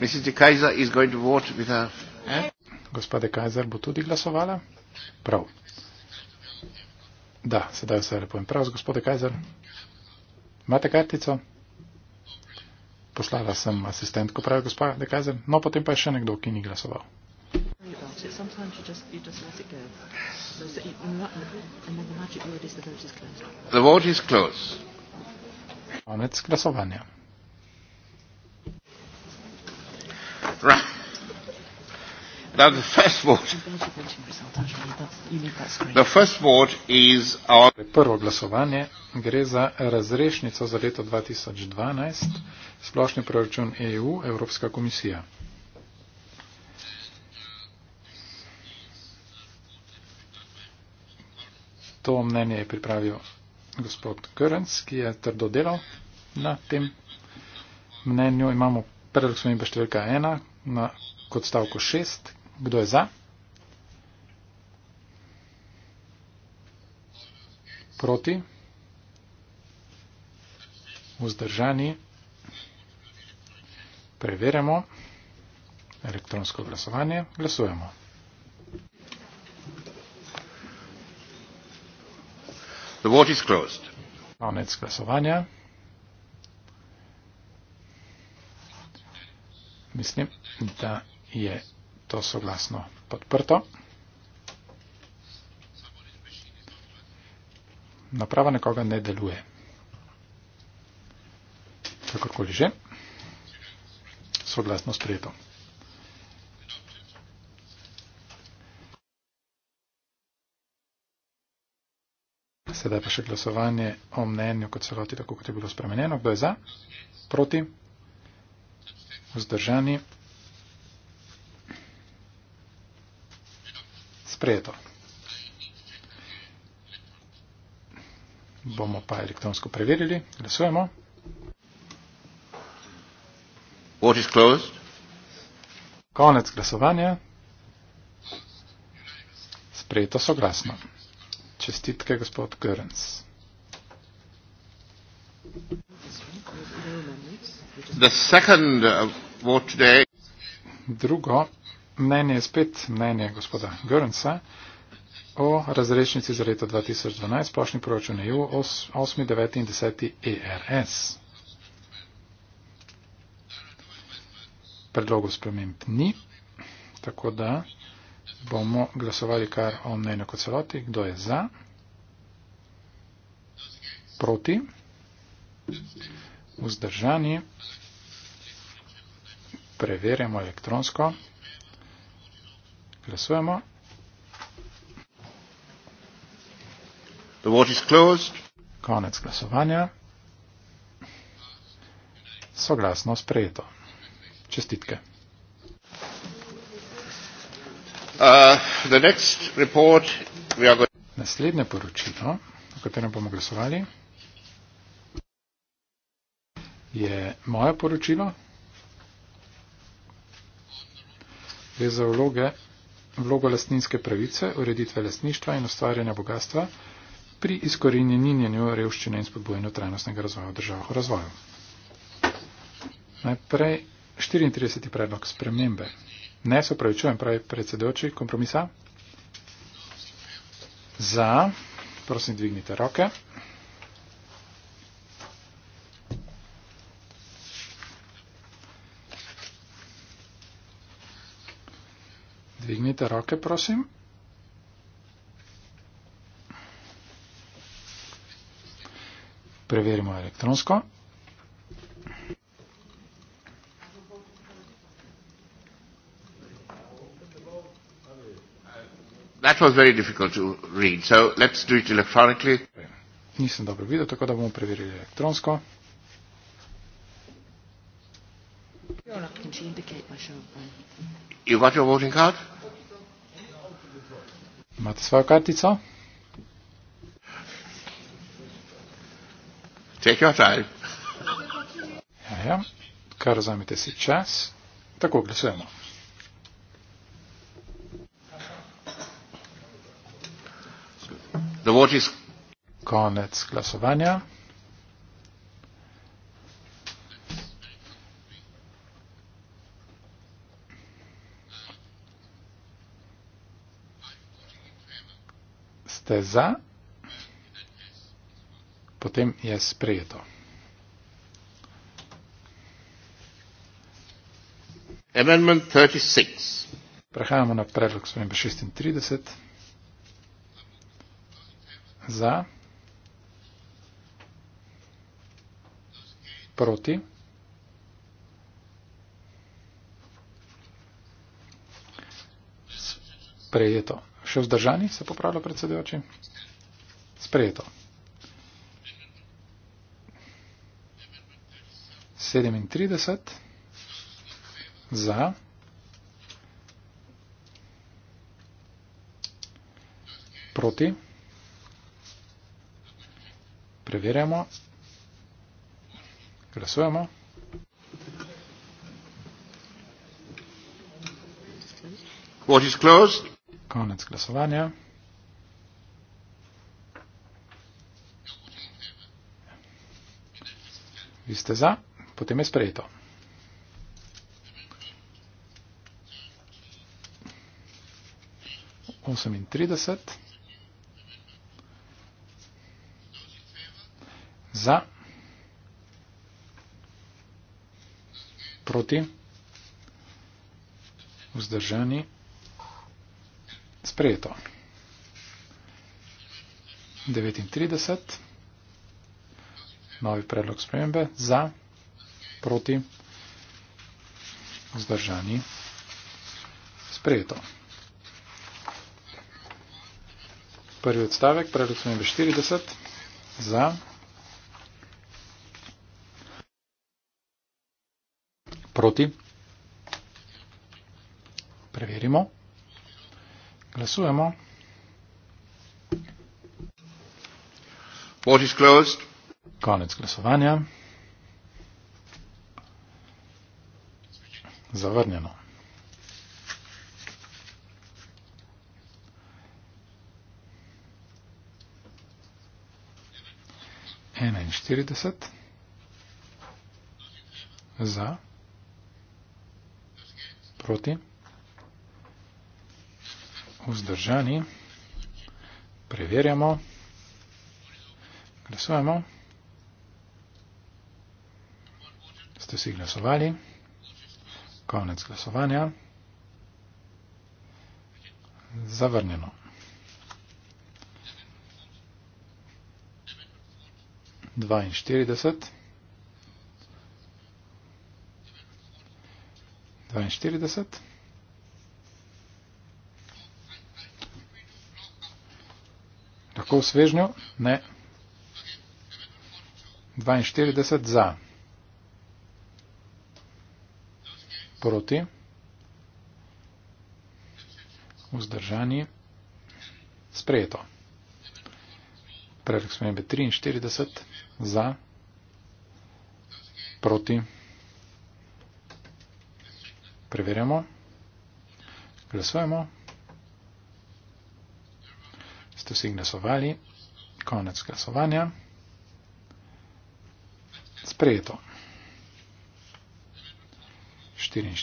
Mislite, Kajzer is going to vote with her? Eh? Gospode Kajzer bo tudi glasovala? Prav. Da, sedaj vse lepo in prav, gospode Kajzer. Imate kartico? Poslala sem asistentko, pravi gospode Kajzer. No, potem pa je še nekdo, ki ni glasoval. Konec glasovanja. Now, the first vote. The first vote is our torej, Prvo glasovanje gre za razrešnico za leto 2012, splošni proračun EU, Evropska komisija. To mnenje je pripravil gospod Kerenc, ki je trdo delal na tem mnenju. Imamo predlog spremembe številka 1 na kot stavko 6, Kdo je za? Proti? Vzdržani? Preverjamo elektronsko glasovanje. Glasujemo. The vote is closed. Konec glasovanja. Mislim, da je to soglasno podprto. Naprava nekoga ne deluje. Kakorkoli že, soglasno sprejeto. Sedaj pa še glasovanje o mnenju kot celoti, tako kot je bilo spremenjeno. Kdo je za? Proti? Vzdržani? sprejeto. Bomo pa elektronsko preverili. Glasujemo. Vote is closed. Konec glasovanja. Sprejeto soglasno. Čestitke, gospod Görens. The second uh, vote today. Drugo mnenje, spet mnenje gospoda Görnsa o razrešnici za leto 2012 splošni proračun EU 8, 9 in 10 ERS. Predlogov sprememb ni, tako da bomo glasovali kar o mnenju kot celoti, kdo je za, proti, vzdržani, preverjamo elektronsko. Glasujemo. The vote is closed. Konec glasovanja. Soglasno sprejeto. Čestitke. Uh, the next report we are going Naslednje poročilo, o katerem bomo glasovali, je moje poročilo. Gre za vloge vlogo lastninske pravice, ureditve lastništva in ustvarjanja bogatstva pri izkorinjenju revščine in spodbujanju trajnostnega razvoja v državah v razvoju. Najprej 34. predlog spremembe. Ne se upravičujem, pravi predsedoči kompromisa. Za, prosim, dvignite roke. Dvignite roke, prosim. Preverimo elektronsko. That was very difficult to read, so let's do it electronically. Nisem dobro videl, tako da bomo preverili elektronsko. to indicate my show. You got your voting card? Imate svojo kartico? Take your time. ja, ja. Kar zamete si čas. Tako glasujemo. The vote is... Konec glasovanja. ste za, potem je sprejeto. Amendment 36. Prehajamo na predlog spremembe 36. Za. Proti. Prejeto. Še vzdržani se popravlja predsedujoči? Sprejeto. 37 za. 4. Preverjamo, glasujemo. Vote is closed konec glasovanja. Vi ste za, potem je sprejeto. Osemintrideset. Za. Proti. Vzdržani sprejeto. 39. Novi predlog spremembe za, proti, vzdržani, sprejeto. Prvi odstavek, predlog spremembe 40, za, proti, vzdržani. Glasujemo. Is closed. Konec glasovanja. Zavrnjeno. Enainštirideset za proti vzdržani. Preverjamo. Glasujemo. Ste si glasovali? Konec glasovanja. Zavrnjeno. Dvainštirideset. Dvainštirideset. lahko v svežnju? Ne. 42 za. Proti. Vzdržani. Sprejeto. Predlog smembe 43 za. Proti. Preverjamo. Glasujemo vsi glasovali. Konec glasovanja. Sprejeto. 44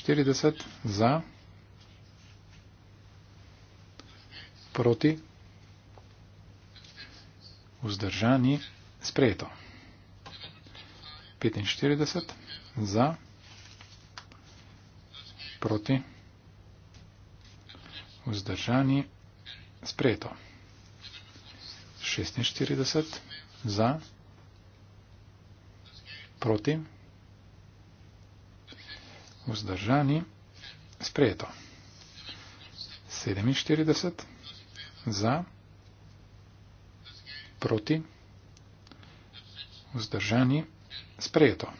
za, proti, vzdržani, sprejeto. 45 za, proti, vzdržani, sprejeto. 46 za, proti, vzdržani, sprejeto. 47 za, proti, vzdržani, sprejeto.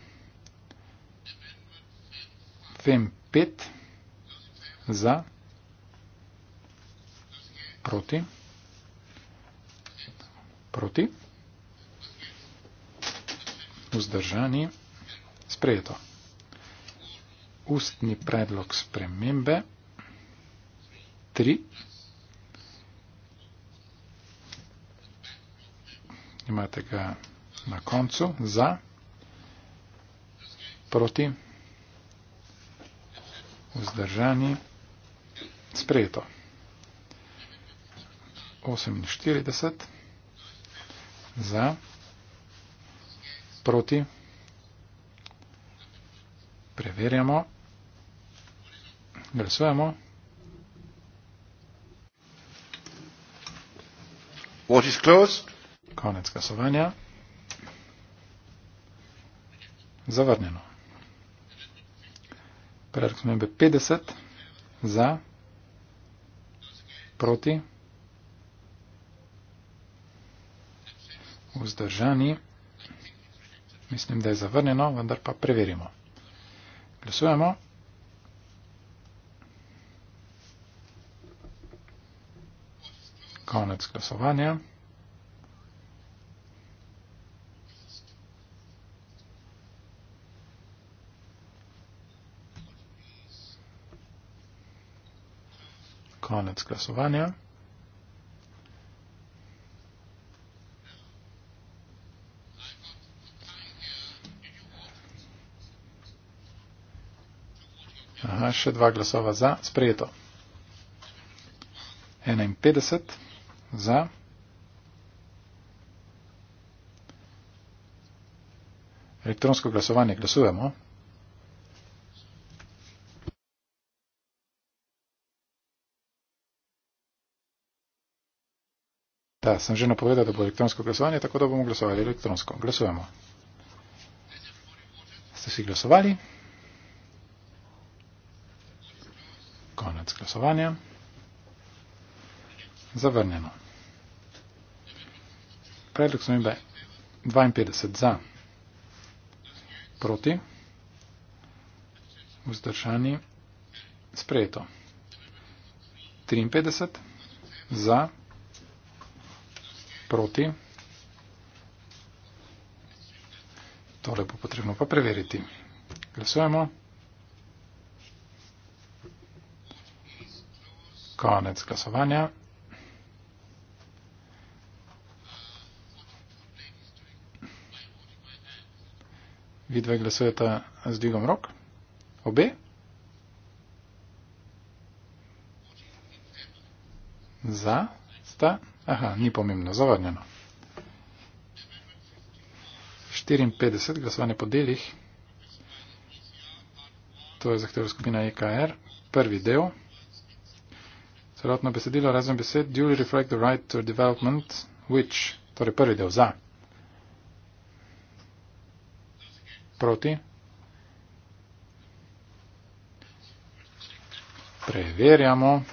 Fem 5 za, proti, vzdržani, sprejeto. Proti. Vzdržani. Sprejeto. Ustni predlog spremembe. Tri. Imate ga na koncu. Za. Proti. Vzdržani. Sprejeto. 48 za, proti, preverjamo, glasujemo. What is closed? Konec glasovanja. Zavrnjeno. Predlog smembe 50 za, proti, preverjamo. vzdržani. Mislim, da je zavrnjeno, vendar pa preverimo. Glasujemo. Konec glasovanja. Konec glasovanja. Aha, še dva glasova za. Sprejeto. 51 za. Elektronsko glasovanje glasujemo. Da, sem že napovedal, da bo elektronsko glasovanje, tako da bomo glasovali elektronsko. Glasujemo. Ste si glasovali? glasovanja. Zavrnjeno. Predlog smembe 52 za, proti, vzdržani, sprejeto. 53 za, proti, tole bo potrebno pa preveriti. Glasujemo. konec glasovanja. Vi dve glasujete z digom rok? Obe? Za? Sta? Aha, ni pomembno, zavrnjeno. 54 glasovanje po delih. To je zahteva skupina EKR. Prvi del celotno besedilo razen besed duly reflect the right to development, which, torej prvi del za, proti, preverjamo,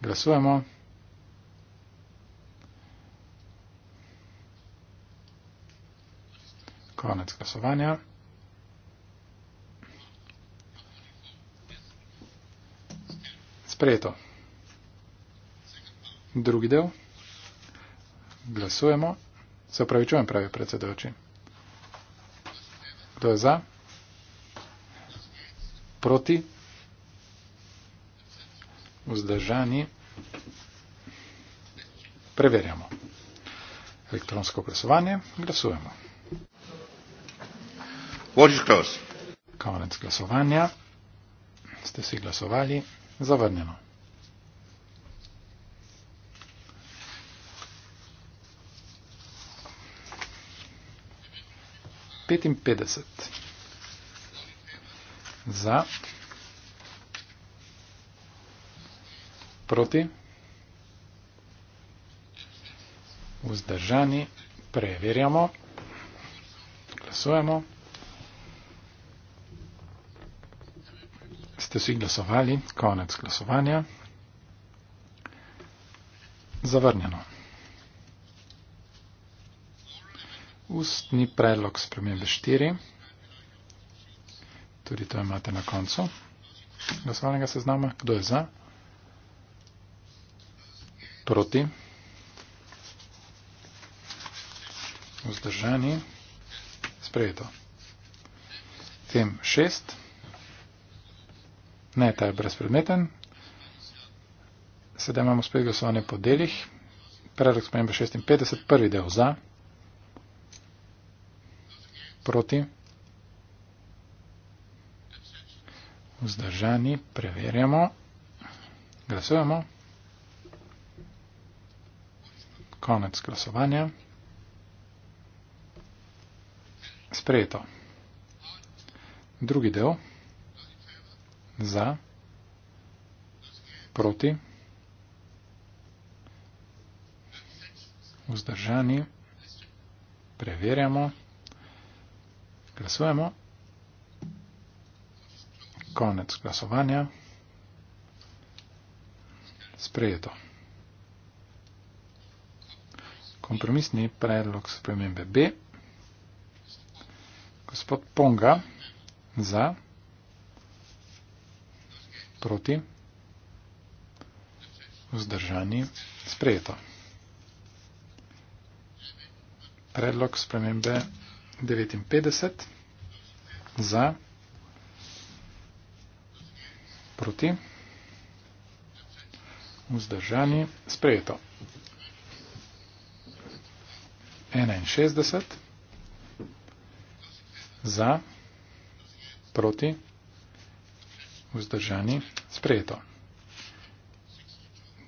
glasujemo. Konec glasovanja. Sprejeto. Drugi del. Glasujemo. Se upravičujem, pravi predsedoči. Kdo je za? Proti? Vzdržani? Preverjamo. Elektronsko glasovanje. Glasujemo. Konec glasovanja. Ste si glasovali? Zavrnjeno. 55 za, proti, vzdržani, preverjamo, glasujemo. Ste vsi glasovali, konec glasovanja, zavrnjeno. ustni predlog spremembe 4. Tudi to imate na koncu glasovalnega seznama. Kdo je za? Proti? Vzdržani? Sprejeto. Tem 6. Ne, ta je brezpredmeten. Sedaj imamo spet glasovanje po delih. Predlog spremembe 56. Prvi del za proti, vzdržani, preverjamo, glasujemo, konec glasovanja, sprejeto. Drugi del, za, proti, vzdržani, preverjamo, glasujemo, Glasujemo. Konec glasovanja. Sprejeto. Kompromisni predlog spremembe B. Gospod Ponga za. Proti. Vzdržani. Sprejeto. Predlog spremembe B. 59 za proti vzdržanje sprejeto. 61 za proti vzdržanje sprejeto.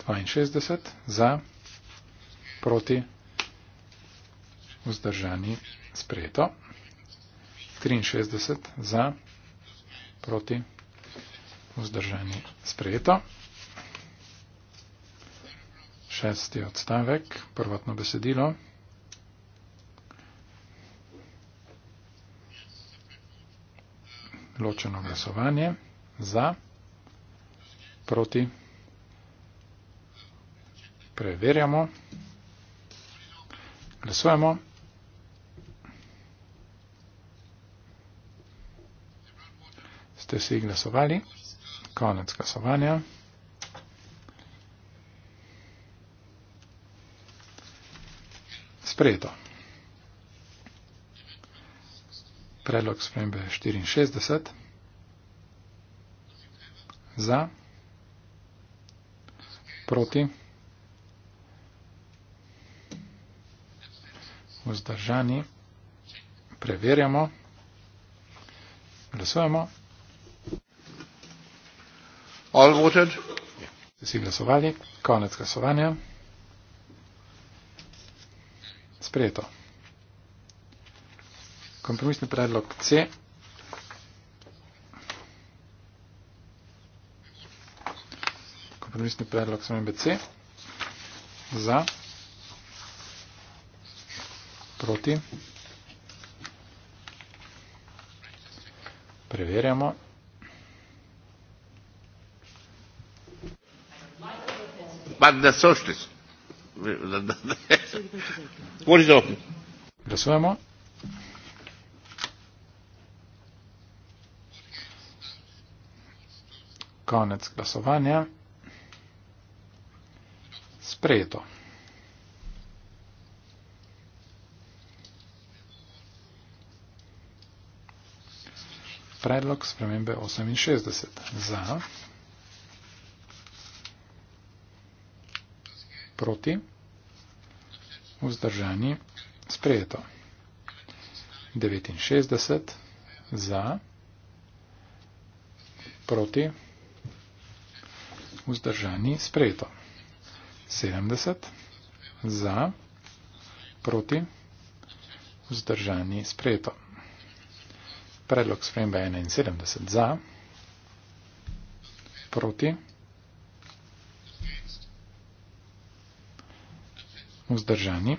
62 za proti vzdržanje sprejeto sprejeto. 63 za, proti, vzdržani sprejeto. Šesti odstavek, prvotno besedilo. Ločeno glasovanje za, proti, preverjamo, glasujemo. ste si glasovali. Konec glasovanja. Sprejeto. Predlog spremembe 64. Za. Proti. Vzdržani. Preverjamo. Glasujemo. All voted. Ja. Vsi glasovali. Konec glasovanja. Sprejeto. Kompromisni predlog C. Kompromisni predlog sem MBC. Za. Proti. Preverjamo. but the socialists. what is open? Glasujemo. Konec glasovanja. Sprejeto. Predlog spremembe 68. Za. proti, vzdržani, sprejeto. 69 za, proti, vzdržani, sprejeto. 70 za, proti, vzdržani, sprejeto. Predlog spremembe 71 za, proti, vzdržani, sprejeto. vzdržani.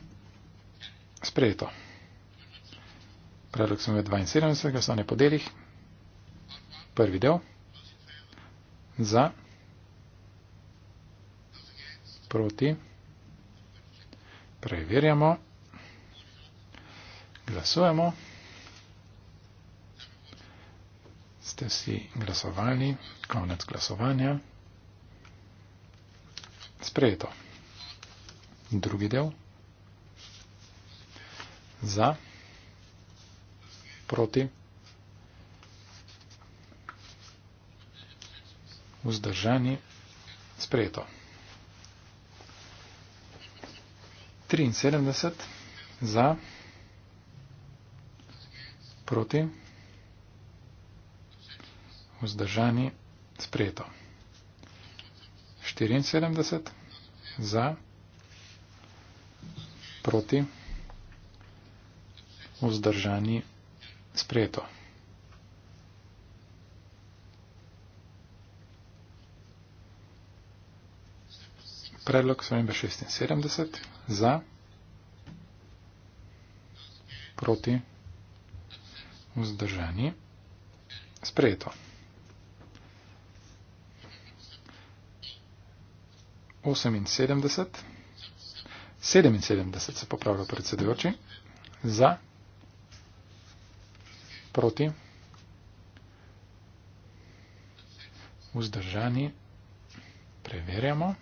Sprejeto. Predlog sem v 72. glasovanje po delih. Prvi del. Za. Proti. Preverjamo. Glasujemo. Ste vsi glasovali. Konec glasovanja. Sprejeto drugi del, za, proti, vzdržani, sprejeto. 73 za, proti, vzdržani, sprejeto. 74 za, proti, proti, vzdržani, sprejeto. Predlog svojega 76, za, proti, vzdržani, sprejeto. 78. 77 se popravlja predsedujoči. Za. Proti. Vzdržani. Preverjamo.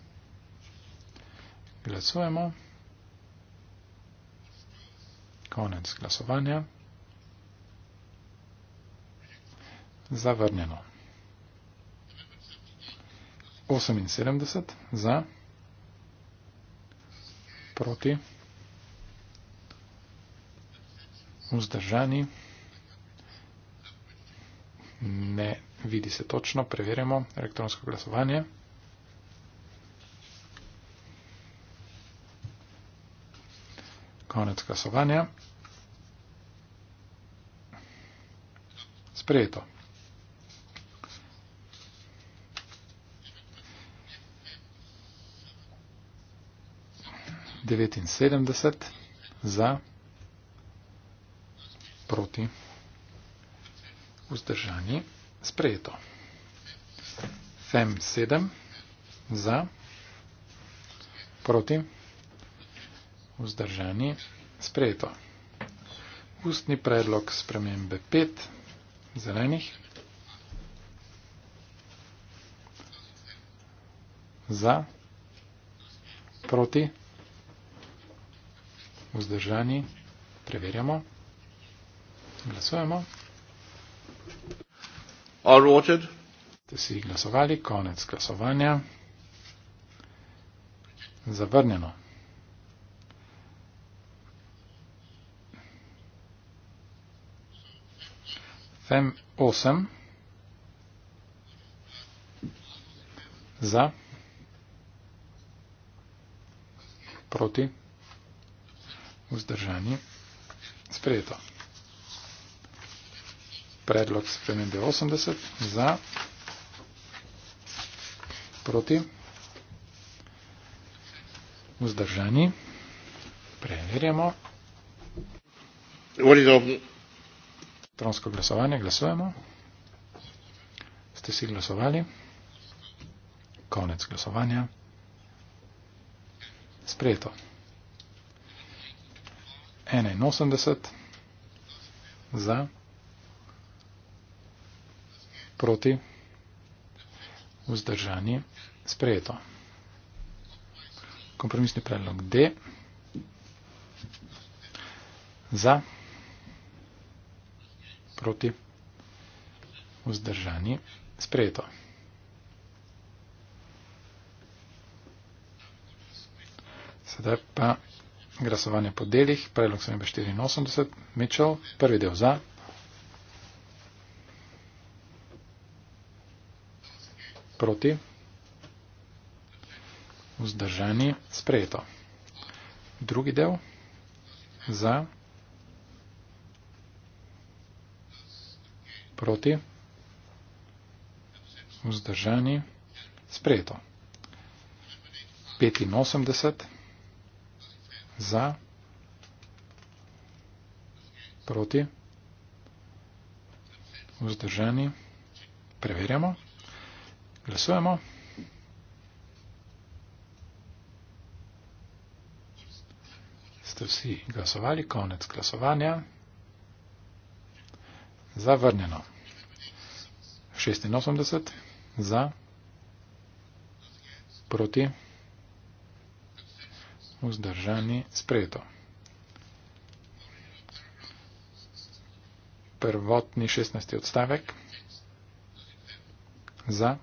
Glasujemo. Konec glasovanja. Zavrnjeno. 78 za proti, vzdržani, ne vidi se točno, preverjamo elektronsko glasovanje. Konec glasovanja. Sprejeto. 79 za, proti, vzdržanje, sprejeto. FEM 7 za, proti, vzdržanje, sprejeto. Ustni predlog spremembe 5 zelenih za, proti, vzdržanje, sprejeto vzdržani, preverjamo, glasujemo. Ste si glasovali, konec glasovanja. Zavrnjeno. FEM 8 za proti vzdržanje, sprejeto. Predlog spremembe 80 za, proti, vzdržanje, preverjamo. Tronsko glasovanje, glasujemo. Ste si glasovali? Konec glasovanja. Sprejeto. 81 za, proti, vzdržani, sprejeto. Kompromisni predlog D za, proti, vzdržani, sprejeto. Sedaj pa Glasovanje po delih, predlog sem imel 84, Mičel, prvi del za. Proti. Vzdržani, sprejeto. Drugi del, za. Proti. Vzdržani, sprejeto. 85 za, proti, vzdržani, preverjamo, glasujemo. Ste vsi glasovali, konec glasovanja, zavrnjeno. 86 za, proti, vzdržani, preverjamo vzdržani spredo. Prvotni 16. odstavek za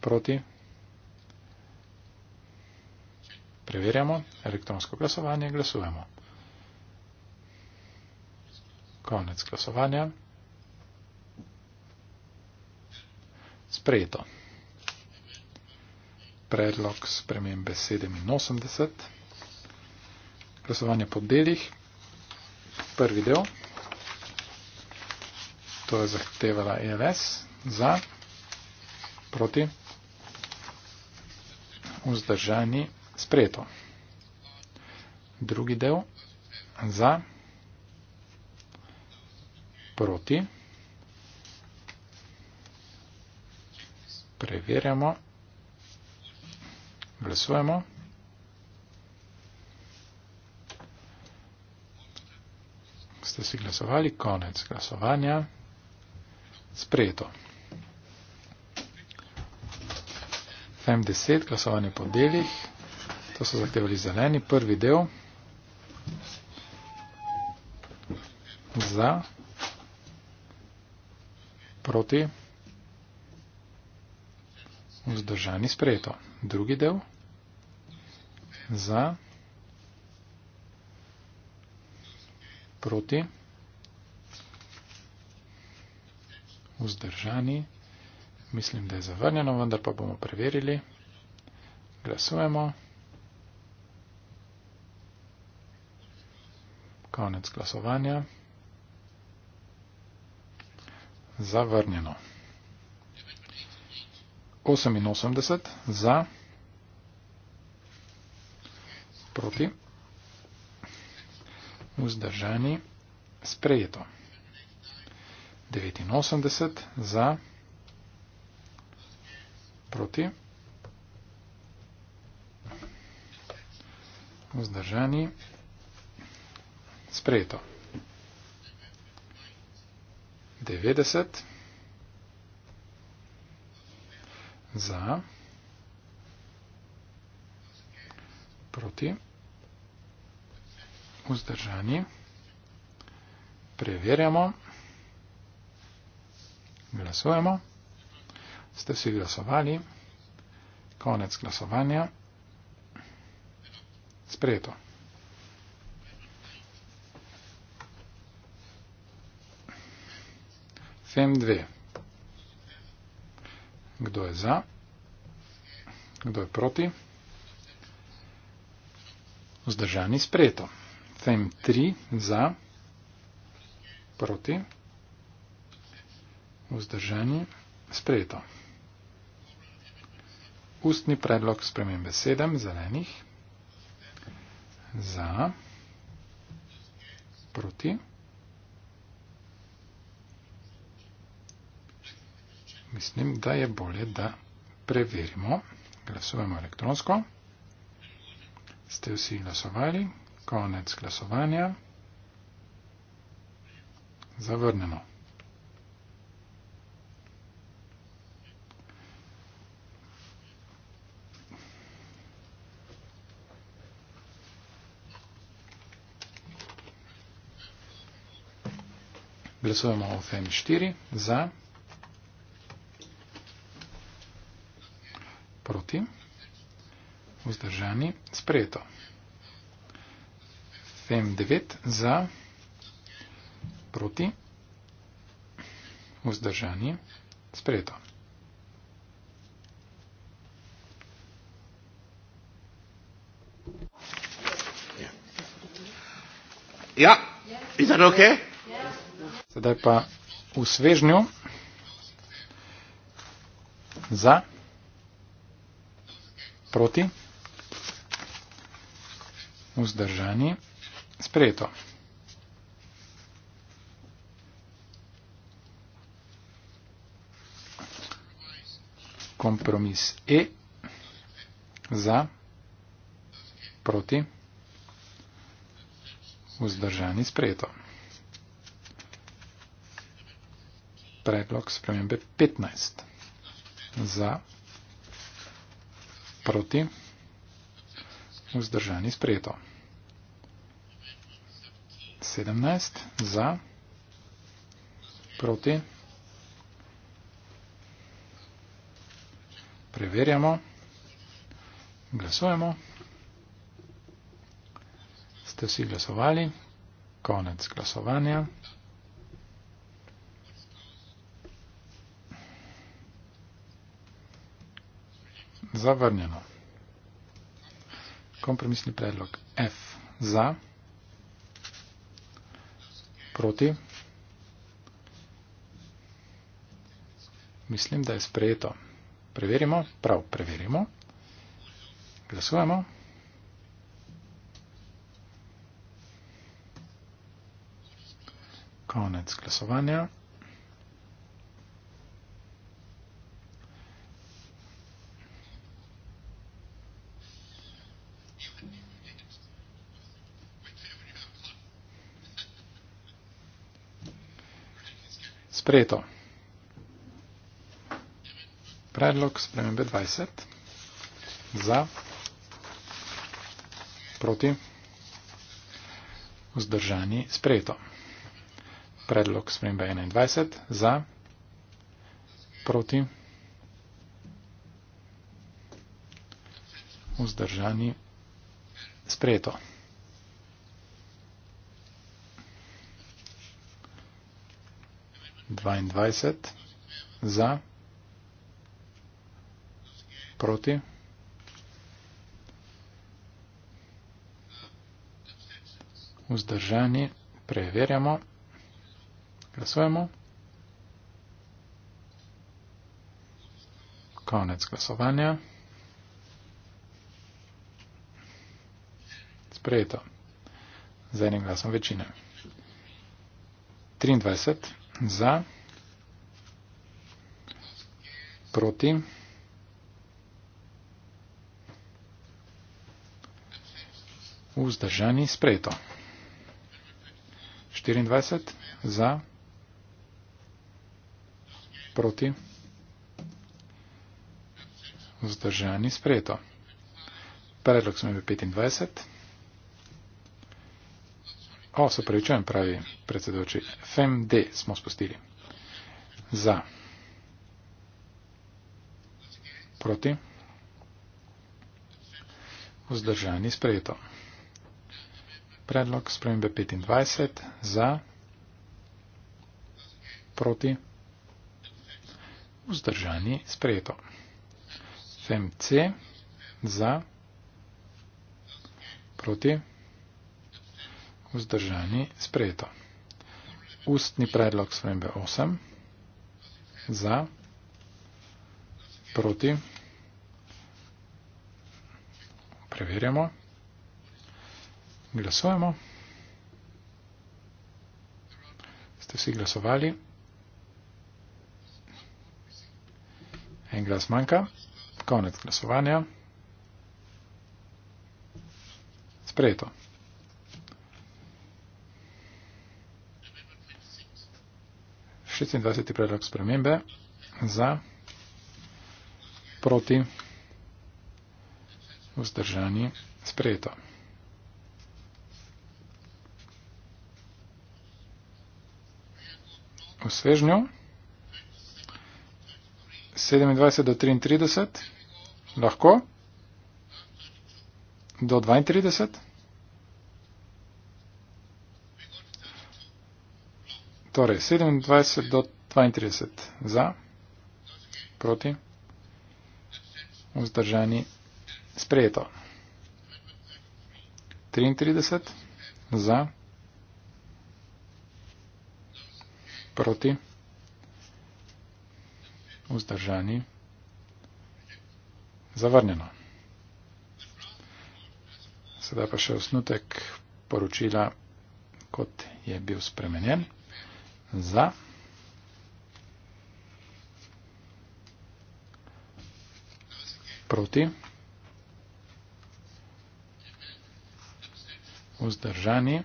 proti preverjamo elektronsko glasovanje, glasujemo. Konec glasovanja. Sprejeto predlog spremembe 87. Glasovanje po delih. Prvi del. To je zahtevala ELS za, proti, vzdržani, sprejeto. Drugi del za, proti, preverjamo. Glasujemo. Ste si glasovali? Konec glasovanja. Sprejeto. FM10, glasovanje po delih. To so zahtevali zeleni. Prvi del. Za. Proti. Vzdržani sprejeto. Drugi del za, proti, vzdržani, mislim, da je zavrnjeno, vendar pa bomo preverili, glasujemo, konec glasovanja, zavrnjeno. 88 za, proti, vzdržani, sprejeto. 89 za, proti, vzdržani, sprejeto. 90 za, proti, vzdržani, sprejeto. proti, vzdržani, preverjamo, glasujemo, ste si glasovali, konec glasovanja, sprejeto. Fem dve. Kdo je za? Kdo je proti? vzdržani sprejeto. Tem 3 za, proti, vzdržani sprejeto. Ustni predlog spremembe 7 zelenih za, proti, mislim, da je bolje, da preverimo. Glasujemo elektronsko. Ste vsi glasovali? Konec glasovanja. Zavrnjeno. Glasujemo o FM4 za. Proti vzdržani, sprejeto. 7-9 za, proti, vzdržani, sprejeto. Ja, je to ok? Sedaj pa v svežnju za, proti vzdržani, sprejeto. Kompromis E za, proti, vzdržani, sprejeto. Predlog spremembe 15 za, proti, vzdržani, sprejeto. 17 za, proti. Preverjamo, glasujemo. Ste vsi glasovali, konec glasovanja. Zavrnjeno. Kompromisni predlog F za proti. Mislim, da je sprejeto. Preverimo, prav preverimo. Glasujemo. Konec glasovanja. sprejeto. Predlog spremembe 20 za proti vzdržani sprejeto. Predlog spremembe 21 za proti vzdržani sprejeto. 22 za, proti. Vzdržani, preverjamo, glasujemo. Konec glasovanja. Sprejeto. Z enim glasom večine. 23 za, proti, vzdržani, sprejeto. 24 za, proti, vzdržani, sprejeto. Predlog smo imeli 25. O, se pravičujem, pravi predsedoči. FMD smo spustili. Za. Proti. Vzdržani sprejeto. Predlog spremembe 25. Za. Proti. Vzdržani sprejeto. FMC. Za. Proti vzdržani, sprejeto. Ustni predlog spremembe 8. Za. Proti. Preverjamo. Glasujemo. Ste vsi glasovali? En glas manjka. Konec glasovanja. Sprejeto. 26. predlog spremembe za, proti, vzdržani, sprejeto. V svežnju 27 do 33 lahko do 32. Torej, 27 do 32 za, proti, vzdržani, sprejeto. 33 za, proti, vzdržani, zavrnjeno. Sedaj pa še osnutek poročila, kot je bil spremenjen za. Proti. Vzdržani.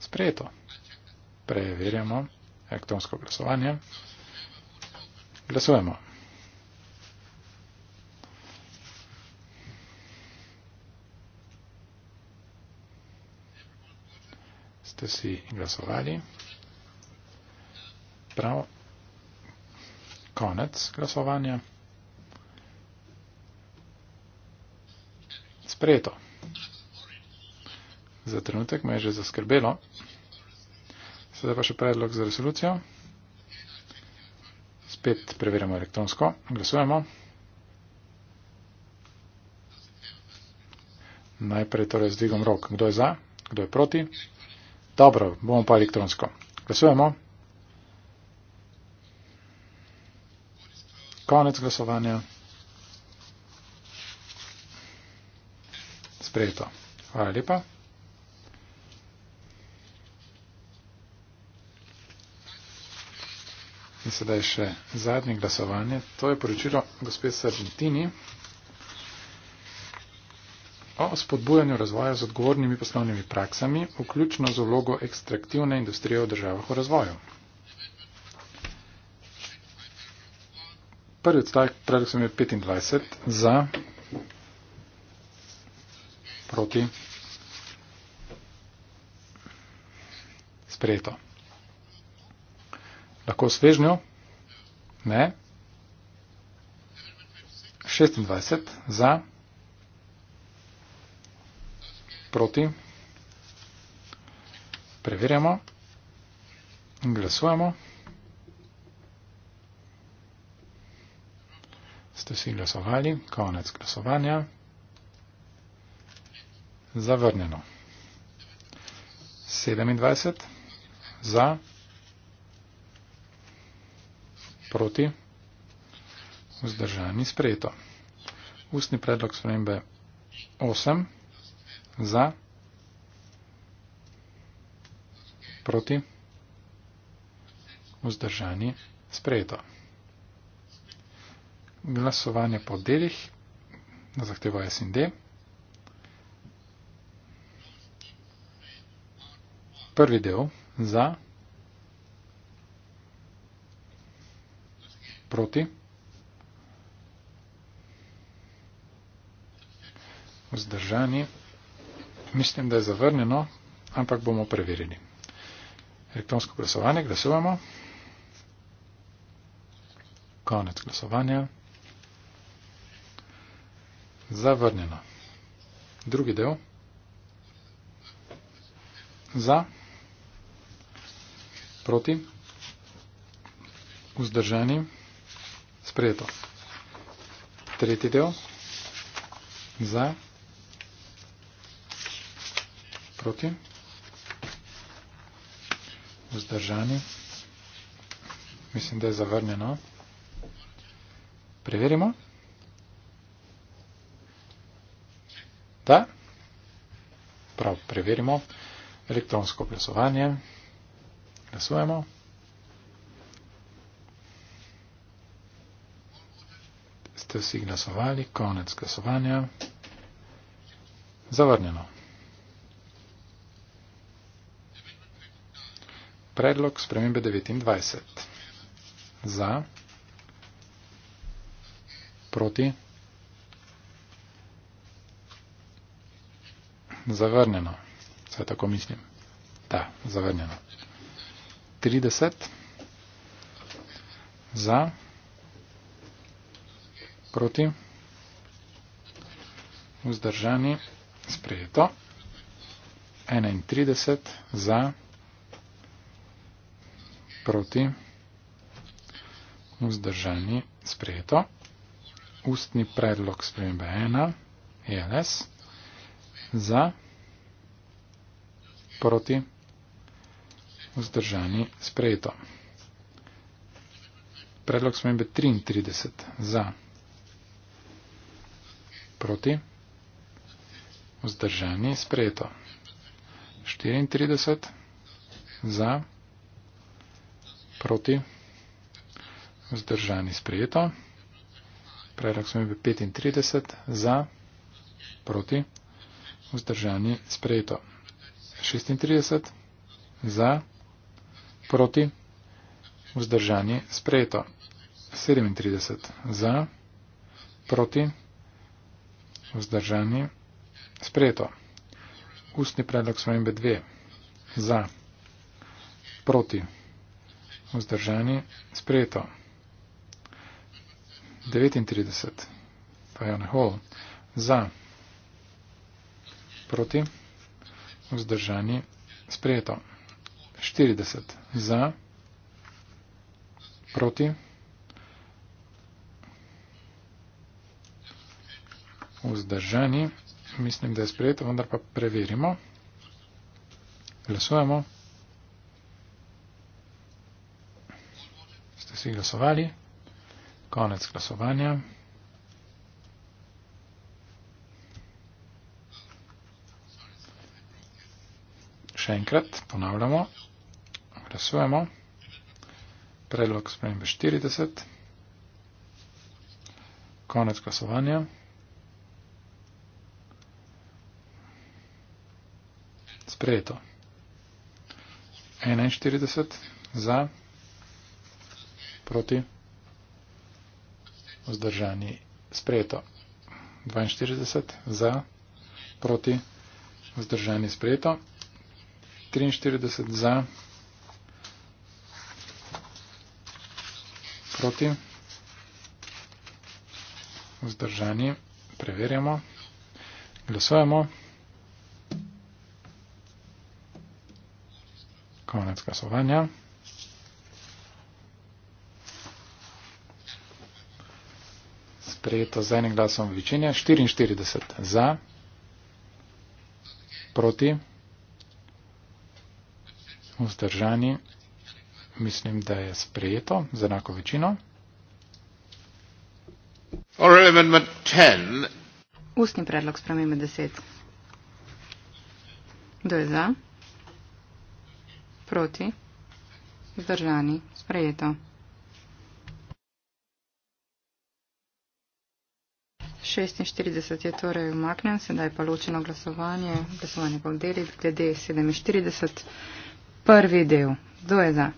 Sprejeto. Preverjamo elektronsko glasovanje. Glasujemo. ste si glasovali. Prav, konec glasovanja. Sprejeto. Za trenutek me je že zaskrbelo. Sedaj pa še predlog za resolucijo. Spet preverjamo elektronsko. Glasujemo. Najprej torej z dvigom rok. Kdo je za? Kdo je proti? Dobro, bomo pa elektronsko. Glasujemo. Konec glasovanja. Sprejeto. Hvala lepa. In sedaj še zadnje glasovanje. To je poročilo gospe Sardentini o spodbujanju razvoja z odgovornimi poslovnimi praksami, vključno z vlogo ekstraktivne industrije v državah v razvoju. Prvi odstavek, predlog sem je 25, za, proti, sprejeto. Lahko svežnjo? Ne. 26 za proti. Preverjamo in glasujemo. Ste vsi glasovali? Konec glasovanja. Zavrnjeno. 27 za, proti, vzdržani sprejeto. Ustni predlog spremembe 8 za, proti, vzdržani, sprejeto. Glasovanje po delih na zahtevo SND. Prvi del za, proti, vzdržani, sprejeto mislim, da je zavrnjeno, ampak bomo preverili. Elektronsko glasovanje, glasujemo. Konec glasovanja. Zavrnjeno. Drugi del. Za. Proti. Vzdržani. Sprejeto. Tretji del. Za proti? Vzdržani. Mislim, da je zavrnjeno. Preverimo. Da. Prav, preverimo. Elektronsko glasovanje. Glasujemo. Ste vsi glasovali, konec glasovanja. Zavrnjeno. predlog spremembe 29. Za, proti, zavrnjeno. Vse tako mislim. Da, zavrnjeno. 30. Za, proti, vzdržani, sprejeto. 31 za proti, vzdržani, sprejeto, ustni predlog spremembe 1, ELS, za, proti, vzdržani, sprejeto. Predlog spremembe 33, za, proti, vzdržani, sprejeto. 34, za, proti, proti, vzdržani sprejeto. Predlog smo imeli 35 za, proti, vzdržani sprejeto. 36 za, proti, vzdržani sprejeto. 37 za, proti, vzdržani sprejeto. Ustni predlog smo imeli 2 za, proti, vzdržani sprejeto vzdržani, sprejeto. 39, Fiona Hall, za, proti, vzdržani, sprejeto. 40, za, proti, vzdržani, mislim, da je sprejeto, vendar pa preverimo. Glasujemo. vsi glasovali. Konec glasovanja. Še enkrat ponavljamo. Glasujemo. Predlog spremembe 40. Konec glasovanja. Sprejeto. 41 za proti. Vzdržani sprejeto. 42 za, proti. Vzdržani sprejeto. 43 za, proti. Vzdržani. Preverjamo. Glasujemo. Konec glasovanja. sprejeto z enim glasom večine, 44 za, proti, vzdržani, mislim, da je sprejeto z enako večino. Ustni predlog spremembe 10. Kdo je za? Proti? Vzdržani? Sprejeto. 46 je torej umaknjen, sedaj pa ločeno glasovanje, glasovanje pa v deli, glede 47, prvi del. Kdo je za?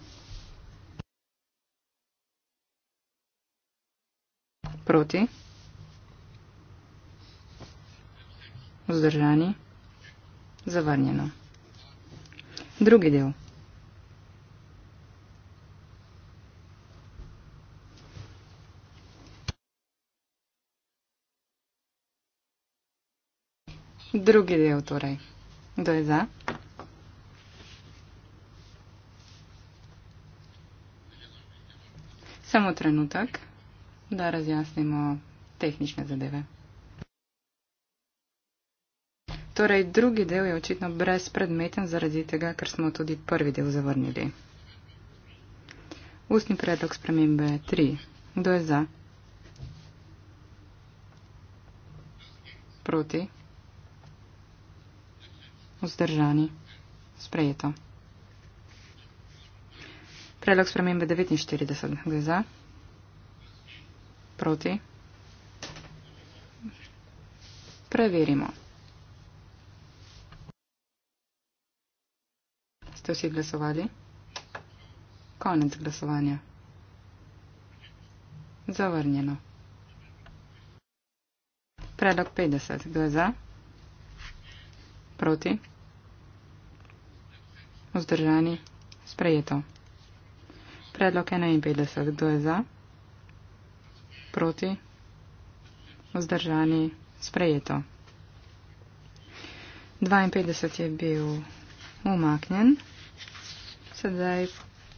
Proti? Vzdržani? Zavrnjeno. Drugi del. Drugi del torej. Kdo je za? Samo trenutek, da razjasnimo tehnične zadeve. Torej, drugi del je očitno brezpredmeten zaradi tega, ker smo tudi prvi del zavrnili. Ustni predlog spremembe 3. Kdo je za? Proti? vzdržani. Sprejeto. Predlog spremembe 49. Kdo je za? Proti? Preverimo. Ste vsi glasovali? Konec glasovanja. Zavrnjeno. Predlog 50. Kdo je za? Proti? vzdržani, sprejeto. Predlog 51. Kdo je za? Proti? Vzdržani, sprejeto. 52 je bil umaknjen. Sedaj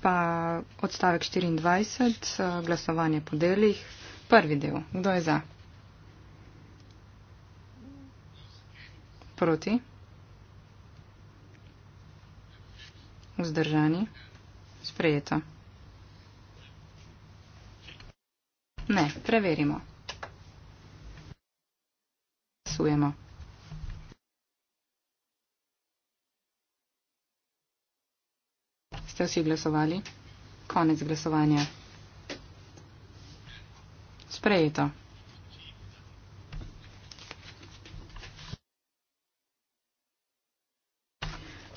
pa odstavek 24, glasovanje po delih. Prvi del. Kdo je za? Proti? Vzdržani. Sprejeto. Ne, preverimo. Glasujemo. Ste vsi glasovali? Konec glasovanja. Sprejeto.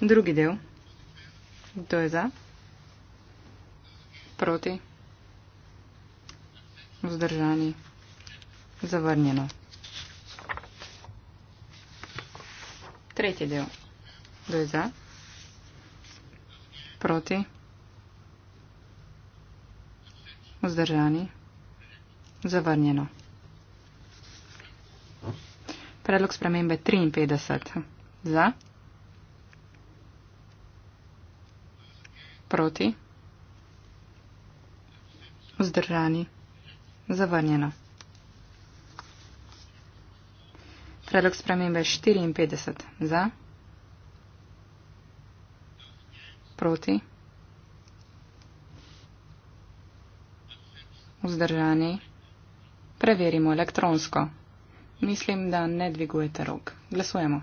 Drugi del. Kdo je za? Proti? Vzdržani? Zavrnjeno. Tretji del. Kdo je za? Proti? Vzdržani? Zavrnjeno. Predlog spremembe 53. Za? Proti. Vzdržani. Zavrnjeno. Predlog spremembe 54. Za. Proti. Vzdržani. Preverimo elektronsko. Mislim, da ne dvigujete rok. Glasujemo.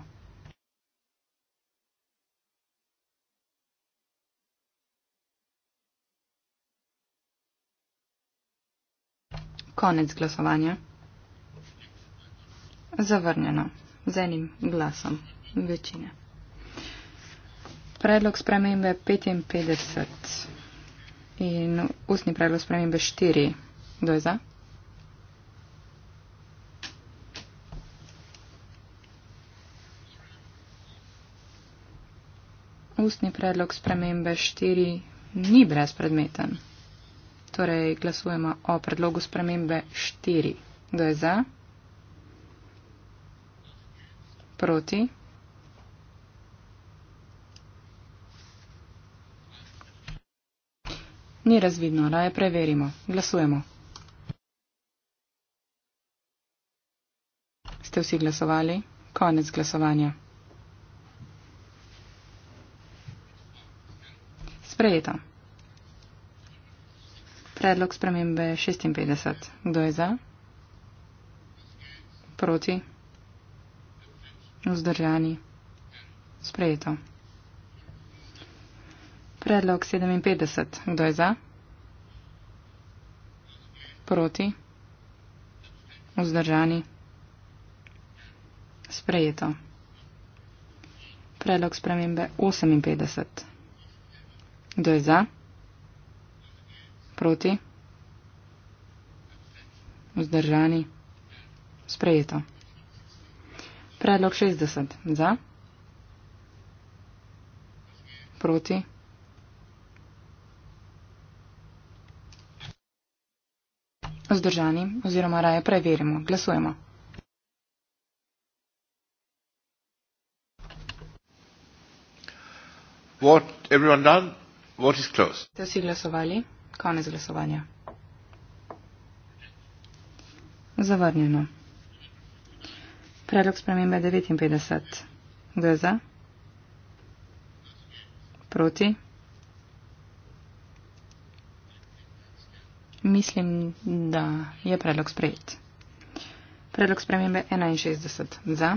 Konec glasovanja. Zavrnjeno. Z enim glasom. Večine. Predlog spremembe 55 in ustni predlog spremembe 4. Kdo je za? Ustni predlog spremembe 4 ni brezpredmeten. Torej glasujemo o predlogu spremembe 4. Kdo je za? Proti? Ni razvidno, raje preverimo. Glasujemo. Ste vsi glasovali? Konec glasovanja. Sprejeto predlog spremembe 56. Kdo je za? Proti? Vzdržani? Sprejeto. Predlog 57. Kdo je za? Proti? Vzdržani? Sprejeto. Predlog spremembe 58. Kdo je za? proti? Vzdržani. Sprejeto. Predlog 60. Za. Proti. Vzdržani oziroma raje preverimo. Glasujemo. What everyone done? What is closed? Ste si glasovali? Konec glasovanja. Zavrnjeno. Predlog spremembe 59. Kdo je za? Proti? Mislim, da je predlog sprejet. Predlog spremembe 61. Za?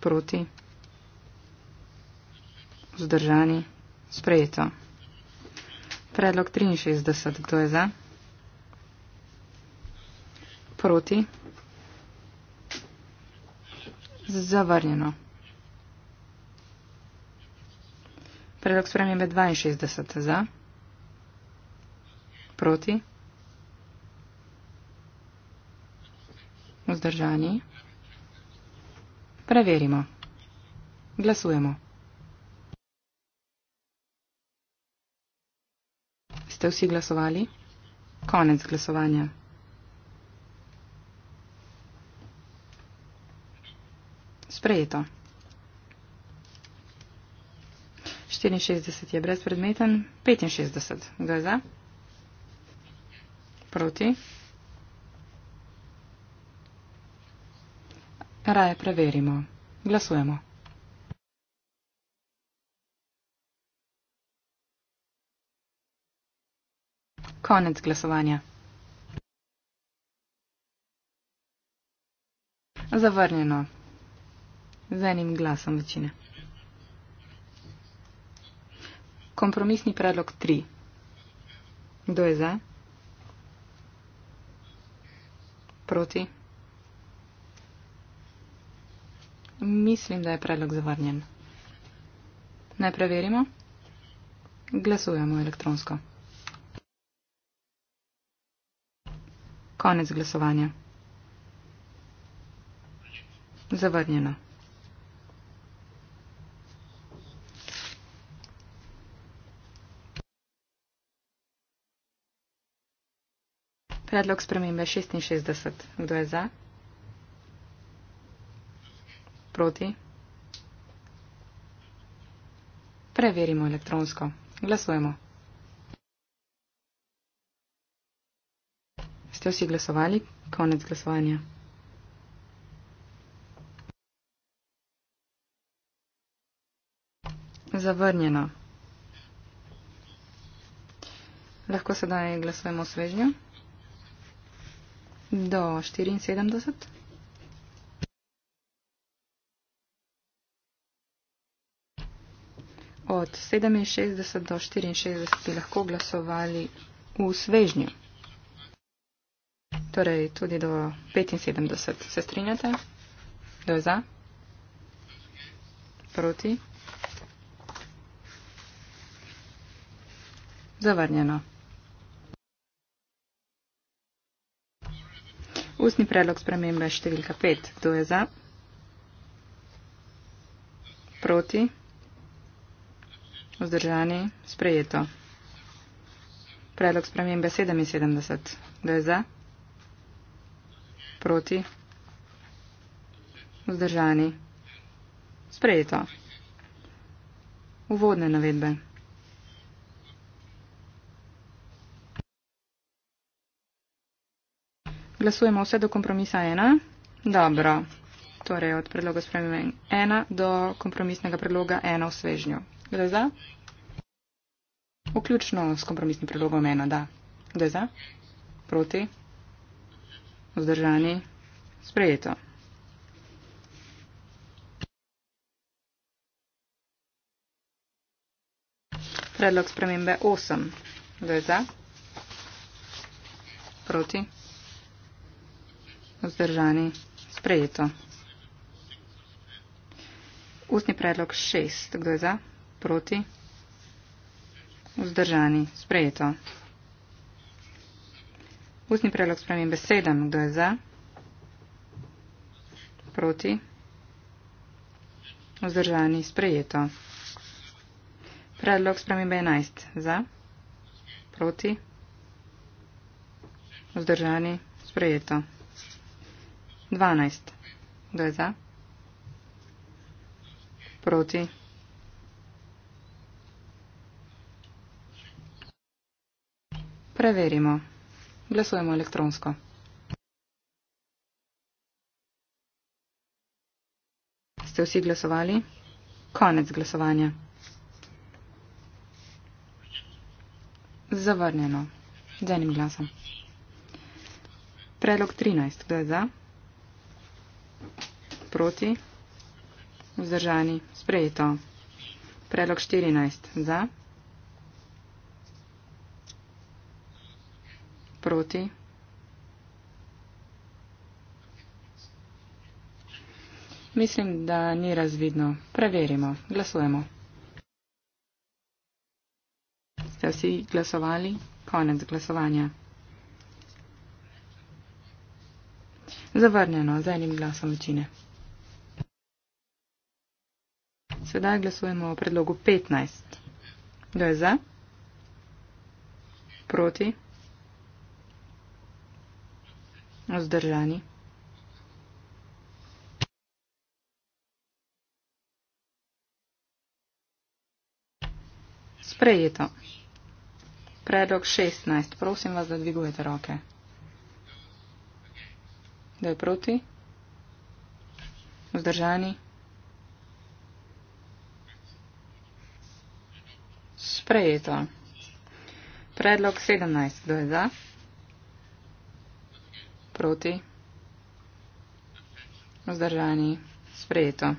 Proti? Zdržani? Sprejeto. Predlog 63. Kdo je za? Proti? Zavrnjeno. Predlog spremembe 62. Za? Proti? Vzdržani? Preverimo. Glasujemo. ste vsi glasovali? Konec glasovanja. Sprejeto. 64 je brezpredmeten, 65 ga je za, proti. Raje preverimo. Glasujemo. Konec glasovanja. Zavrnjeno. Z enim glasom večine. Kompromisni predlog 3. Kdo je za? Proti? Mislim, da je predlog zavrnjen. Ne preverimo. Glasujemo elektronsko. Konec glasovanja. Zavrnjeno. Predlog spremembe 66. Kdo je za? Proti? Preverimo elektronsko. Glasujemo. ste vsi glasovali? Konec glasovanja. Zavrnjeno. Lahko sedaj glasujemo o svežnju. Do 74. Od 67 do 64 bi lahko glasovali v svežnju. Torej, tudi do 75 se strinjate? Kdo je za? Proti? Zavrnjeno. Ustni predlog spremembe številka 5. Kdo je za? Proti? Vzdržani? Sprejeto. Predlog spremembe 77. Kdo je za? Proti? proti, vzdržani, sprejeto. Uvodne navedbe. Glasujemo vse do kompromisa 1. Dobro. Torej od predloga spremembe 1 do kompromisnega predloga 1 v svežnju. Kdo je za? Vključno s kompromisnim predlogom 1, da. Kdo je za? Proti? Vzdržani. Sprejeto. Predlog spremembe 8. Kdo je za? Proti? Vzdržani. Sprejeto. Ustni predlog 6. Kdo je za? Proti? Vzdržani. Sprejeto. Sprejeto. Ustni predlog spremem besedam. Kdo je za? Proti? Vzdržani? Sprejeto. Predlog spremem B11. Za? Proti? Vzdržani? Sprejeto. 12. Kdo je za? Proti? Preverimo. Glasujemo elektronsko. Ste vsi glasovali? Konec glasovanja. Zavrnjeno. Z enim glasom. Predlog 13. Kdo je za? Proti? Vzdržani? Sprejeto. Predlog 14. Za? proti. Mislim, da ni razvidno. Preverimo. Glasujemo. Ste vsi glasovali? Konec glasovanja. Zavrnjeno z enim glasom večine. Sedaj glasujemo o predlogu 15. Kdo je za? Proti? vzdržani. Sprejeto. Predlog 16. Prosim vas, da dvigujete roke. Da je proti. Vzdržani. Sprejeto. Predlog 17. Kdo je za? proti? Vzdržani, sprejeto.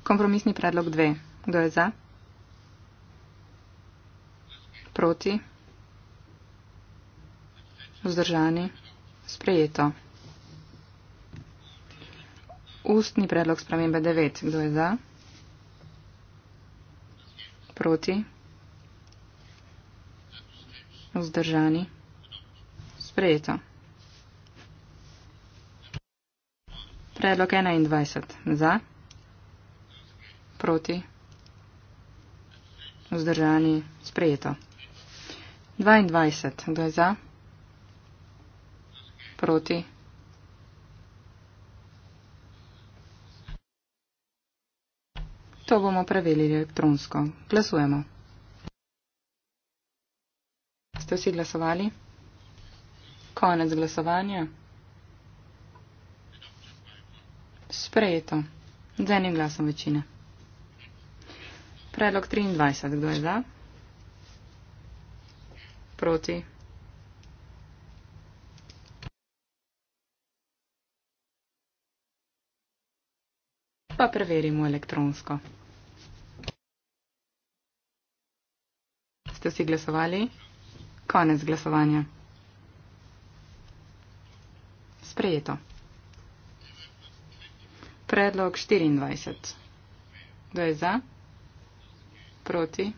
Kompromisni predlog 2. Kdo je za? Proti? Vzdržani, sprejeto. Ustni predlog spremembe 9. Kdo je za? Proti? Vzdržani. Sprejeto. Predlog 21. Za. Proti. Vzdržani. Sprejeto. 22. Kdo je za? Proti. To bomo preverili elektronsko. Glasujemo ste vsi glasovali? Konec glasovanja. Sprejeto. Z enim glasom večine. Predlog 23. Kdo je za? Proti. Pa preverimo elektronsko. Ste si glasovali? Konec glasovanja. Sprejeto. Predlog 24. Kdo je za? Proti?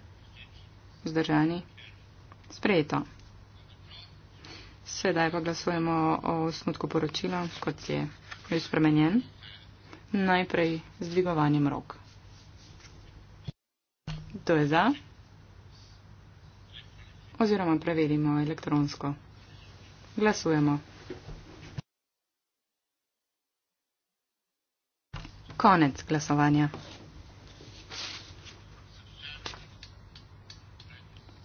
Vzdržani? Sprejeto. Sedaj pa glasujemo o osnutku poročila, kot je bil spremenjen. Najprej z dvigovanjem rok. Kdo je za? oziroma preverimo elektronsko. Glasujemo. Konec glasovanja.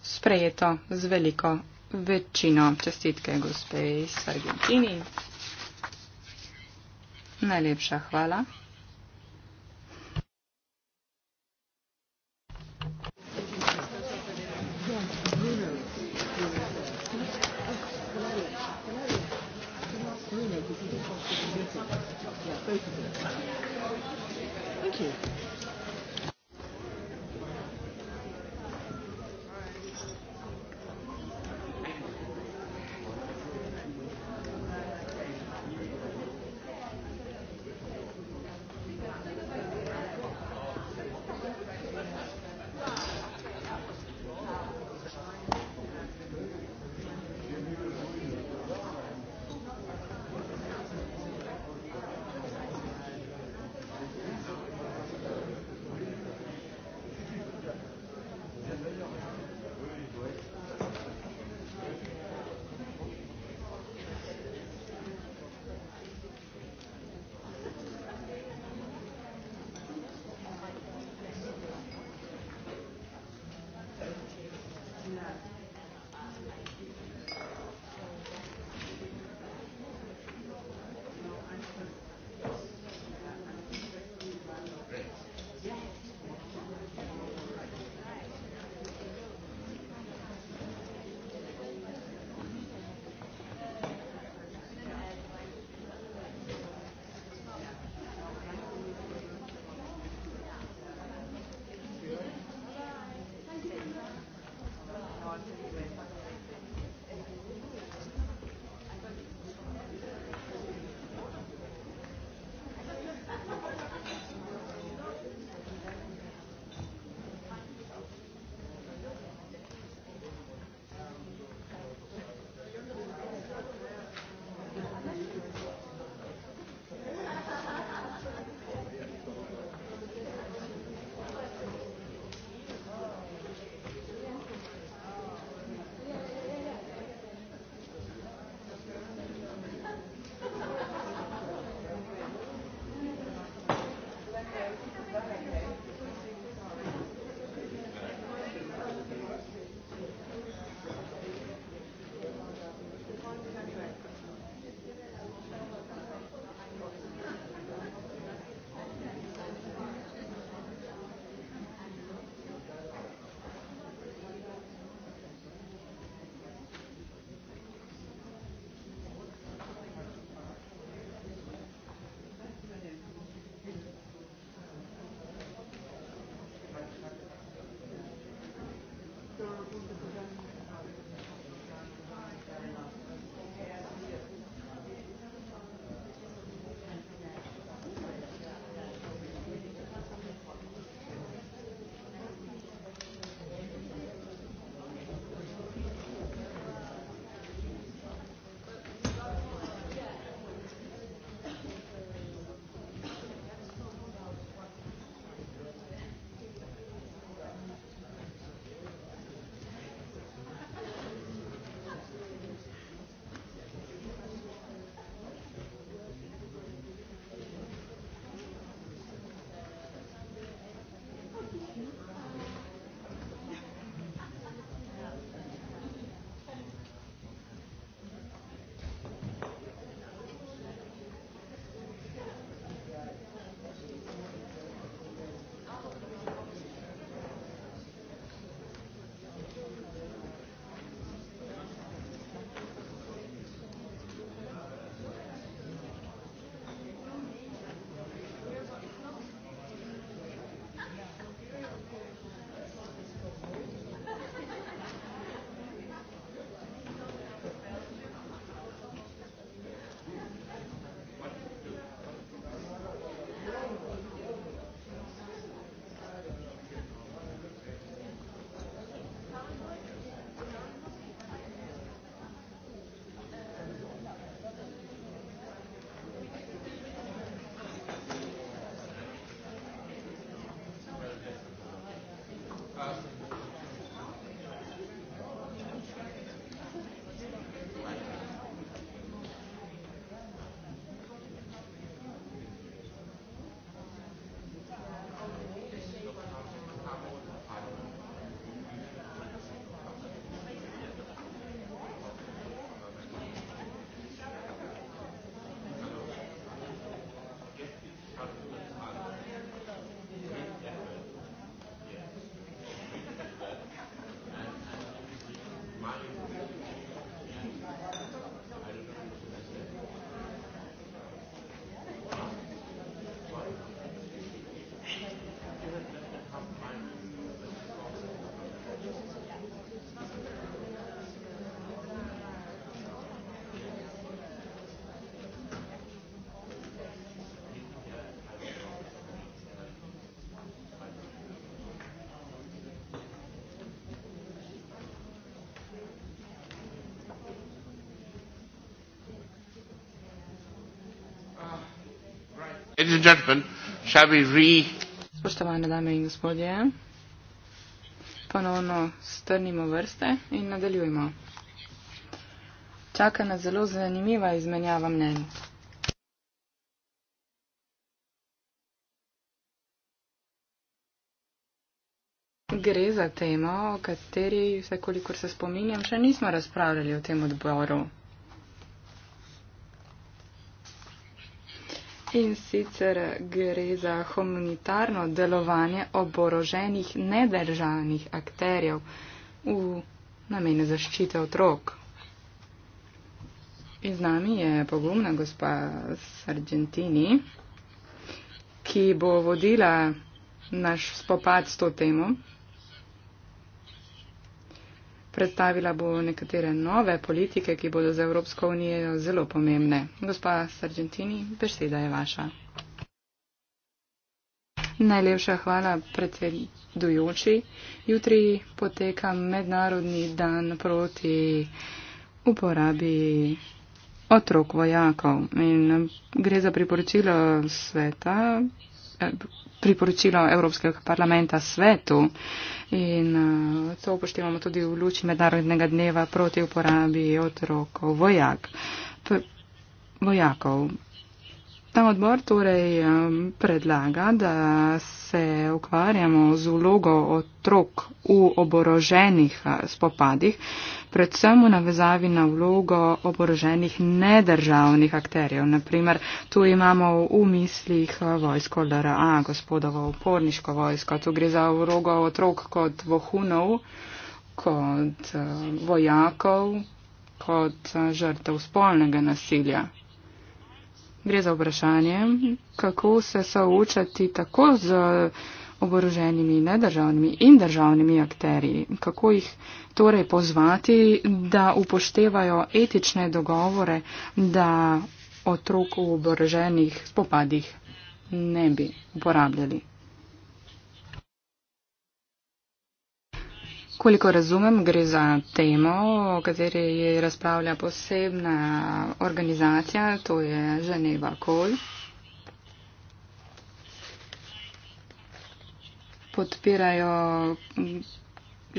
Sprejeto z veliko večino čestitke gospej iz Argentini. Najlepša hvala. Ladies and gentlemen, shall we re... Spoštovane dame in gospodje, ponovno strnimo vrste in nadaljujmo. Čaka nas zelo zanimiva izmenjava mnenj. Gre za temo, o kateri, vsekolikor se spominjam, še nismo razpravljali v tem odboru. sicer gre za humanitarno delovanje oboroženih nedržavnih akterjev v namene zaščite otrok. In z nami je pogumna gospa z Argentini, ki bo vodila naš spopad s to temo predstavila bo nekatere nove politike, ki bodo za Evropsko unijo zelo pomembne. Gospa Sargentini, beseda je vaša. Najlepša hvala, predsedujoči. Jutri poteka mednarodni dan proti uporabi otrok vojakov. In gre za priporočilo sveta priporočilo Evropskega parlamenta svetu in eh, to upoštevamo tudi v luči mednarodnega dneva proti uporabi otrokov vojak, vojakov. Ta odbor torej um, predlaga, da se ukvarjamo z vlogo otrok v oboroženih uh, spopadih, predvsem v navezavi na vlogo oboroženih nedržavnih akterjev. Naprimer, tu imamo v mislih uh, vojsko LRA, gospodovo uporniško vojsko, tu gre za vlogo otrok kot vohunov, kot uh, vojakov, kot žrtev spolnega nasilja. Gre za vprašanje, kako se soočati tako z oboroženimi nedržavnimi in državnimi akteri, kako jih torej pozvati, da upoštevajo etične dogovore, da otrok v oboroženih spopadih ne bi uporabljali. Koliko razumem, gre za temo, o kateri je razpravlja posebna organizacija, to je Ženeva Kol. Podpirajo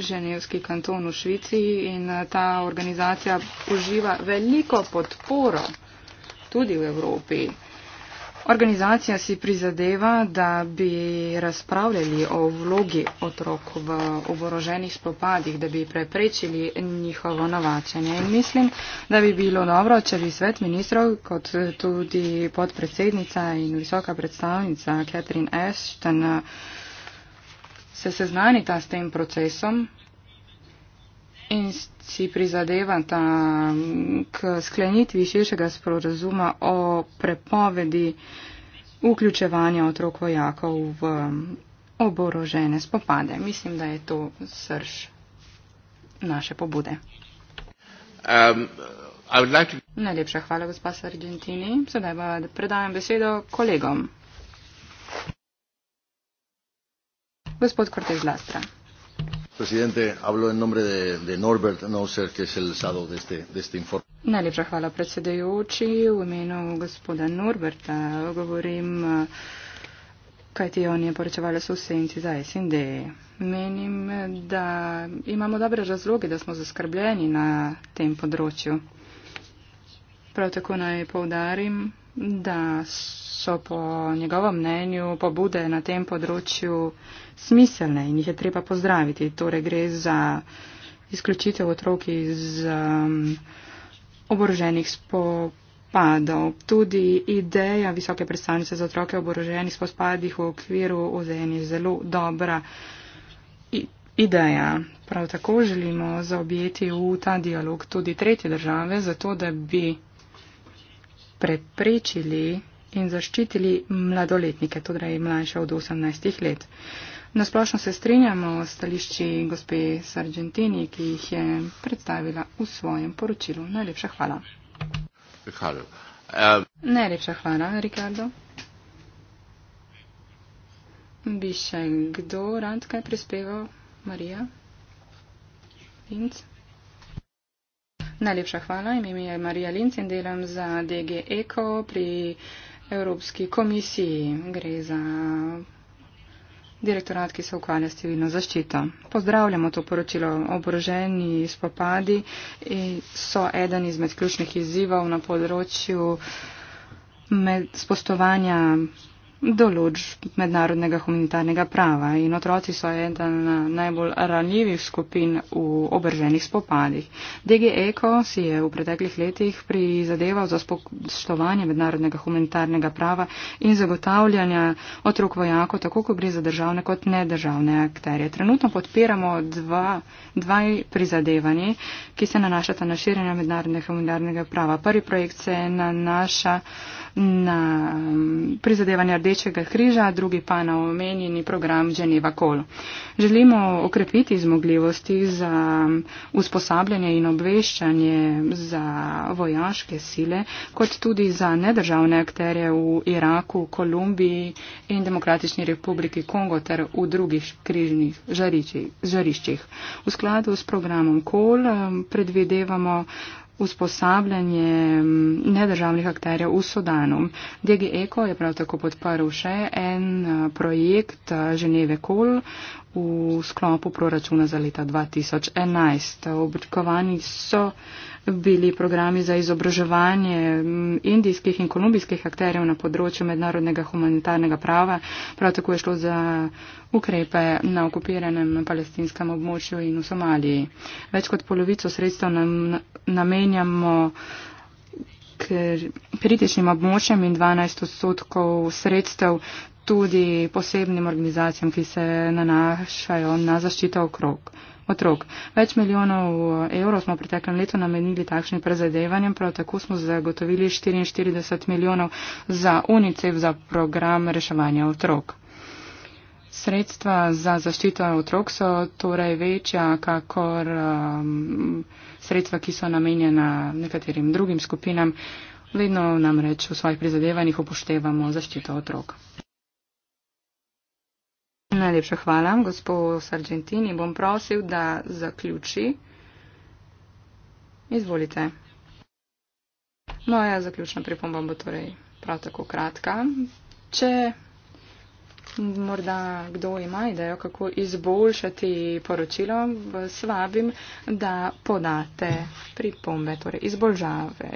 Ženevski kanton v Švici in ta organizacija uživa veliko podporo tudi v Evropi. Organizacija si prizadeva, da bi razpravljali o vlogi otrok v oboroženih spopadih, da bi preprečili njihovo navačanje. In mislim, da bi bilo dobro, če bi svet ministrov, kot tudi podpredsednica in visoka predstavnica Catherine Ashton, se seznanita s tem procesom in si prizadevata mm, k sklenitvi širšega sporozuma o prepovedi vključevanja otrok vojakov v oborožene spopade. Mislim, da je to srž naše pobude. Um, like to... Najlepša hvala, gospa Sargentini. Sedaj pa predajam besedo kolegom. Gospod Cortez Lastra señor presidente, hablo en nombre de, de Norbert Nosser, que es el sado de este, de este informe. Najlepša hvala predsedujoči v imenu gospoda Norberta. Govorim, kaj ti on je poročevala so vse in ti za SND. Menim, da imamo dobre razloge, da smo zaskrbljeni na tem področju. Prav tako naj povdarim, da so po njegovem mnenju pobude na tem področju smiselne in jih je treba pozdraviti. Torej gre za izključitev otrok iz um, oboroženih spopadov. Tudi ideja visoke predstavnice za otroke oboroženih spopadih v okviru OZN je zelo dobra ideja. Prav tako želimo zaobjeti v ta dialog tudi tretje države, zato da bi preprečili in zaščitili mladoletnike, torej mlajše od 18 let. Nasplošno se strinjamo o stališči gospe Sargentini, ki jih je predstavila v svojem poročilu. Najlepša hvala. Um, Najlepša hvala, Ricardo. Bi še kdo rad kaj prispeval? Marija? Linc? Najlepša hvala, ime mi je Marija Linc in delam za DG Eko pri. Evropski komisiji. Gre za direktorat, ki se ukvarja s civilno zaščito. Pozdravljamo to poročilo. Oboroženi spopadi so eden izmed ključnih izzivov na področju med spostovanja določb mednarodnega humanitarnega prava in otroci so eden najbolj ranljivih skupin v obrženih spopadih. DG Eko si je v preteklih letih prizadeval za spoštovanje mednarodnega humanitarnega prava in zagotavljanja otrok vojako, tako ko gre za državne kot nedržavne akterje. Trenutno podpiramo dva, dva prizadevanje, ki se nanašata na širjenje mednarodnega humanitarnega prava. Prvi projekt se nanaša na mm, prizadevanje rdeče. Rdečega križa, drugi pa na omenjeni program Geneva Call. Želimo okrepiti zmogljivosti za usposabljanje in obveščanje za vojaške sile, kot tudi za nedržavne akterje v Iraku, Kolumbiji in Demokratični republiki Kongo ter v drugih križnih žariči, žariščih. V skladu s programom Call eh, predvidevamo usposabljanje mm, nedržavnih akterjev v Sudanu. DG Eko je prav tako podparil še en projekt Ženeve Kol v sklopu proračuna za leta 2011. Oblikovani so bili programi za izobraževanje indijskih in kolumbijskih akterjev na področju mednarodnega humanitarnega prava. Prav tako je šlo za ukrepe na okupiranem palestinskem območju in v Somaliji. Več kot polovico sredstev nam namenjamo kritičnim območjem in 12 odstotkov sredstev tudi posebnim organizacijam, ki se nanašajo na zaščito okrog otrok. Več milijonov eh, evrov smo v preteklem letu namenili takšnim prezadevanjem, prav tako smo zagotovili 44 milijonov za UNICEF za program reševanja otrok. Sredstva za zaščito otrok so torej večja, kakor um, sredstva, ki so namenjena nekaterim drugim skupinam. Vedno namreč v svojih prizadevanjih upoštevamo zaščito otrok. Najlepša hvala, gospod Sargentini. Bom prosil, da zaključi. Izvolite. Moja no, zaključna pripomba bo torej prav tako kratka. Če morda kdo ima idejo, kako izboljšati poročilo, vas vabim, da podate pripombe, torej izboljšave.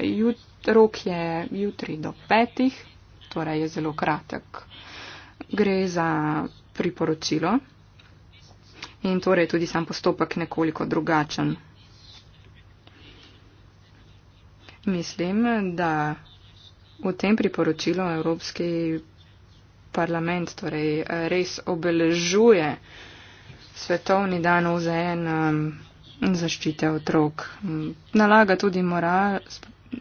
Rok je jutri do petih, torej je zelo kratek. Gre za priporočilo in torej tudi sam postopek nekoliko drugačen. Mislim, da v tem priporočilu Evropski parlament torej, res obeležuje svetovni dan UZN um, zaščite otrok. Nalaga tudi moral,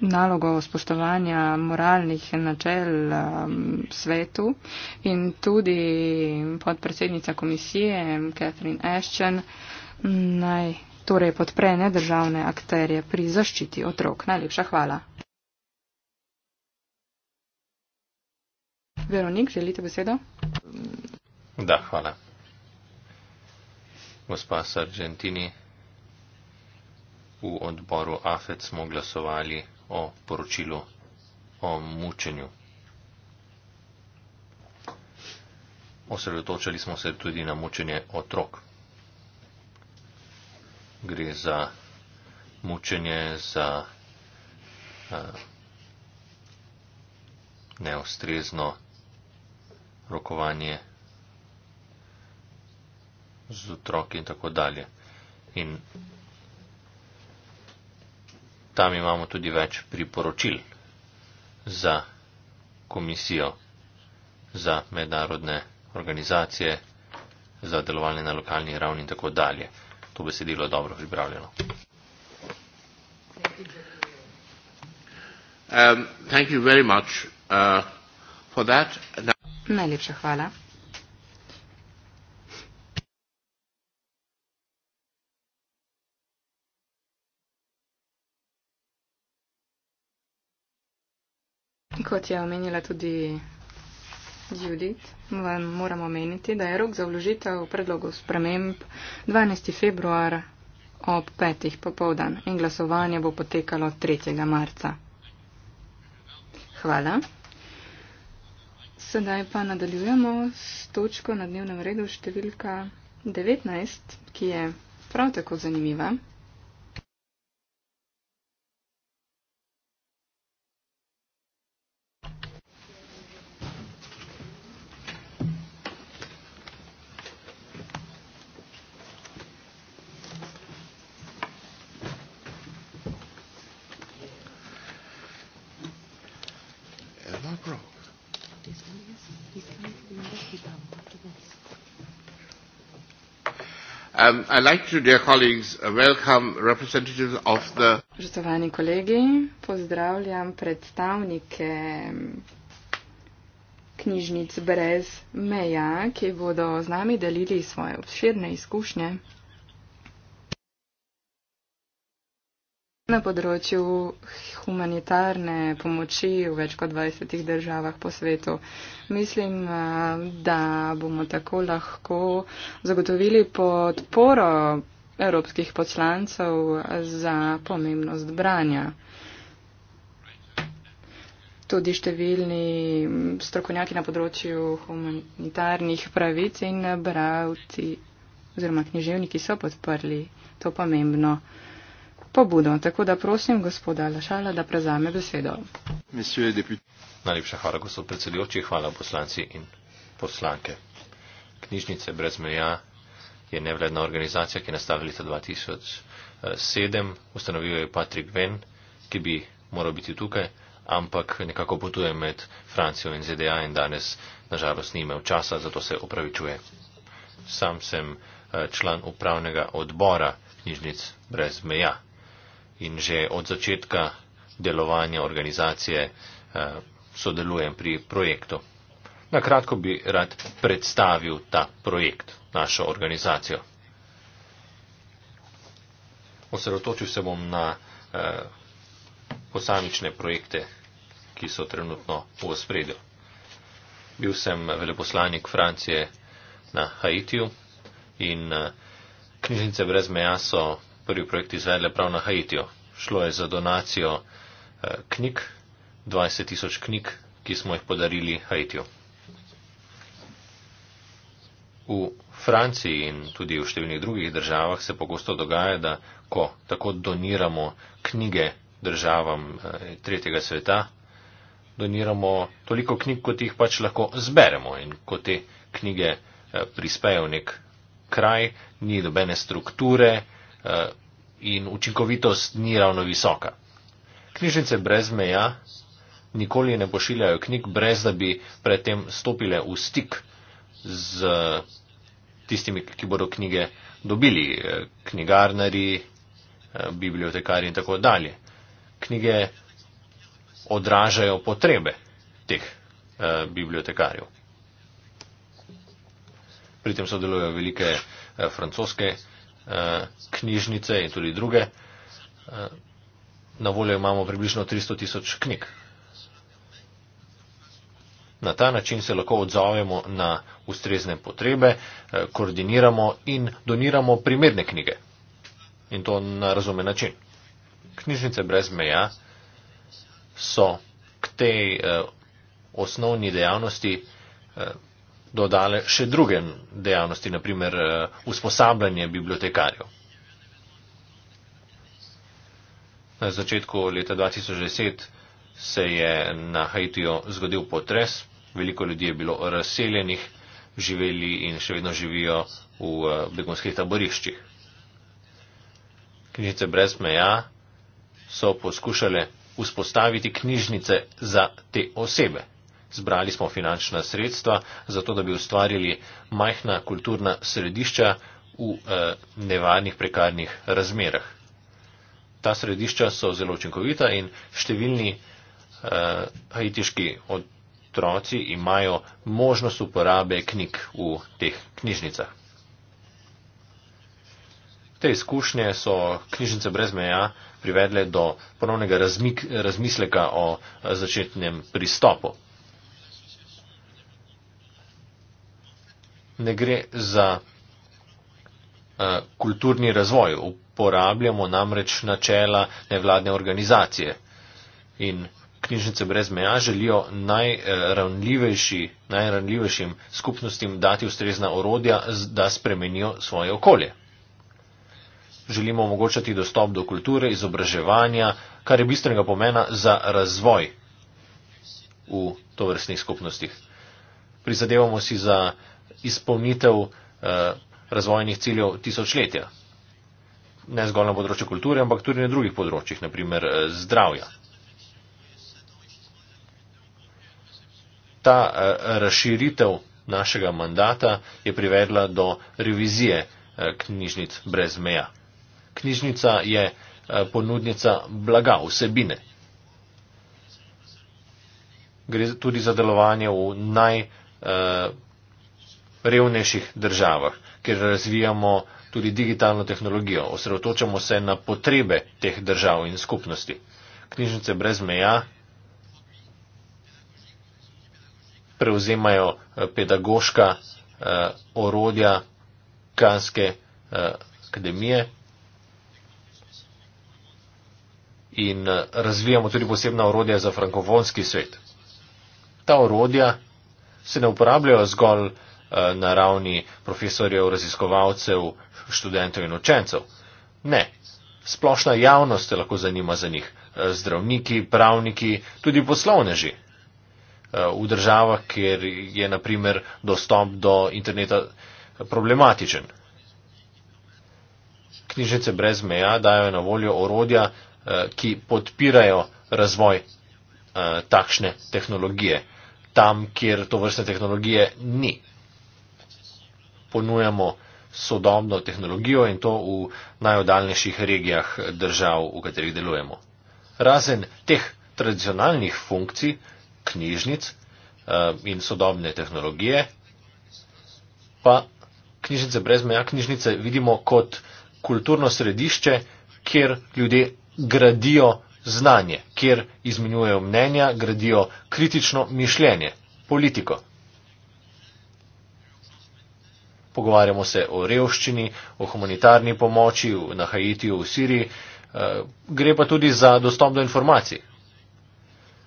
nalogo spoštovanja moralnih načel um, svetu in tudi podpredsednica komisije Catherine Ashton naj torej podpre nedržavne akterje pri zaščiti otrok. Najlepša hvala. Veronik, želite besedo? Da, hvala. Gospa Sargentini, v odboru AFED smo glasovali o poročilu o mučenju. Osredotočali smo se tudi na mučenje otrok. Gre za mučenje, za a, eh, neostrezno rokovanje z otroki in tako dalje. In tam imamo tudi več priporočil za komisijo, za mednarodne organizacije, za delovanje na lokalni ravni in tako dalje. To besedilo je dobro pripravljeno. Um, uh, Najlepša hvala. Kot je omenila tudi Judit, vam moramo omeniti, da je rok za vložitev predlogov sprememb 12. februar ob 5. popovdan in glasovanje bo potekalo 3. marca. Hvala. Sedaj pa nadaljujemo s točko na dnevnem redu številka 19, ki je prav tako zanimiva. Um, I'd like to, dear colleagues, uh, welcome representatives of the... Spoštovani kolegi, pozdravljam predstavnike um, knjižnic brez meja, ki bodo z nami delili svoje obširne izkušnje. Na področju humanitarne pomoči v več kot 20 državah po svetu mislim, eh, da bomo tako lahko zagotovili podporo evropskih poslancev za pomembnost branja. Tudi številni strokovnjaki na področju humanitarnih pravic in bravci oziroma književniki so podprli to pomembno pobudo. Tako da prosim gospoda Lašala, da prezame besedo. Najlepša hvala, gospod predsedujoči, hvala poslanci in poslanke. Knjižnice brez meja je nevladna organizacija, ki je nastala leta 2007. Eh, ustanovil je Patrik Ven, ki bi moral biti tukaj, ampak nekako potuje med Francijo in ZDA in danes nažalost ni imel časa, zato se opravičuje. Sam sem eh, član upravnega odbora knjižnic brez meja in že od začetka delovanja organizacije eh, sodelujem pri projektu. Na kratko bi rad predstavil ta projekt, našo organizacijo. Osredotočil se bom na eh, posamične projekte, ki so trenutno v spredju. Bil sem veleposlanik Francije na Haitiju in eh, knjižnice brez meja so prvi projekt izvedle prav na Haitiju. Šlo je za donacijo eh, knjig, 20 tisoč knjig, ki smo jih podarili Haitiju. V Franciji in tudi v številnih drugih državah se pogosto dogaja, da ko tako doniramo knjige državam eh, tretjega sveta, doniramo toliko knjig, kot jih pač lahko zberemo in ko te knjige eh, prispejo v nek kraj, ni dobene strukture, Eh, in učinkovitost ni ravno visoka. Knjižnice brez meja nikoli ne pošiljajo knjig, brez da bi predtem stopile v stik z tistimi, ki bodo knjige dobili, eh, knjigarnari, eh, bibliotekari in tako dalje. Knjige odražajo potrebe teh bibliotekarjev. Pri tem sodelujejo velike francoske Eh, knjižnice in tudi druge. Eh, na voljo imamo približno 300 tisoč knjig. Na ta način se lahko odzovemo na ustrezne potrebe, eh, koordiniramo in doniramo primerne knjige. In to na razumen način. Knjižnice brez meja so k tej osnovni dejavnosti dodale še druge dejavnosti, naprimer eh, usposabljanje bibliotekarjev. Na začetku leta 2010 se je na Haitiju zgodil potres, veliko ljudi je bilo razseljenih, živeli in še vedno živijo v eh, begunskih taboriščih. Knjižnice brez meja so poskušale vzpostaviti knjižnice za te osebe. Zbrali smo finančna sredstva, zato da bi ustvarili majhna kulturna središča v eh, nevarnih prekarnih razmerah. Ta središča so zelo učinkovita in številni eh, haitiški otroci imajo možnost uporabe knjig v teh knjižnicah. Te izkušnje so knjižnice brez meja privedle do ponovnega razmik, razmisleka o eh, začetnem pristopu. ne gre za eh, kulturni razvoj. Uporabljamo namreč načela nevladne organizacije in knjižnice brez meja želijo najranljivejšim skupnostim dati ustrezna orodja, da spremenijo svoje okolje. Želimo omogočati dostop do kulture, izobraževanja, kar je bistvenega pomena za razvoj v tovrstnih skupnostih. Prizadevamo si za izpolnitev eh, razvojnih ciljev tisočletja. Ne zgolj na področju kulture, ampak tudi na drugih področjih, naprimer eh, zdravja. Ta eh, razširitev našega mandata je privedla do revizije knjižnic brez meja. Knjižnica je ponudnica blaga, vsebine. Gre tudi za delovanje v naj revnejših državah, kjer razvijamo tudi digitalno tehnologijo. Osredotočamo se na potrebe teh držav in skupnosti. Knjižnice brez meja prevzemajo eh, pedagoška eh, orodja Kanske eh, akademije in eh, razvijamo tudi posebna orodja za frankofonski svet. Ta orodja se ne uporabljajo zgolj Eh, na ravni profesorjev, raziskovalcev, študentov in učencev. Ne, splošna javnost se lahko zanima za njih, eh, zdravniki, pravniki, tudi poslovneži. Eh, v državah, kjer je naprimer dostop do interneta problematičen. Knjižnice brez meja dajo na voljo orodja, ki podpirajo razvoj takšne tehnologije, tam, kjer to vrste tehnologije ni ponujamo sodobno tehnologijo in to v najodaljnejših regijah držav, v katerih delujemo. Razen teh tradicionalnih funkcij, knjižnic eh, in sodobne tehnologije, pa knjižnice brez meja, knjižnice vidimo kot kulturno središče, kjer ljudje gradijo znanje, kjer izmenjujejo mnenja, gradijo kritično mišljenje, politiko pogovarjamo se o revščini, o humanitarni pomoči na Haitiju, v Siriji, eh, gre pa tudi za dostop do informacij.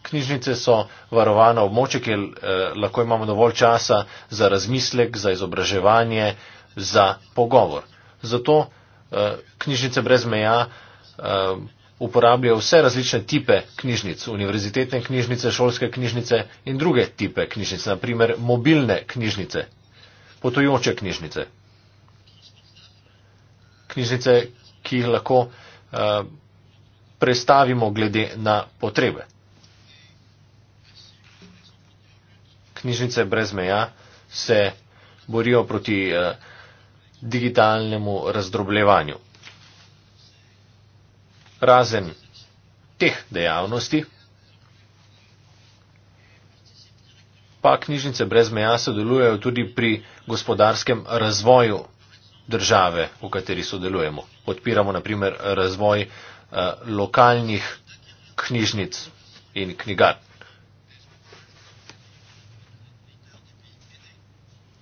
Knjižnice so varovana območja, kjer eh, lahko imamo dovolj časa za razmislek, za izobraževanje, za pogovor. Zato eh, knjižnice brez meja uporabljajo vse različne tipe knjižnic, univerzitetne knjižnice, šolske knjižnice in druge tipe knjižnice, naprimer mobilne knjižnice, potujoče knjižnice. Knjižnice, ki jih lahko uh, prestavimo glede na potrebe. Knjižnice brez meja se borijo proti uh, digitalnemu razdrobljevanju. Razen teh dejavnosti, pa knjižnice brez meja sodelujejo tudi pri gospodarskem razvoju države, v kateri sodelujemo. Podpiramo naprimer razvoj eh, lokalnih knjižnic in knjigar.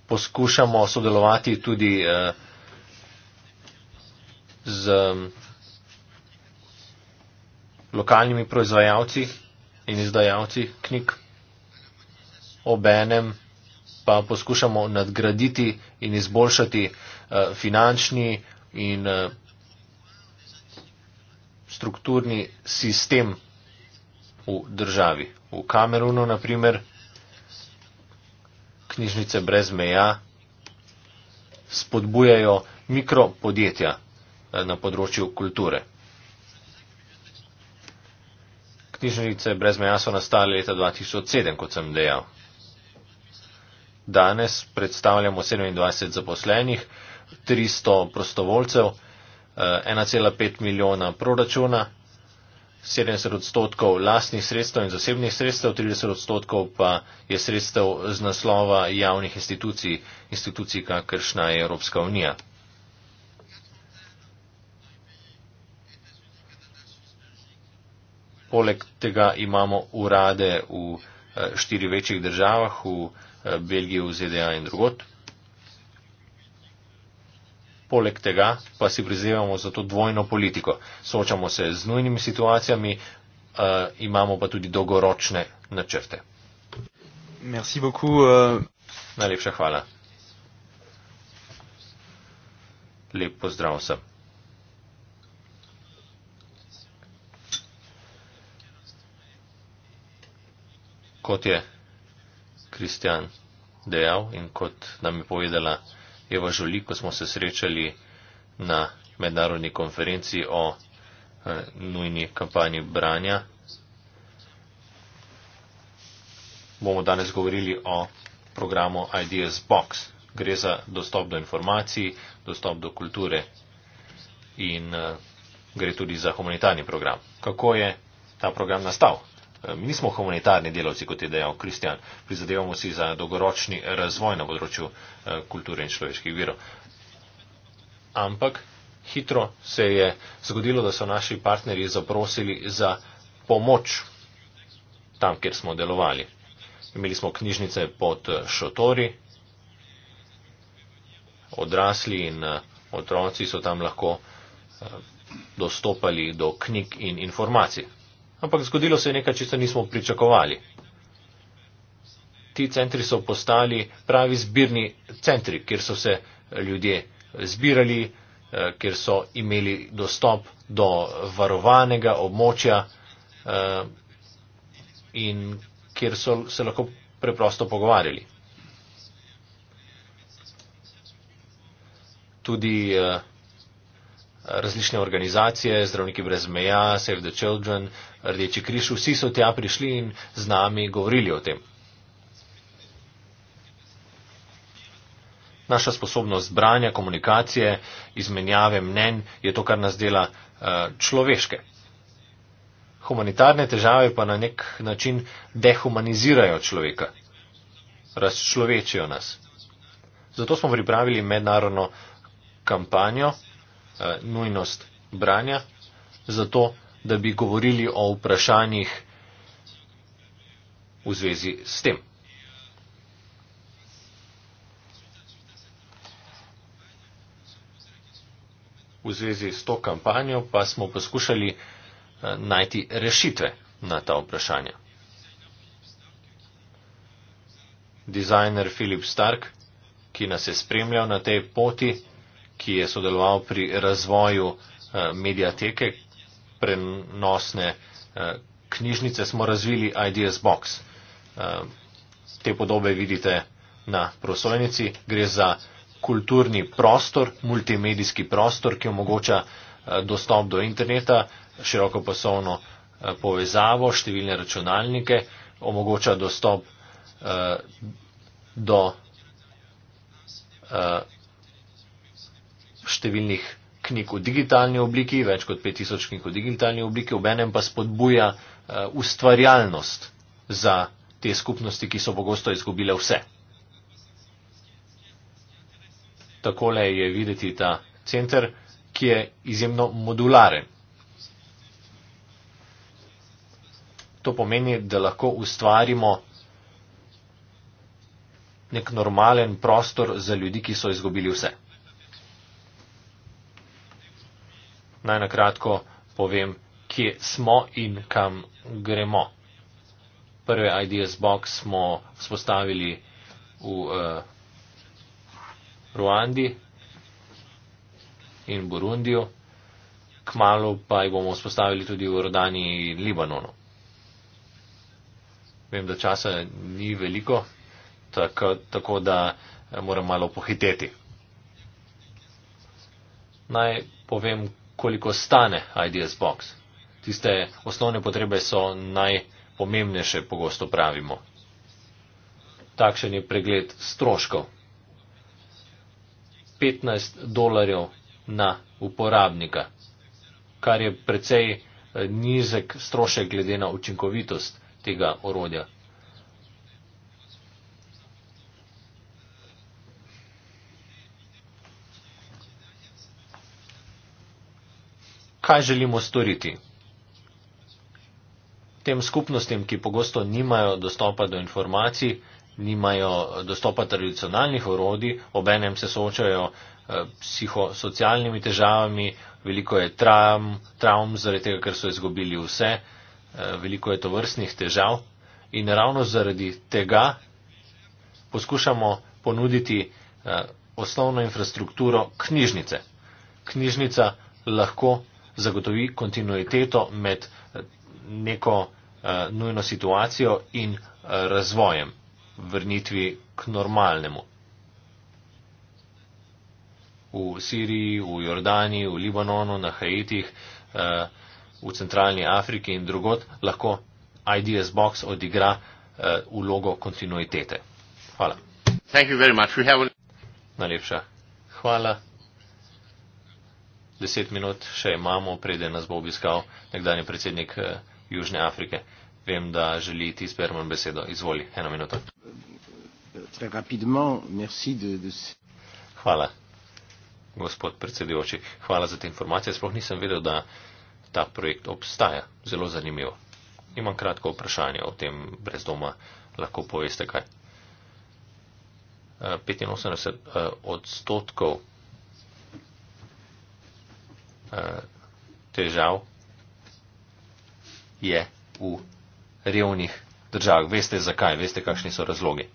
Poskušamo sodelovati tudi eh, z mm, lokalnimi proizvajalci in izdajalci knjig obenem pa poskušamo nadgraditi in izboljšati eh, finančni in eh, strukturni sistem v državi. V Kamerunu, naprimer, knjižnice brez meja spodbujajo mikropodjetja eh, na področju kulture. Knjižnice brez meja so nastale leta 2007, kot sem dejal danes predstavljamo 27 zaposlenih, 300 prostovoljcev, 1,5 eh, milijona proračuna, 70 odstotkov lastnih sredstev in zasebnih sredstev, 30 odstotkov pa je sredstev z naslova javnih institucij, institucij, kakršna je Evropska unija. Poleg tega imamo urade v. Eh, štiri večjih državah, v eh, Belgiji, v ZDA in drugot. Poleg tega pa si prizivamo za to dvojno politiko. Soočamo se z nujnimi situacijami, eh, imamo pa tudi dolgoročne načrte. Merci beaucoup. Najlepša hvala. Lep pozdrav vsem. kot je kristjan dejal in kot nam je povedala Eva Žoli, ko smo se srečali na mednarodni konferenci o eh, nujni kampanji branja. Bomo danes govorili o programu Ideas Box. Gre za dostop do informacij, dostop do kulture in uh, gre tudi za humanitarni program. Kako je ta program nastal? Mi nismo humanitarni delavci, kot je dejal Kristjan. Prizadevamo si za dolgoročni razvoj na področju eh, kulture in človeških virov. Ampak hitro se je zgodilo, da so naši partnerji zaprosili za pomoč tam, kjer smo delovali. Imeli smo knjižnice pod eh, šotori, odrasli in eh, otroci so tam lahko dostopali do knjig in informacij. Ampak zgodilo se je nekaj, česar nismo pričakovali. Ti centri so postali pravi zbirni centri, kjer so se ljudje zbirali, eh, kjer so imeli dostop do varovanega območja eh, in kjer so se lahko preprosto pogovarjali. Tudi eh, različne organizacije, zdravniki brez meja, Save the Children, Rdeči križ, vsi so tja prišli in z nami govorili o tem. Naša sposobnost branja, komunikacije, izmenjave mnen je to, kar nas dela eh, človeške. Humanitarne težave pa na nek način dehumanizirajo človeka, razčlovečijo nas. Zato smo pripravili mednarodno kampanjo, Eh, nujnost branja, zato da bi govorili o vprašanjih v zvezi s tem. V zvezi s to kampanjo pa smo poskušali eh, najti rešitve na ta vprašanja. Dizajner Filip Stark, ki nas je spremljal na tej poti, ki je sodeloval pri razvoju eh, medijateke, prenosne eh, knjižnice, smo razvili Ideas Box. Eh, te podobe vidite na prosojnici. Gre za kulturni prostor, multimedijski prostor, ki omogoča dostop do interneta, široko poslovno povezavo, številne računalnike, omogoča dostop do številnih knjig v digitalni obliki, več kot 5000 knjig v digitalni obliki, obenem pa spodbuja uh, ustvarjalnost za te skupnosti, ki so pogosto izgubile vse. Takole je videti ta center, ki je izjemno modularen. To pomeni, da lahko ustvarimo nek normalen prostor za ljudi, ki so izgubili vse. naj na kratko povem, kje smo in kam gremo. Prve IDS box smo spostavili v uh, Ruandi in Burundiju, kmalo pa jih bomo spostavili tudi v Rodani in Libanonu. Vem, da časa ni veliko, tako, tako da eh, moram malo pohiteti. Naj povem, koliko stane IDS box. Tiste osnovne potrebe so najpomembnejše, pogosto pravimo. Takšen je pregled stroškov. 15 dolarjev na uporabnika, kar je precej eh, nizek strošek glede na učinkovitost tega orodja. kaj želimo storiti tem skupnostim, ki pogosto nimajo dostopa do informacij, nimajo dostopa tradicionalnih orodij, obenem se soočajo eh, psihosocialnimi težavami, veliko je traum, traum zaradi tega, ker so izgubili vse, eh, veliko je tovrstnih težav in ravno zaradi tega poskušamo ponuditi eh, osnovno infrastrukturo knjižnice. Knjižnica lahko zagotovi kontinuiteto med eh, neko uh, nujno situacijo in uh, razvojem, vrnitvi k normalnemu. V Siriji, v Jordani, v Libanonu, na Haitih, uh, v centralni Afriki in drugot lahko IDS Box odigra uh, vlogo kontinuitete. Hvala. Najlepša. Hvala deset minut še imamo, preden nas bo obiskal nekdanji predsednik eh, Južne Afrike. Vem, da želi ti Sperman besedo. Izvoli, eno minuto. Hvala, gospod predsedujoči. Hvala za te informacije. Sploh nisem vedel, da ta projekt obstaja. Zelo zanimivo. Imam kratko vprašanje o tem brez doma. Lahko poveste kaj. 85 eh, eh, odstotkov Eh, težav je v revnih državah. Veste zakaj, veste kakšni so razlogi.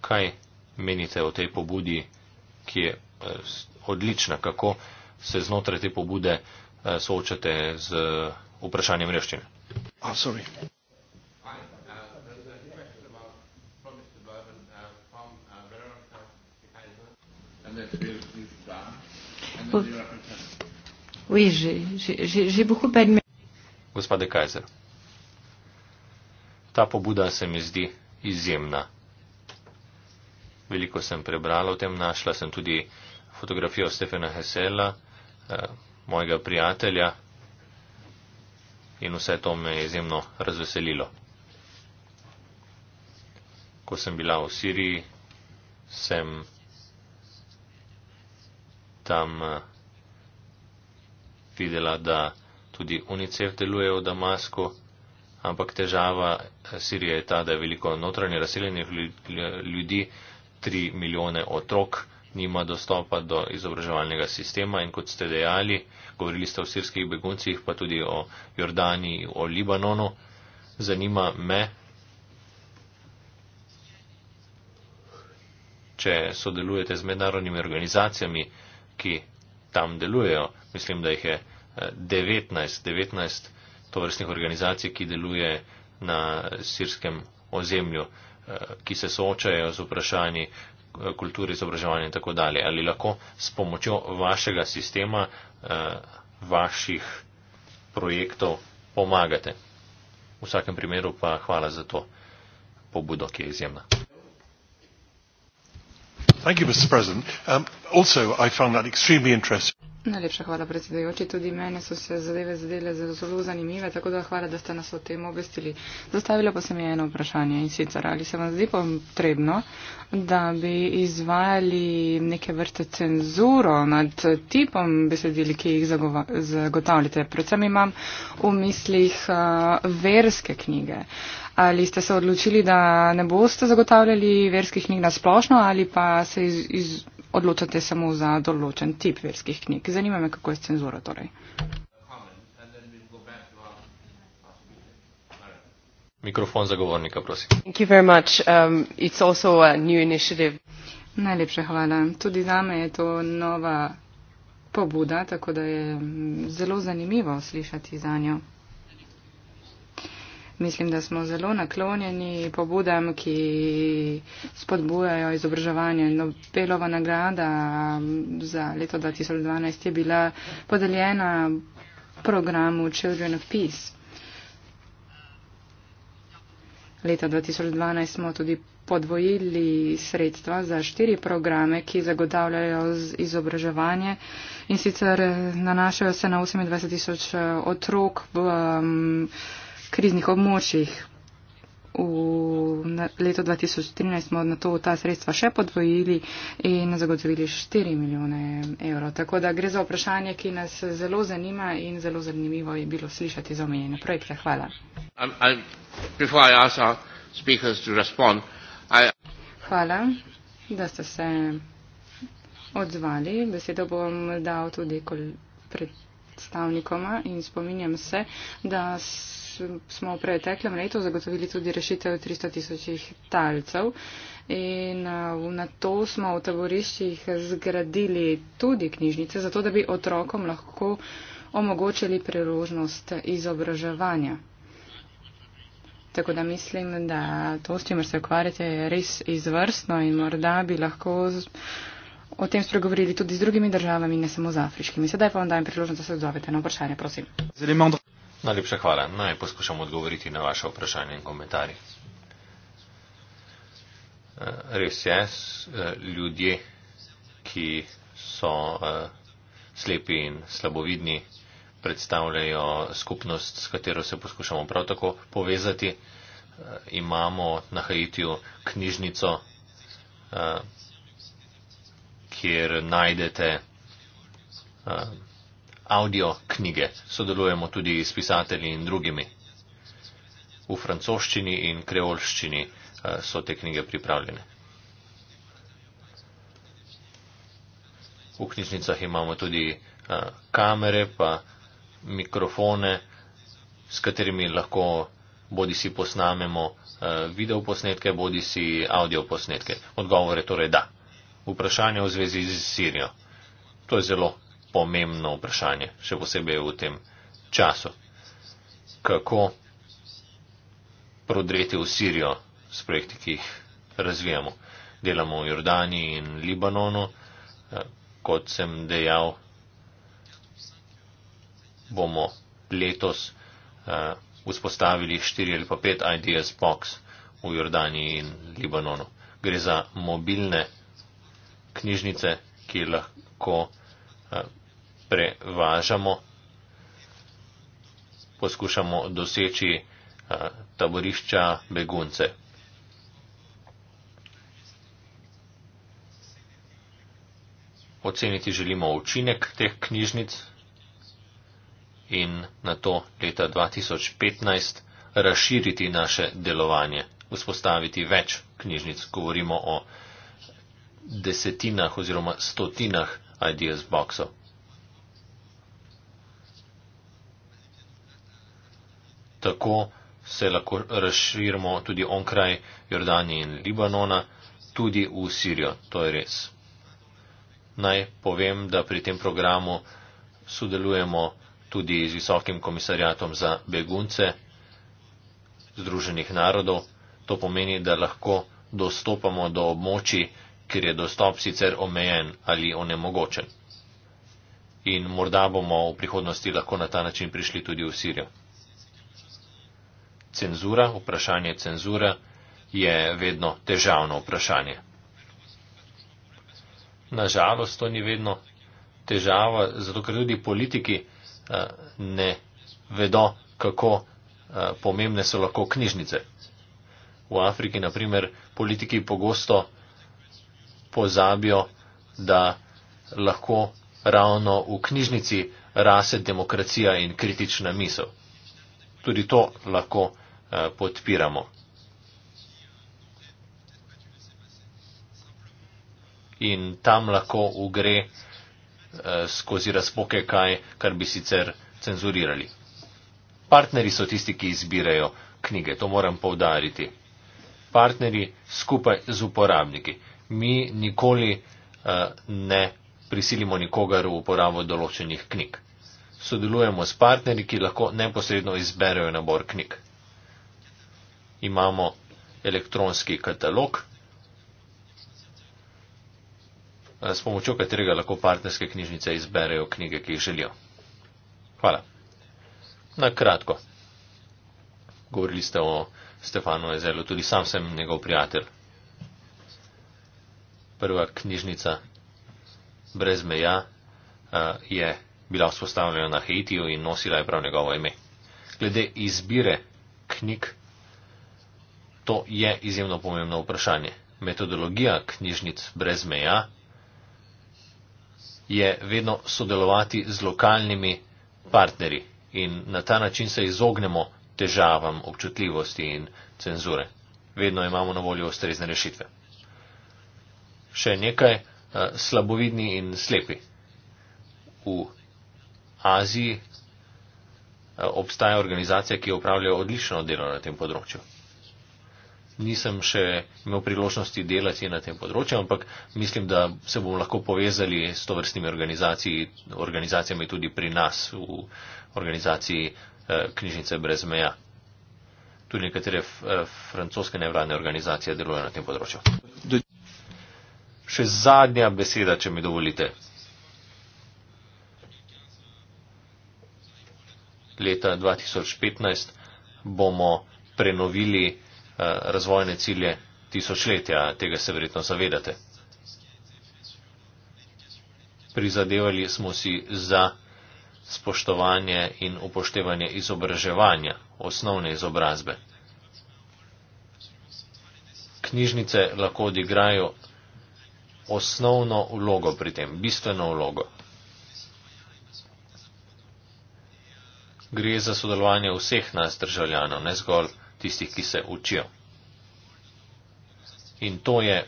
Kaj menite o tej pobudi, ki je eh, odlična, kako se znotraj te pobude eh, soočate z vprašanjem revščine? Oh, Oui, j'ai beaucoup admiré. Gospa de Kaiser, ta pobuda se mi zdi izjemna. Veliko sem prebrala o tem, našla sem tudi fotografijo Stefana Hesela, eh, mojega prijatelja in vse to me je izjemno razveselilo. Ko sem bila v Siriji, sem tam eh, videla, da tudi UNICEF deluje v Damasku, ampak težava eh, Sirije je ta, da je veliko notranje razseljenih ljudi, tri milijone otrok nima dostopa do izobraževalnega sistema in kot ste dejali, govorili ste o sirskih beguncih, pa tudi o Jordaniji, o Libanonu, zanima me, če sodelujete z mednarodnimi organizacijami, ki tam delujejo. Mislim, da jih je 19, eh, 19 tovrstnih organizacij, ki deluje na sirskem ozemlju, eh, ki se soočajo z vprašanji eh, kulturi, izobraževanja in tako dalje. Ali lahko s pomočjo vašega sistema, vaših projektov pomagate. V vsakem primeru pa hvala za to pobudo, ki je izjemna. Um, Najlepša hvala, predsedujoči. Tudi mene so se zadeve zadele zelo zanimive, tako da hvala, da ste nas o tem obvestili. Zastavila pa se mi eno vprašanje in sicer, ali se vam zdi potrebno, da bi izvajali neke vrste cenzuro nad tipom besedil, ki jih zagotavljate. Predvsem imam v mislih uh, verske knjige. Uh, Ali ste se odločili, da ne boste zagotavljali verskih knjig na splošno ali pa se iz, iz, odločate samo za določen tip verskih knjig? Zanima me, kako je s cenzuro torej. Mikrofon zagovornika, prosim. Um, Najlepše hvala. Tudi zame je to nova pobuda, tako da je mm, zelo zanimivo slišati za njo. Mislim, da smo zelo naklonjeni pobudam, ki spodbujajo izobraževanje. Nobelova nagrada za leto 2012 je bila podeljena programu Children of Peace. Leta 2012 smo tudi podvojili sredstva za štiri programe, ki zagotavljajo izobraževanje in sicer nanašajo se na 28 tisoč eh, otrok v. Um, kriznih območjih. V letu 2013 smo na to ta sredstva še podvojili in zagotovili 4 milijone evrov. Tako da gre za vprašanje, ki nas zelo zanima in zelo zanimivo je bilo slišati za omenjene projekte. Hvala. Um, um, Hvala, da ste se odzvali. Besedo bom dal tudi predstavnikoma in spominjam se, da. S smo v preteklem letu zagotovili tudi rešitev 300 tisočih talcev in uh, na to smo v taboriščih zgradili tudi knjižnice, zato da bi otrokom lahko omogočili priložnost izobraževanja. Tako da mislim, da to, s čimer se ukvarjate, je res izvrstno in morda bi lahko o tem spregovorili tudi z drugimi državami, ne samo z afriškimi. Sedaj pa vam dajem priložnost, da se odzovete na vprašanje, prosim. Zelimandr. Najlepša hvala. Naj poskušam odgovoriti na vaše vprašanje in komentarje. Eh, res je, eh, ljudje, ki so eh, slepi in slabovidni, predstavljajo skupnost, s katero se poskušamo prav tako povezati. Imamo na Haitiju knjižnico, kjer najdete audio knjige, sodelujemo tudi s pisatelji in drugimi. V francoščini in kreolščini eh, so te knjige pripravljene. V knjižnicah imamo tudi eh, kamere, pa mikrofone, s katerimi lahko bodi si posnamemo eh, video posnetke, bodi si audio posnetke. Odgovor je torej da. Vprašanje v zvezi z Sirijo. To je zelo pomembno vprašanje, še posebej v tem času. Kako prodreti v Sirijo s projekti, ki jih razvijamo? Delamo v Jordaniji in Libanonu, eh, kot sem dejal, bomo letos eh, vzpostavili štiri ali pa pet IDS box v Jordaniji in Libanonu. Gre za mobilne knjižnice, ki lahko eh, prevažamo, poskušamo doseči eh, taborišča begunce. Oceniti želimo učinek teh knjižnic in na to leta 2015 razširiti naše delovanje, vzpostaviti več knjižnic. Govorimo o desetinah oziroma stotinah ideas boxov. tako se lahko razširimo tudi onkraj Jordanije in Libanona, tudi v Sirijo. To je res. Naj povem, da pri tem programu sodelujemo tudi z Visokim komisarjatom za begunce Združenih narodov. To pomeni, da lahko dostopamo do območji, kjer je dostop sicer omejen ali onemogočen. In morda bomo v prihodnosti lahko na ta način prišli tudi v Sirijo cenzura, vprašanje cenzura je vedno težavno vprašanje. Nažalost, to ni vedno težava, zato ker tudi politiki eh, ne vedo, kako eh, pomembne so lahko knjižnice. V Afriki, na primer, politiki pogosto pozabijo, da lahko ravno v knjižnici rase demokracija in kritična misel. Tudi to lahko. Eh, podpiramo. In tam lahko ugre eh, skozi razpoke kaj, kar bi sicer cenzurirali. Partneri so tisti, ki izbirajo knjige, to moram povdariti. Partneri skupaj z uporabniki. Mi nikoli eh, ne prisilimo nikogar v uporabo določenih knjig. Sodelujemo s partneri, ki lahko neposredno izberejo nabor knjig imamo elektronski katalog, eh, s pomočjo katerega lahko partnerske knjižnice izberejo knjige, ki jih želijo. Hvala. Na kratko. Govorili ste o Stefanu Ezelu, tudi sam sem njegov prijatelj. Prva knjižnica brez meja eh, je bila vzpostavljena na Haitiju in nosila je prav njegovo ime. Glede izbire knjig, To je izjemno pomembno vprašanje. Metodologija knjižnic brez meja je vedno sodelovati z lokalnimi partnerji in na ta način se izognemo težavam občutljivosti in cenzure. Vedno imamo na voljo ustrezne rešitve. Še nekaj, eh, slabovidni in slepi. V Aziji eh, obstaja organizacija, ki opravlja odlično delo na tem področju nisem še imel priložnosti delati na tem področju, ampak mislim, da se bomo lahko povezali s to vrstnimi organizacijami tudi pri nas v organizaciji eh, Knjižnice brez meja. Tudi nekatere eh, francoske nevladne organizacije delujejo na tem področju. Še zadnja beseda, če mi dovolite. Leta 2015 bomo prenovili Eh, razvojne cilje tisočletja, tega se verjetno zavedate. Prizadevali smo si za spoštovanje in upoštevanje izobraževanja, osnovne izobrazbe. Knjižnice lahko odigrajo osnovno vlogo pri tem, bistveno vlogo. Gre za sodelovanje vseh nas državljanov, ne zgolj tistih, ki se učijo. In to je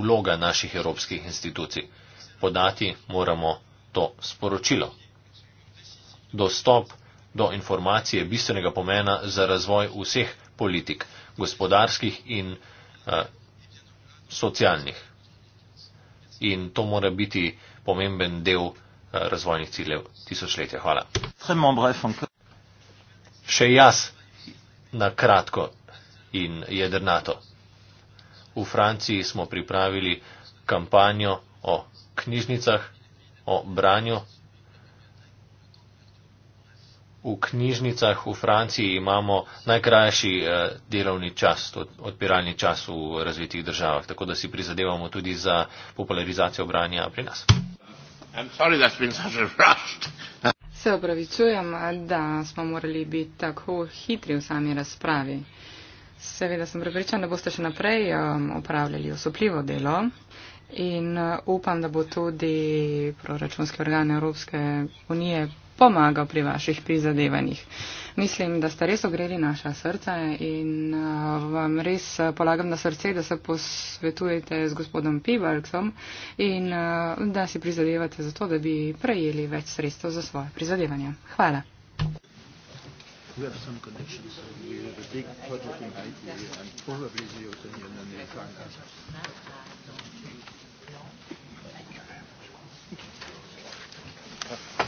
vloga naših evropskih institucij. Podati moramo to sporočilo. Dostop do informacije je bistvenega pomena za razvoj vseh politik, gospodarskih in eh, socialnih. In to mora biti pomemben del eh, razvojnih ciljev tisočletja. Hvala. Še jaz na kratko in jedrnato. V Franciji smo pripravili kampanjo o knjižnicah, o branju. V knjižnicah v Franciji imamo najkrajši eh, delovni čas, odpiralni čas v razvitih državah, tako da si prizadevamo tudi za popularizacijo branja pri nas se opravičujem, da smo morali biti tako hitri v sami razpravi. Seveda sem prepričan, da boste še naprej um, opravljali osupljivo delo in uh, upam, da bo tudi proračunski organ Evropske unije pomagal pri vaših prizadevanjih. Mislim, da ste res ogreli naša srca in eh, vam res eh, polagam na srce, da se posvetujete z gospodom Pivalksom in eh, da si prizadevate za to, da bi prejeli več sredstev za svoje prizadevanje. Hvala. Thank you.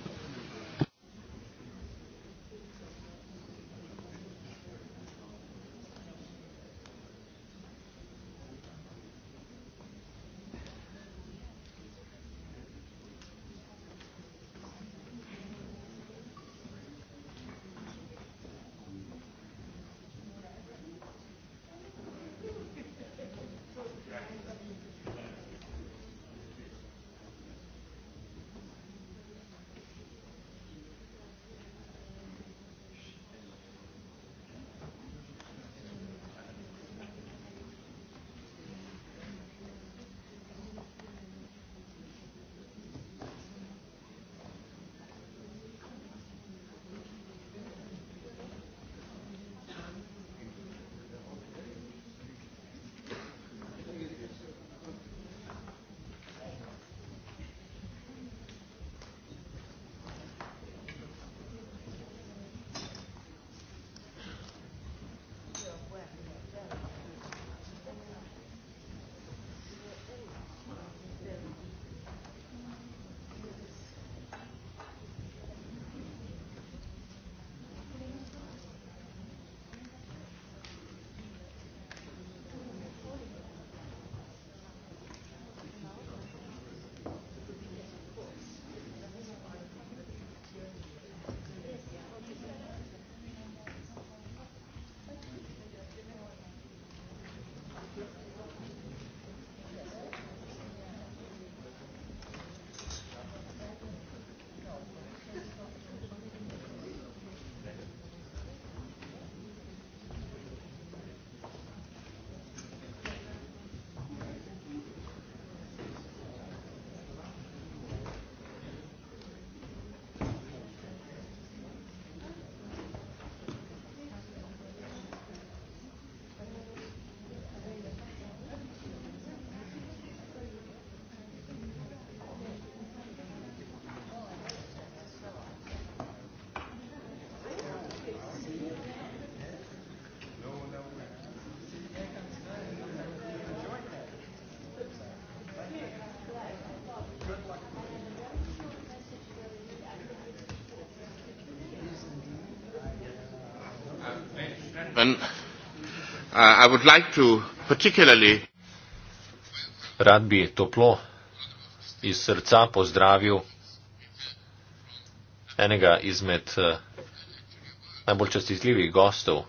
gentlemen, uh, I would like to particularly Rad bi toplo iz srca pozdravil enega izmed uh, najbolj častitljivih gostov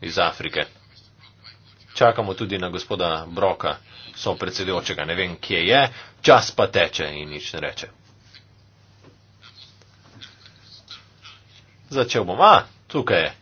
iz Afrike. Čakamo tudi na gospoda Broka, so predsedujočega. Ne vem, kje je, čas pa teče in nič ne reče. Začel bom, a, tukaj je.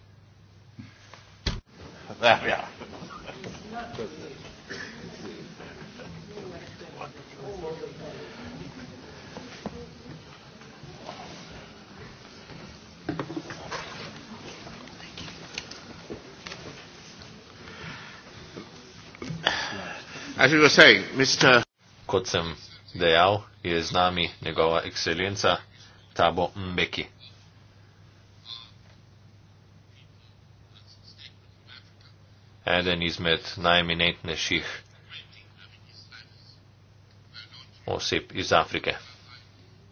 Kot sem dejal, je z nami njegova ekscelenca Tabo Mbeki. Eden izmed najeminentnejših oseb iz Afrike.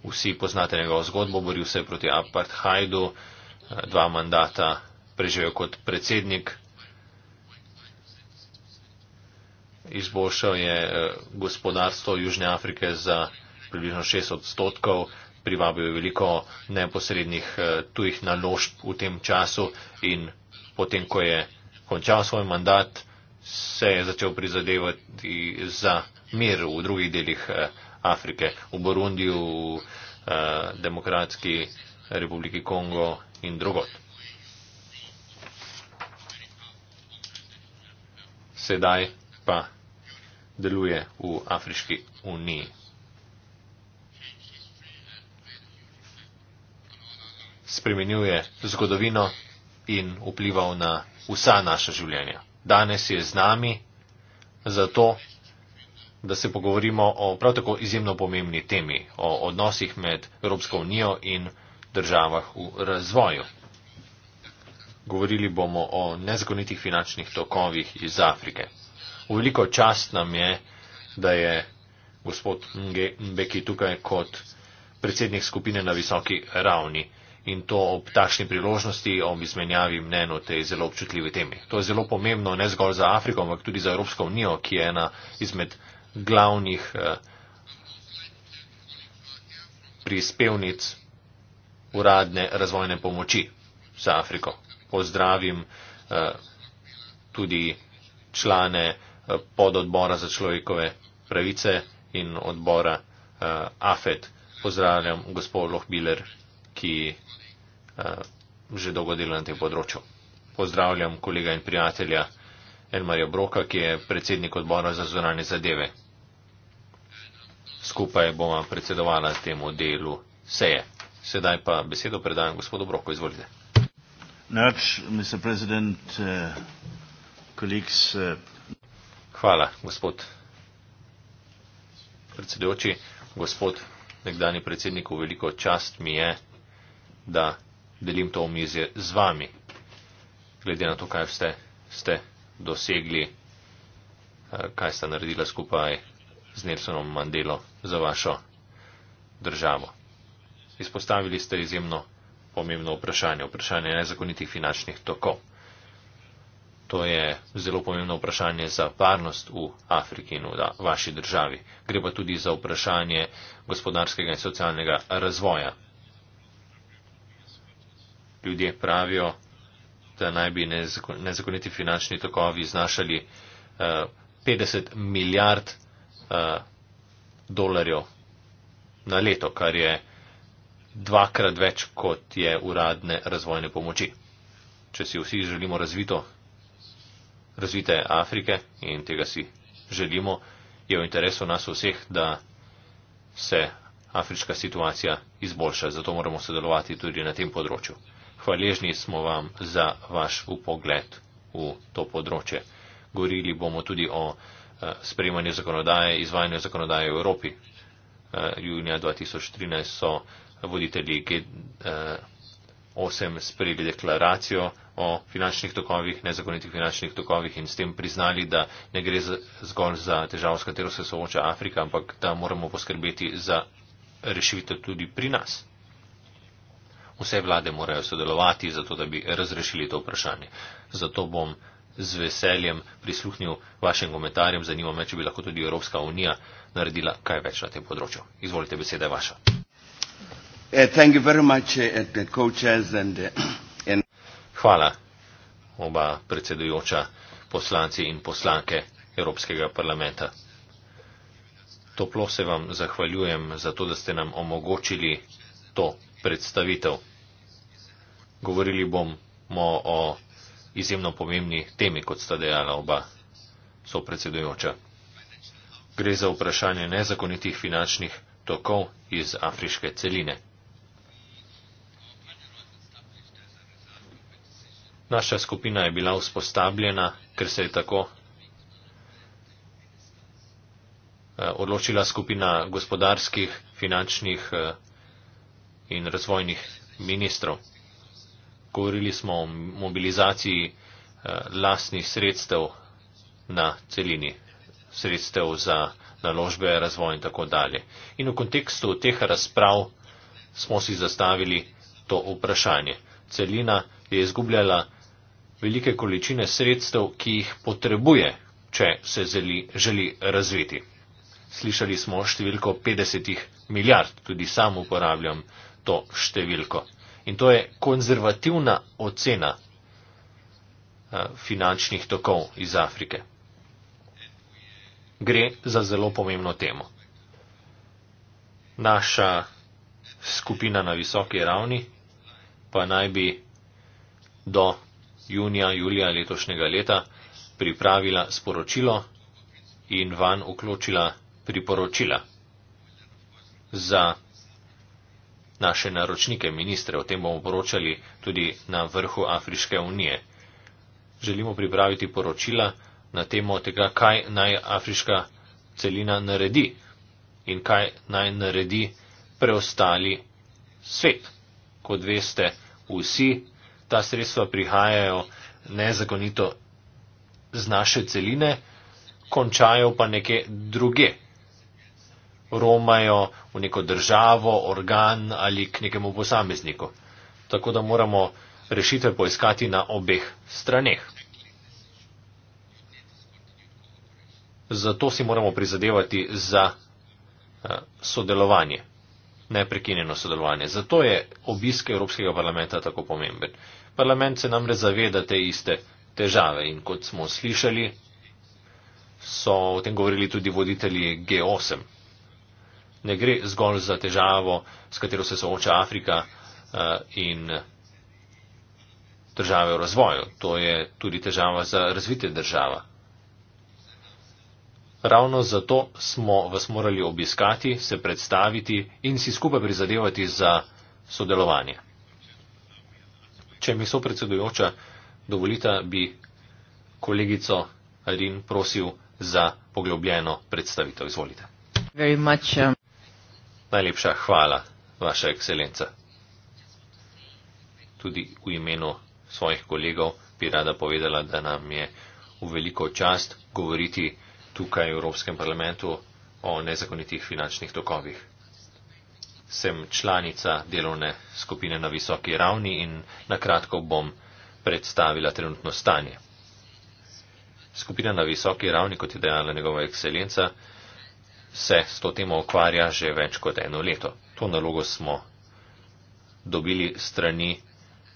Vsi poznate njegovo zgodbo, boril se je proti apartheidu, dva mandata preživel kot predsednik izboljšal je eh, gospodarstvo Južne Afrike za približno 6 odstotkov, privabil je veliko neposrednih eh, tujih naložb v tem času in potem, ko je končal svoj mandat, se je začel prizadevati za mir v drugih delih eh, Afrike, v Burundiju, v Demokratski republiki Kongo in drugot. Sedaj pa deluje v Afriški uniji. Spremenil je zgodovino in vplival na vsa naša življenja. Danes je z nami zato, da se pogovorimo o prav tako izjemno pomembni temi, o odnosih med Evropsko unijo in državah v razvoju. Govorili bomo o nezakonitih finančnih tokovih iz Afrike veliko čast nam je, da je gospod Mbeki tukaj kot predsednik skupine na visoki ravni. In to ob takšni priložnosti, ob izmenjavi mnen o tej zelo občutljivi temi. To je zelo pomembno ne zgolj za Afriko, ampak tudi za Evropsko unijo, ki je ena izmed glavnih eh, prispevnic uradne razvojne pomoči za Afriko. Pozdravim eh, tudi člane pod odbora za človekove pravice in odbora uh, eh, AFET. Pozdravljam gospod Lohbiler, ki uh, že dolgo dela na tem področju. Pozdravljam kolega in prijatelja Elmarja Broka, ki je predsednik odbora za zunanje zadeve. Skupaj bomo predsedovali temu delu seje. Sedaj pa besedo predajam gospodu Broku. Izvolite. Nač, mister predsednik, eh, kolegs. Uh, Hvala, gospod predsedujoči, gospod nekdani predsednik, veliko čast mi je, da delim to omizje z vami. Glede na to, kaj ste, ste dosegli, eh, kaj sta naredila skupaj z Nelsonom Mandelo za vašo državo. Izpostavili ste izjemno pomembno vprašanje, vprašanje nezakonitih finančnih tokov to je zelo pomembno vprašanje za varnost v Afriki in v vaši državi. Gre pa tudi za vprašanje gospodarskega in socialnega razvoja. Ljudje pravijo, da naj bi nezakoniti finančni tokovi znašali 50 eh, milijard eh, dolarjev na leto, kar je dvakrat več, kot je uradne razvojne pomoči. Če si vsi želimo razvito razvite Afrike in tega si želimo, je v interesu nas vseh, da se afriška situacija izboljša. Zato moramo sodelovati tudi na tem področju. Hvaležni smo vam za vaš upogled v to področje. Govorili bomo tudi o eh, sprejmanju zakonodaje, izvajanju zakonodaje v Evropi. Eh, junija 2013 so voditelji G8 eh, sprejeli deklaracijo, o finančnih tokovih, nezakonitih finančnih tokovih in s tem priznali, da ne gre zgolj za težavo, s katero se sooča Afrika, ampak da moramo poskrbeti za rešitev tudi pri nas. Vse vlade morajo sodelovati, zato da bi razrešili to vprašanje. Zato bom z veseljem prisluhnil vašim komentarjem. Zanima me, če bi lahko tudi Evropska unija naredila kaj več na tem področju. Izvolite, beseda je vaša. Uh, thank you very much, uh, eh, the eh, co-chairs and uh, Hvala, oba predsedujoča poslanci in poslanke Evropskega parlamenta. Toplo se vam zahvaljujem za to, da ste nam omogočili to predstavitev. Govorili bomo o izjemno pomembni temi, kot sta dejala oba so predsedujoča. Gre za vprašanje nezakonitih finančnih tokov iz afriške celine. Naša skupina je bila vzpostavljena, ker se je tako eh, odločila skupina gospodarskih, finančnih eh, in razvojnih ministrov. Govorili smo o mobilizaciji eh, lastnih sredstev na celini, sredstev za naložbe, razvoj in tako dalje. In v kontekstu teh razprav smo si zastavili to vprašanje. Celina je izgubljala velike količine sredstev, ki jih potrebuje, če se zeli, želi razviti. Slišali smo številko 50 milijard, tudi sam uporabljam to številko. In to je konzervativna ocena eh, finančnih tokov iz Afrike. Gre za zelo pomembno temo. Naša skupina na visoki ravni pa naj bi do junija, julija letošnjega leta pripravila sporočilo in van vključila priporočila za naše naročnike, ministre. O tem bomo poročali tudi na vrhu Afriške unije. Želimo pripraviti poročila na temo tega, kaj naj Afriška celina naredi in kaj naj naredi preostali svet. Kot veste, vsi ta sredstva prihajajo nezakonito z naše celine, končajo pa neke druge. Romajo v neko državo, organ ali k nekemu posamezniku. Tako da moramo rešitve poiskati na obeh straneh. Zato si moramo prizadevati za eh, sodelovanje, neprekinjeno sodelovanje. Zato je obisk Evropskega parlamenta tako pomemben. Parlament se namre zaveda te iste težave in kot smo slišali, so o tem govorili tudi voditelji G8. Ne gre zgolj za težavo, s katero se sooča Afrika eh, in države v razvoju. To je tudi težava za razvite država. Ravno zato smo vas morali obiskati, se predstaviti in si skupaj prizadevati za sodelovanje. Če mi so predsedujoča, dovolite, bi kolegico Rin prosil za poglobljeno predstavitev. Izvolite. Much, um... Najlepša hvala, Vaša ekscelenca. Tudi v imenu svojih kolegov bi rada povedala, da nam je v veliko čast govoriti tukaj v Evropskem parlamentu o nezakonitih finančnih tokovih sem članica delovne skupine na visoki ravni in na kratko bom predstavila trenutno stanje. Skupina na visoki ravni, kot je dejala njegova ekscelenca, se s to temo ukvarja že več kot eno leto. To nalogo smo dobili strani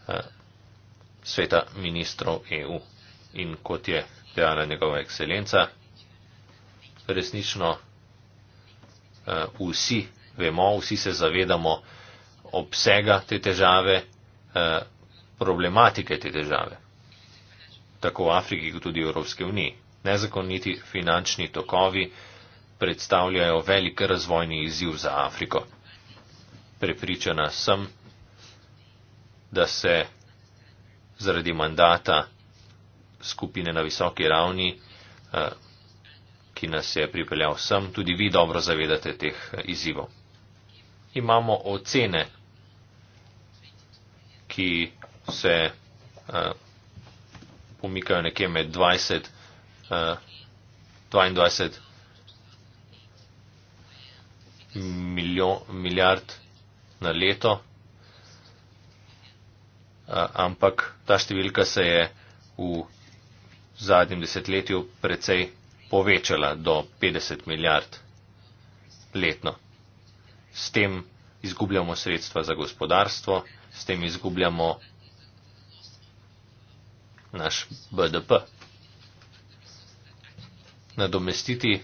uh, sveta ministrov EU. In kot je dejala njegova ekscelenca, resnično uh, vsi vemo, vsi se zavedamo obsega te težave, eh, problematike te težave. Tako v Afriki, kot tudi v Evropske unije. Nezakoniti finančni tokovi predstavljajo velik razvojni izziv za Afriko. Prepričana sem, da se zaradi mandata skupine na visoki ravni, eh, ki nas je pripeljal sem, tudi vi dobro zavedate teh eh, izzivov imamo ocene, ki se uh, pomikajo nekje med 20, uh, 22 milijo, milijard na leto, uh, ampak ta številka se je v zadnjem desetletju precej povečala do 50 milijard letno s tem izgubljamo sredstva za gospodarstvo, s tem izgubljamo naš BDP. Nadomestiti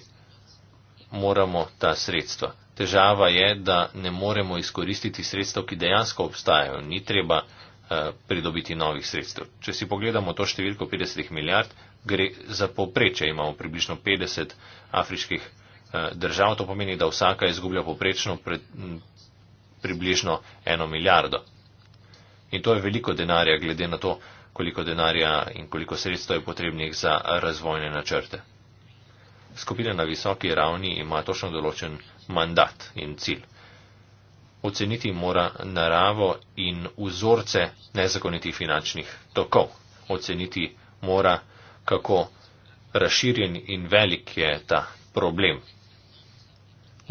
moramo ta sredstva. Težava je, da ne moremo izkoristiti sredstev, ki dejansko obstajajo. Ni treba eh, pridobiti novih sredstev. Če si pogledamo to številko 50 milijard, gre za poprečje. Imamo približno 50 afriških Eh, držav, to pomeni, da vsaka izgublja poprečno pred, približno eno milijardo. In to je veliko denarja, glede na to, koliko denarja in koliko sredstev je potrebnih za razvojne načrte. Skupina na visoki ravni ima točno določen mandat in cilj. Oceniti mora naravo in vzorce nezakonitih finančnih tokov. Oceniti mora, kako razširjen in velik je ta problem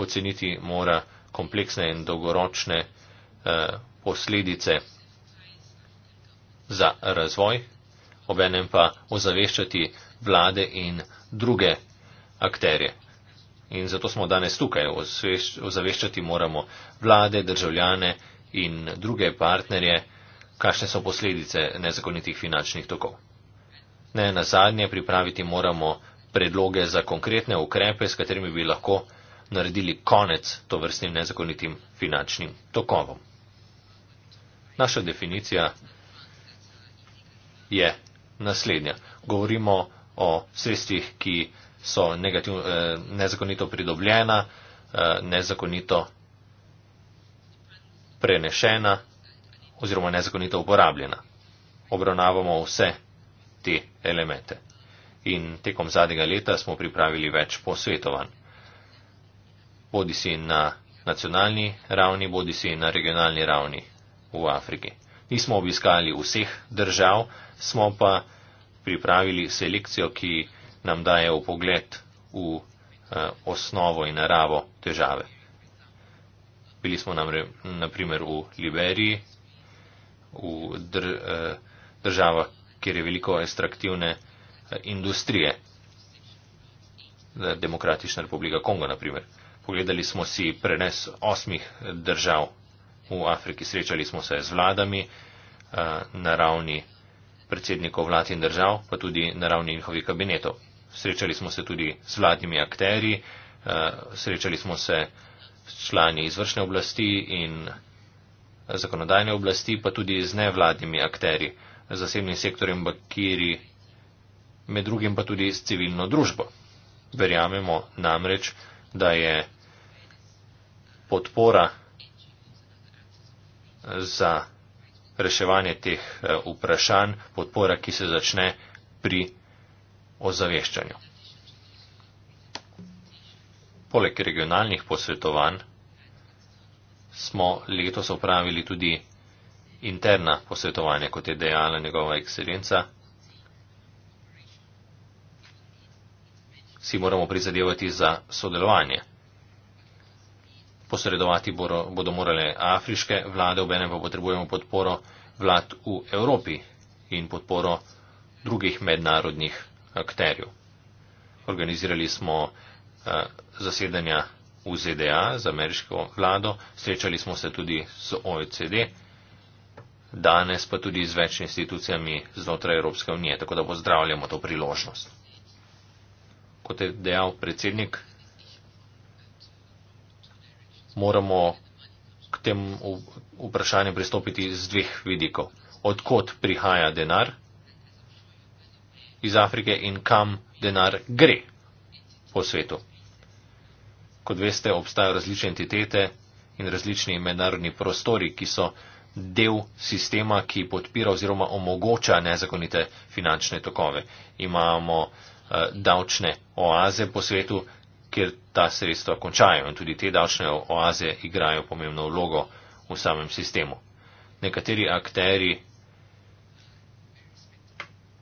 oceniti mora kompleksne in dolgoročne eh, posledice za razvoj, obenem pa ozaveščati vlade in druge akterje. In zato smo danes tukaj. Ozaveščati moramo vlade, državljane in druge partnerje, kakšne so posledice nezakonitih finančnih tokov. Ne na zadnje, pripraviti moramo predloge za konkretne ukrepe, s katerimi bi lahko naredili konec to vrstnim nezakonitim finančnim tokovom. Naša definicija je naslednja. Govorimo o sredstvih, ki so negativ, eh, nezakonito pridobljena, eh, nezakonito prenešena oziroma nezakonito uporabljena. Obravnavamo vse te elemente. In tekom zadnjega leta smo pripravili več posvetovanj bodi si na nacionalni ravni, bodi si na regionalni ravni v Afriki. Nismo obiskali vseh držav, smo pa pripravili selekcijo, ki nam daje upogled v eh, osnovo in naravo težave. Bili smo naprimer v Liberiji, v dr, eh, državah, kjer je veliko ekstraktivne eh, industrije. Eh, Demokratična republika Kongo, naprimer pogledali smo si prenes osmih držav v Afriki, srečali smo se z vladami eh, na ravni predsednikov vlad in držav, pa tudi na ravni njihovih kabinetov. Srečali smo se tudi z vladnimi akteri, eh, srečali smo se s člani izvršne oblasti in zakonodajne oblasti, pa tudi z nevladnimi akteri, z zasebnim sektorjem Bakiri, med drugim pa tudi s civilno družbo. Verjamemo namreč, da je podpora za reševanje teh eh, vprašanj, podpora, ki se začne pri ozaveščanju. Poleg regionalnih posvetovanj smo letos opravili tudi interna posvetovanja, kot je dejala njegova ekscelenca. Si moramo prizadevati za sodelovanje posredovati bodo, bodo morale afriške vlade, obenem pa potrebujemo podporo vlad v Evropi in podporo drugih mednarodnih akterjev. Organizirali smo eh, zasedanja v ZDA z ameriško vlado, srečali smo se tudi z OECD, danes pa tudi z več institucijami znotraj Evropske unije, tako da pozdravljamo to priložnost. Kot je dejal predsednik moramo k tem vprašanjem pristopiti z dveh vidikov. Odkot prihaja denar iz Afrike in kam denar gre po svetu. Kot veste, obstajajo različne entitete in različni mednarodni prostori, ki so del sistema, ki podpira oziroma omogoča nezakonite finančne tokove. Imamo uh, davčne oaze po svetu, kjer ta sredstva končajo in tudi te davčne oaze igrajo pomembno vlogo v samem sistemu. Nekateri akteri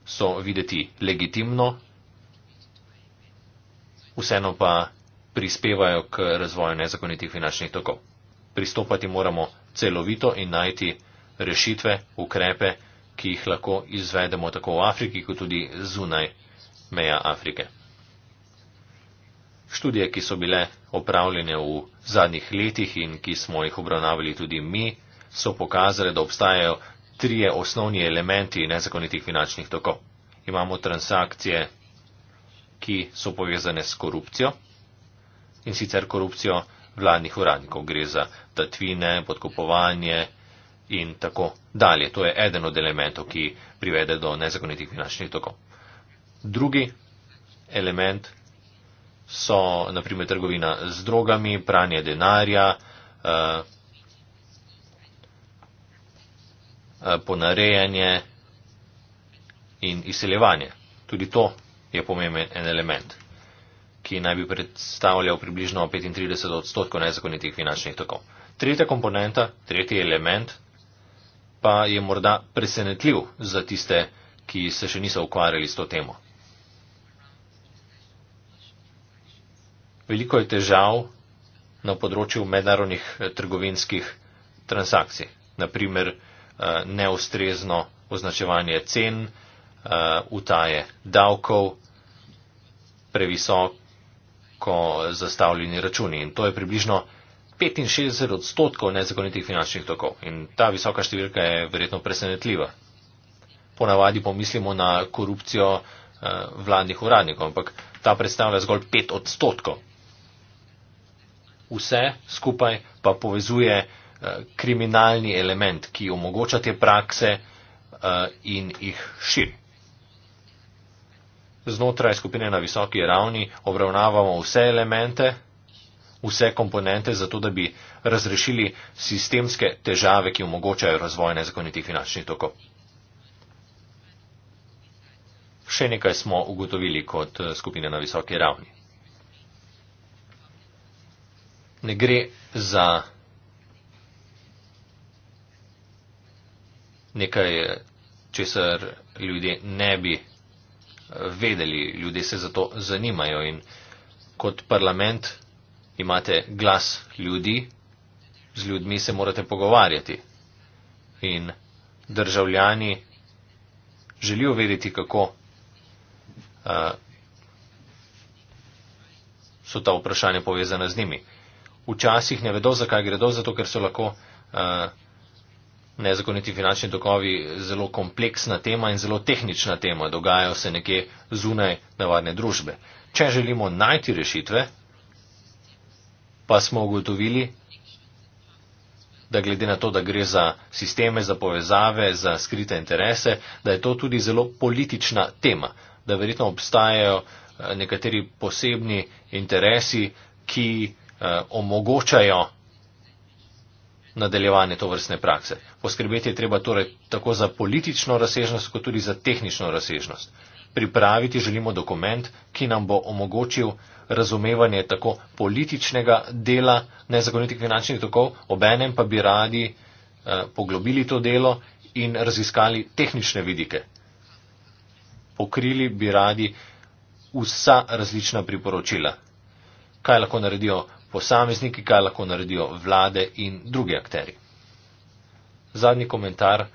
so videti legitimno, vseeno pa prispevajo k razvoju nezakonitih finančnih tokov. Pristopati moramo celovito in najti rešitve, ukrepe, ki jih lahko izvedemo tako v Afriki, kot tudi zunaj meja Afrike študije, ki so bile opravljene v zadnjih letih in ki smo jih obravnavali tudi mi, so pokazale, da obstajajo trije osnovni elementi nezakonitih finančnih tokov. Imamo transakcije, ki so povezane s korupcijo in sicer korupcijo vladnih uradnikov. Gre za tatvine, podkupovanje in tako dalje. To je eden od elementov, ki privede do nezakonitih finančnih tokov. Drugi element so naprimer trgovina z drogami, pranje denarja, eh, eh, ponarejanje in izseljevanje. Tudi to je pomemben element, ki naj bi predstavljal približno 35 odstotkov nezakonitih finančnih tokov. Tretja komponenta, tretji element pa je morda presenetljiv za tiste, ki se še niso ukvarjali s to temo. veliko je težav na področju mednarodnih eh, trgovinskih transakcij. Naprimer, eh, neustrezno označevanje cen, eh, utaje davkov, previsoko zastavljeni računi. In to je približno 65 odstotkov nezakonitih finančnih tokov. In ta visoka številka je verjetno presenetljiva. Ponavadi pomislimo na korupcijo vladnih uradnikov, ampak ta predstavlja zgolj 5 odstotkov vse skupaj pa povezuje eh, kriminalni element, ki omogoča te prakse eh, in jih širi. Znotraj skupine na visoki ravni obravnavamo vse elemente, vse komponente, zato da bi razrešili sistemske težave, ki omogočajo razvoj nezakonitih finančnih tokov. Še nekaj smo ugotovili kot eh, skupine na visoki ravni ne gre za nekaj, česar ljudje ne bi vedeli. Ljudje se zato zanimajo in kot parlament imate glas ljudi, z ljudmi se morate pogovarjati. In državljani želijo vedeti, kako uh, so ta vprašanja povezana z njimi včasih ne vedo, zakaj gredo, zato ker so lahko uh, nezakoniti finančni tokovi zelo kompleksna tema in zelo tehnična tema, dogajajo se nekje zunaj navadne družbe. Če želimo najti rešitve, pa smo ugotovili, da glede na to, da gre za sisteme, za povezave, za skrite interese, da je to tudi zelo politična tema, da verjetno obstajajo eh, nekateri posebni interesi, ki uh, Eh, omogočajo nadaljevanje to vrstne prakse. Poskrbeti je treba torej tako za politično razsežnost, kot tudi za tehnično razsežnost. Pripraviti želimo dokument, ki nam bo omogočil razumevanje tako političnega dela nezakonitih finančnih tokov, obenem pa bi radi eh, poglobili to delo in raziskali tehnične vidike. Pokrili bi radi vsa različna priporočila. Kaj lahko naredijo posamezniki, kaj lahko naredijo vlade in drugi akteri. Zadnji komentar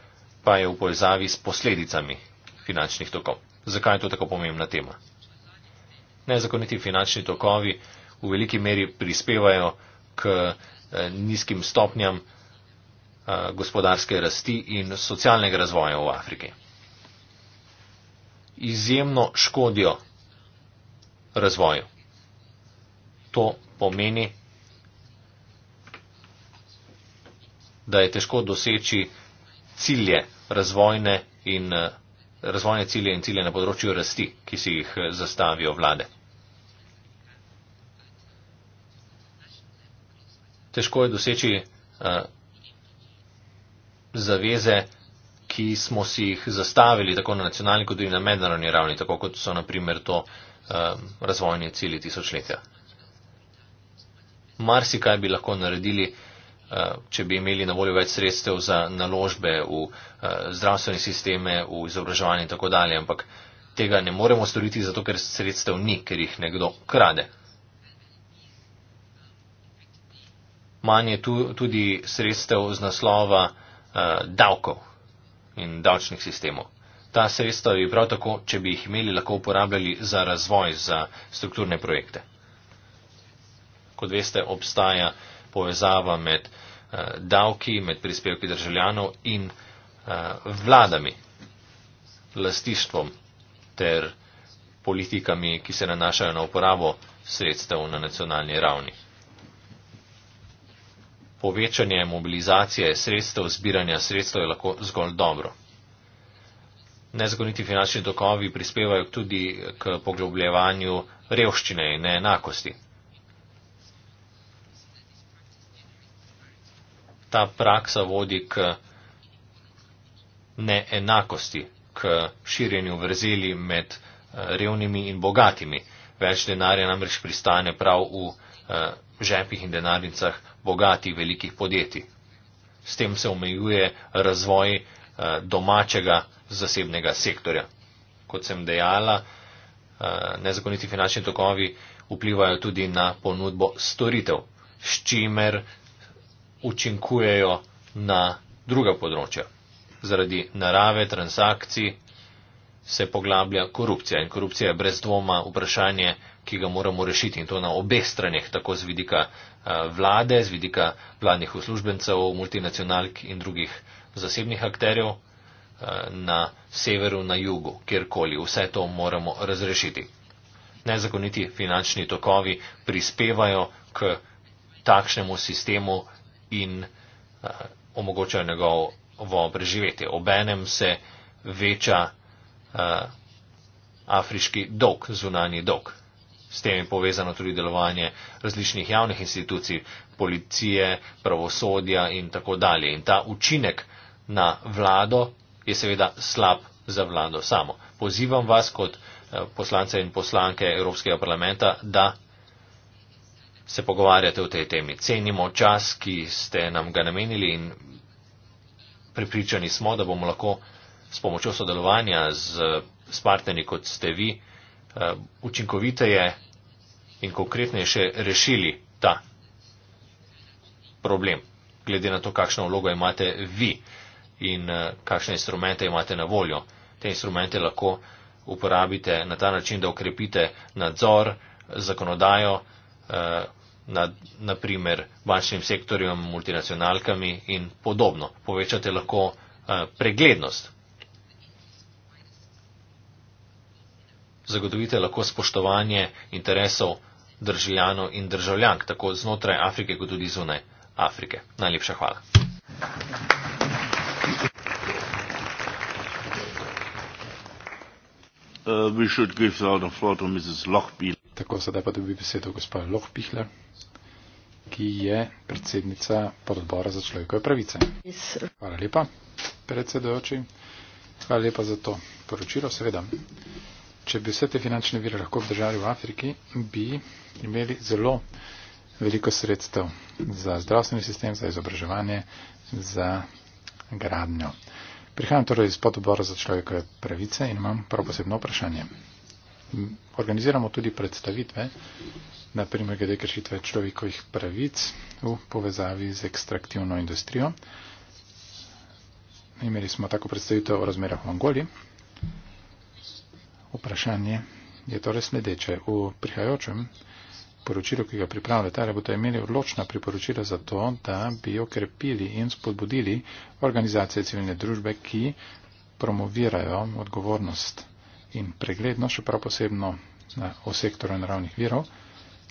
pa je v povezavi s posledicami finančnih tokov. Zakaj je to tako pomembna tema? Nezakoniti finančni tokovi v veliki meri prispevajo k eh, nizkim stopnjam eh, gospodarske rasti in socialnega razvoja v Afriki. Izjemno škodijo razvoju. To pomeni, da je težko doseči cilje razvojne in eh, razvojne cilje in cilje na področju rasti, ki si jih eh, zastavijo vlade. Težko je doseči uh, zaveze, ki smo si jih zastavili tako na nacionalni kot tudi na mednarodni ravni, tako kot so naprimer to uh, razvojne cilje tisočletja marsikaj bi lahko naredili, eh, če bi imeli na voljo več sredstev za naložbe v eh, zdravstvene sisteme, v izobraževanje in tako dalje, ampak tega ne moremo storiti, zato ker sredstev ni, ker jih nekdo krade. Manje je tu, tudi sredstev z naslova uh, davkov in davčnih sistemov. Ta sredstva bi prav tako, če bi jih imeli, lahko uporabljali za razvoj, za strukturne projekte kot veste, obstaja povezava med uh, davki, med prispevki državljanov in uh, vladami, lastištvom ter politikami, ki se nanašajo na uporabo sredstev na nacionalni ravni. Povečanje mobilizacije sredstev, zbiranja sredstev je lahko zgolj dobro. Nezakoniti finančni dokovi prispevajo tudi k poglobljevanju revščine in neenakosti. ta praksa vodi k neenakosti, k širjenju vrzeli med eh, revnimi in bogatimi. Več denarja namreč pristane prav v eh, žepih in denarnicah bogatih velikih podjetij. S tem se omejuje razvoj eh, domačega zasebnega sektorja. Kot sem dejala, nezakoniti finančni tokovi vplivajo tudi na ponudbo storitev, s čimer učinkujejo na druga področja. Zaradi narave transakcij se poglablja korupcija in korupcija je brez dvoma vprašanje, ki ga moramo rešiti in to na obeh stranih, tako z vidika eh, vlade, z vidika vladnih uslužbencev, multinacionalk in drugih zasebnih akterjev eh, na severu, na jugu, kjerkoli. Vse to moramo razrešiti. Nezakoniti finančni tokovi prispevajo k takšnemu sistemu in uh, omogočajo njegovo preživetje. Obenem se veča uh, afriški dolg, zunanji dolg. S tem je povezano tudi delovanje različnih javnih institucij, policije, pravosodja in tako dalje. In ta učinek na vlado je seveda slab za vlado samo. Pozivam vas kot eh, poslance in poslanke Evropskega parlamenta, da se pogovarjate o tej temi. Cenimo čas, ki ste nam ga namenili in pripričani smo, da bomo lahko s pomočjo sodelovanja z, s partnerji, kot ste vi, eh, učinkoviteje in konkretneje še rešili ta problem, glede na to, kakšno vlogo imate vi in eh, kakšne instrumente imate na voljo. Te instrumente lahko uporabite na ta način, da okrepite nadzor, zakonodajo, Eh, nad, naprimer, bančnim sektorjem, multinacionalkami in podobno. Povečate lahko eh, preglednost. Zagotovite lahko spoštovanje interesov državljanov in državljank, tako znotraj Afrike, kot tudi zunaj Afrike. Najlepša hvala. Uh, we should give the floor to Mrs. Lochby. Tako, sedaj pa dobi besedo gospa Loh Pihler, ki je predsednica podbora za človekove pravice. Hvala lepa, predsedojoči. Hvala lepa za to poročilo. Seveda, če bi vse te finančne vire lahko obdržali v Afriki, bi imeli zelo veliko sredstev za zdravstveni sistem, za izobraževanje, za gradnjo. Prihajam torej iz podbora za človekove pravice in imam prav posebno vprašanje organiziramo tudi predstavitve, naprimer glede kršitve človekovih pravic v povezavi z ekstraktivno industrijo. Imeli smo tako predstavitev o razmerah v Angoli. Vprašanje je torej sledeče. V prihajajočem poročilu, ki ga pripravlja Tare, bodo imeli odločna priporočila za to, da bi okrepili in spodbudili organizacije civilne družbe, ki promovirajo odgovornost in pregledno, še prav posebno eh, o sektorju naravnih virov,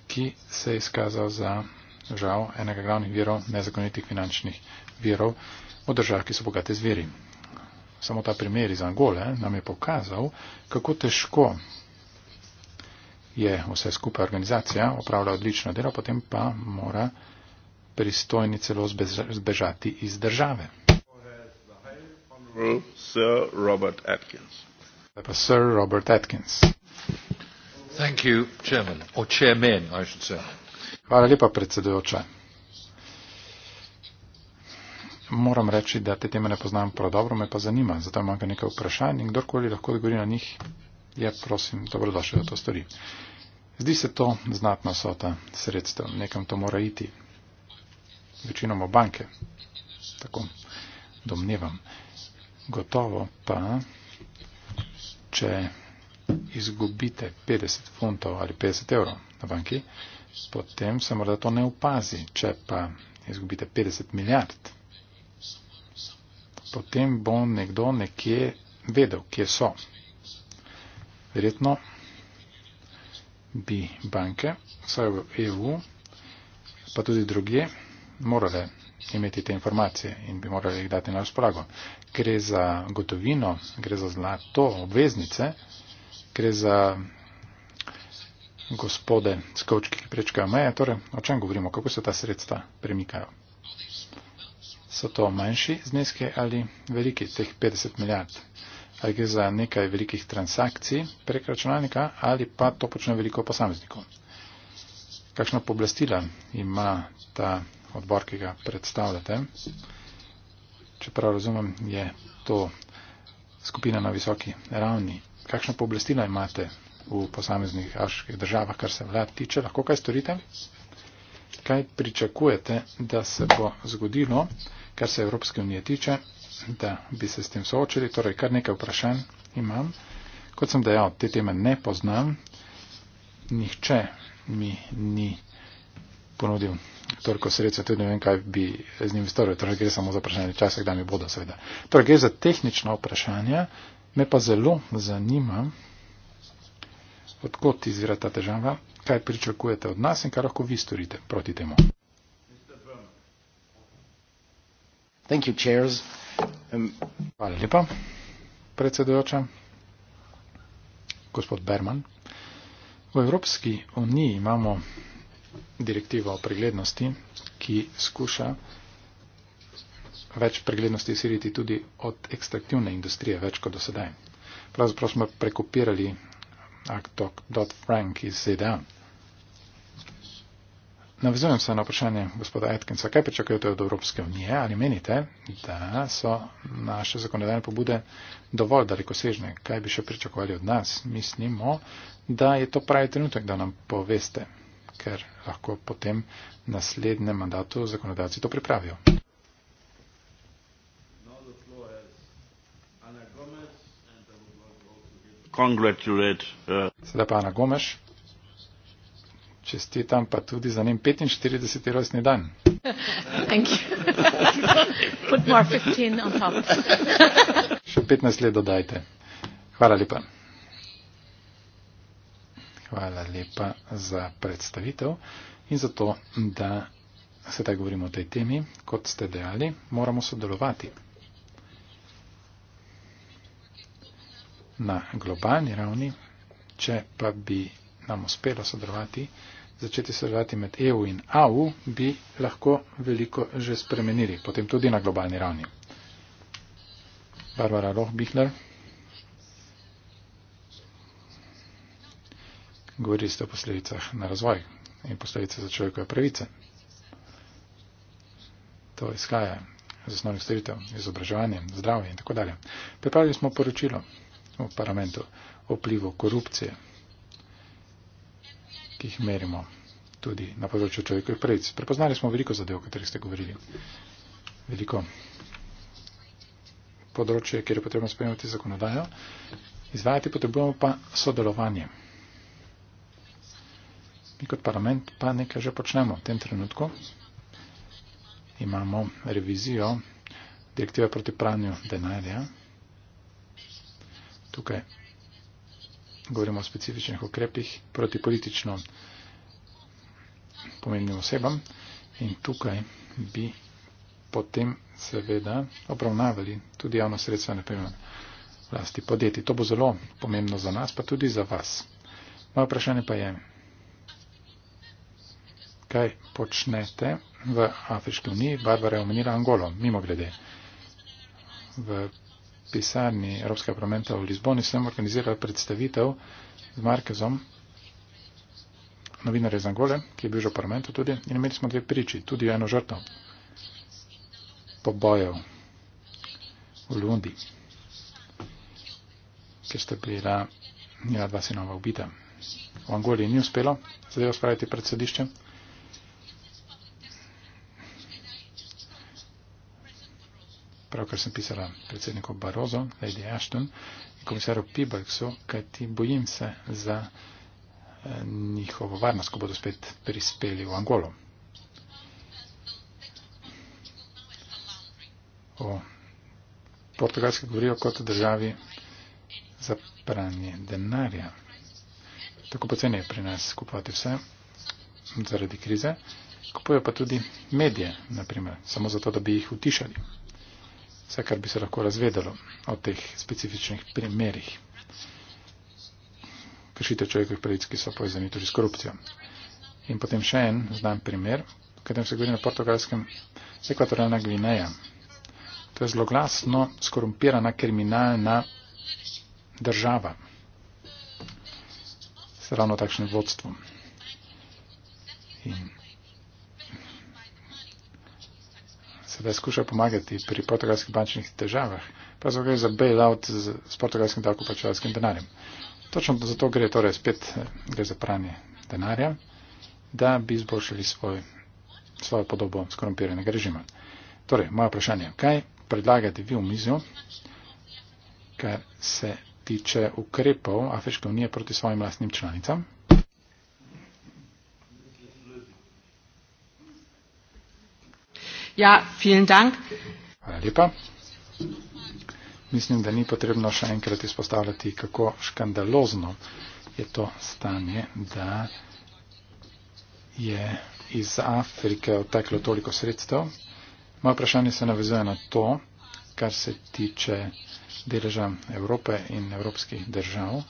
ki se je izkazal za žal enega glavnih virov nezakonitih finančnih virov v državah, ki so bogate z viri. Samo ta primer iz Angole nam je pokazal, kako težko je vse skupaj organizacija, opravlja odlično delo, potem pa mora pristojni celo zbežati iz države. Sir Robert Atkins sir robert atkins thank you chairman or chairman i should say hvala lepa predsedujoča moram reči da te teme ne poznam prav dobro me pa zanima zato imam ga nekaj vprašanj in kdorkoli lahko odgovori na njih je prosim dobrodošel da to stori zdi se to znatna sota sredstev nekam to mora iti večinoma banke tako domnevam gotovo pa če izgubite 50 funtov ali 50 evrov na banki, potem se morda to ne upazi. Če pa izgubite 50 milijard, potem bo nekdo nekje vedel, kje so. Verjetno bi banke, vsaj v EU, pa tudi druge, morale imeti te informacije in bi morali jih dati na razpolago. Gre za gotovino, gre za zlato, obveznice, gre za gospode skočki, ki prečkajo meje. Torej, o čem govorimo, kako se ta sredstva premikajo? So to manjši zneske ali veliki, teh 50 milijard? Ali gre za nekaj velikih transakcij prek računalnika ali pa to počne veliko posameznikov? Kakšna poblastila ima ta odbor, ki ga predstavljate. Čeprav razumem, je to skupina na visoki ravni. Kakšno pooblastila imate v posameznih aških državah, kar se vlad tiče? Lahko kaj storite? Kaj pričakujete, da se bo zgodilo, kar se Evropske unije tiče, da bi se s tem soočili? Torej, kar nekaj vprašanj imam. Kot sem dejal, te teme ne poznam. Nihče mi ni ponudil toliko sredstva, tudi ne vem, kaj bi z njimi storili. Torej gre samo za vprašanje časa, kdaj mi bodo, seveda. Torej gre za tehnična vprašanja, me pa zelo zanima, odkot izvira ta težava, kaj pričakujete od nas in kaj lahko vi storite proti temu. Thank you, chairs. Um, Hvala lepa, predsedujoča. Gospod Berman. V Evropski uniji imamo direktiva o preglednosti, ki skuša več preglednosti siriti tudi od ekstraktivne industrije, več kot do sedaj. Pravzaprav smo prekopirali act.frank iz ZDA. Navezujem se na vprašanje gospoda Atkinsa. Kaj pričakujete od Evropske unije? Ali menite, da so naše zakonodajne pobude dovolj dalekosežne? Kaj bi še pričakovali od nas? Mislimo, da je to pravi trenutek, da nam poveste ker lahko potem naslednjem mandatu zakonodajci to pripravijo. Uh, Sedaj pa Ana Gomeš, čestitam pa tudi za njen 45. rojstni dan. Še 15 let dodajte. Hvala lepa hvala lepa za predstavitev in za to, da sedaj govorimo o tej temi. Kot ste dejali, moramo sodelovati na globalni ravni, če pa bi nam uspelo sodelovati, začeti sodelovati med EU in AU, bi lahko veliko že spremenili, potem tudi na globalni ravni. Barbara Rohbichler. govorili ste o posledicah na razvoj in posledice za človekove pravice. To izhaja iz osnovnih storitev, izobraževanje, zdravje in tako dalje. Pripravili smo poročilo v parlamentu o vplivu korupcije, ki jih merimo tudi na področju človekovih pravic. Prepoznali smo veliko zadev, o katerih ste govorili. Veliko področje, kjer je potrebno spremljati zakonodajo, izvajati potrebujemo pa sodelovanje. Mi kot parlament pa nekaj že počnemo v tem trenutku. Imamo revizijo direktive proti pranju denarja. Tukaj govorimo o specifičnih ukrepih proti politično pomembnim osebam in tukaj bi potem seveda obravnavali tudi javno sredstvo, ne pa vlasti podjetij. To bo zelo pomembno za nas, pa tudi za vas. Moje vprašanje pa je, kaj počnete v Afriški uniji. Barbara je omenila Angolo, mimo glede. V pisarni Evropskega parlamenta v Lizboni sem organizirala predstavitev z Markezom, novinarjem iz Angole, ki je bil že v parlamentu tudi, in imeli smo dve priči, tudi eno žrtvo pobojev v Lundi, ker sta bila njena dva sinova ubita. V Angoliji ni uspelo zadevo spraviti pred sodiščem, pravkar sem pisala predsedniku Barozo, Lady Ashton in komisaru Pibalksu, kajti bojim se za eh, njihovo varnost, ko bodo spet prispeli v Angolo. O portugalski govorijo kot državi za pranje denarja. Tako poceni je pri nas kupovati vse zaradi krize, kupujejo pa tudi medije, naprimer, samo zato, da bi jih utišali vse, kar bi se lahko razvedelo o teh specifičnih primerih kršitev človekovih pravic, ki so povezani tudi s korupcijo. In potem še en znan primer, o katerem se govori na portugalskem, ekvatorialna Gvineja. To je zloglasno skorumpirana kriminalna država s ravno takšnim vodstvom. In sedaj skuša pomagati pri portugalskih bančnih težavah, pa zato gre za bail-out z, z portugalskim davkoplačevalskim denarjem. Točno zato gre torej spet eh, gre za pranje denarja, da bi izboljšali svoj, svojo podobo skorumpiranega režima. Torej, moja vprašanje, kaj predlagate vi v mizjo, kar se tiče ukrepov Afriške unije proti svojim lastnim članicam? Ja, vielen Dank. Hvala lepa. Mislim, da ni potrebno še enkrat izpostavljati, kako škandalozno je to stanje, da je iz Afrike odteklo toliko sredstev. Moje vprašanje se navezuje na to, kar se tiče deleža Evrope in evropskih držav,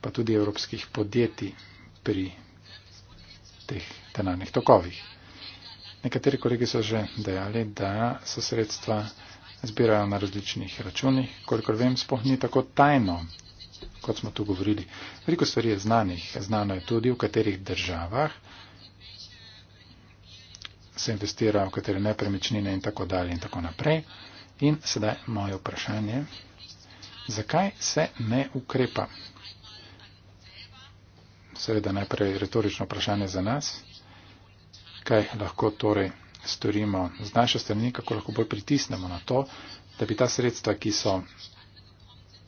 pa tudi evropskih podjetij pri teh denarnih tokovih. Nekateri kolegi so že dejali, da so sredstva zbirajo na različnih računih. Kolikor vem, spoh ni tako tajno, kot smo tu govorili. Veliko stvari je znanih. Znano je tudi, v katerih državah se investira, v katere nepremičnine in tako dalje in tako naprej. In sedaj moje vprašanje, zakaj se ne ukrepa? Seveda najprej retorično vprašanje za nas kaj lahko torej storimo z naše strani, kako lahko bolj pritisnemo na to, da bi ta sredstva, ki so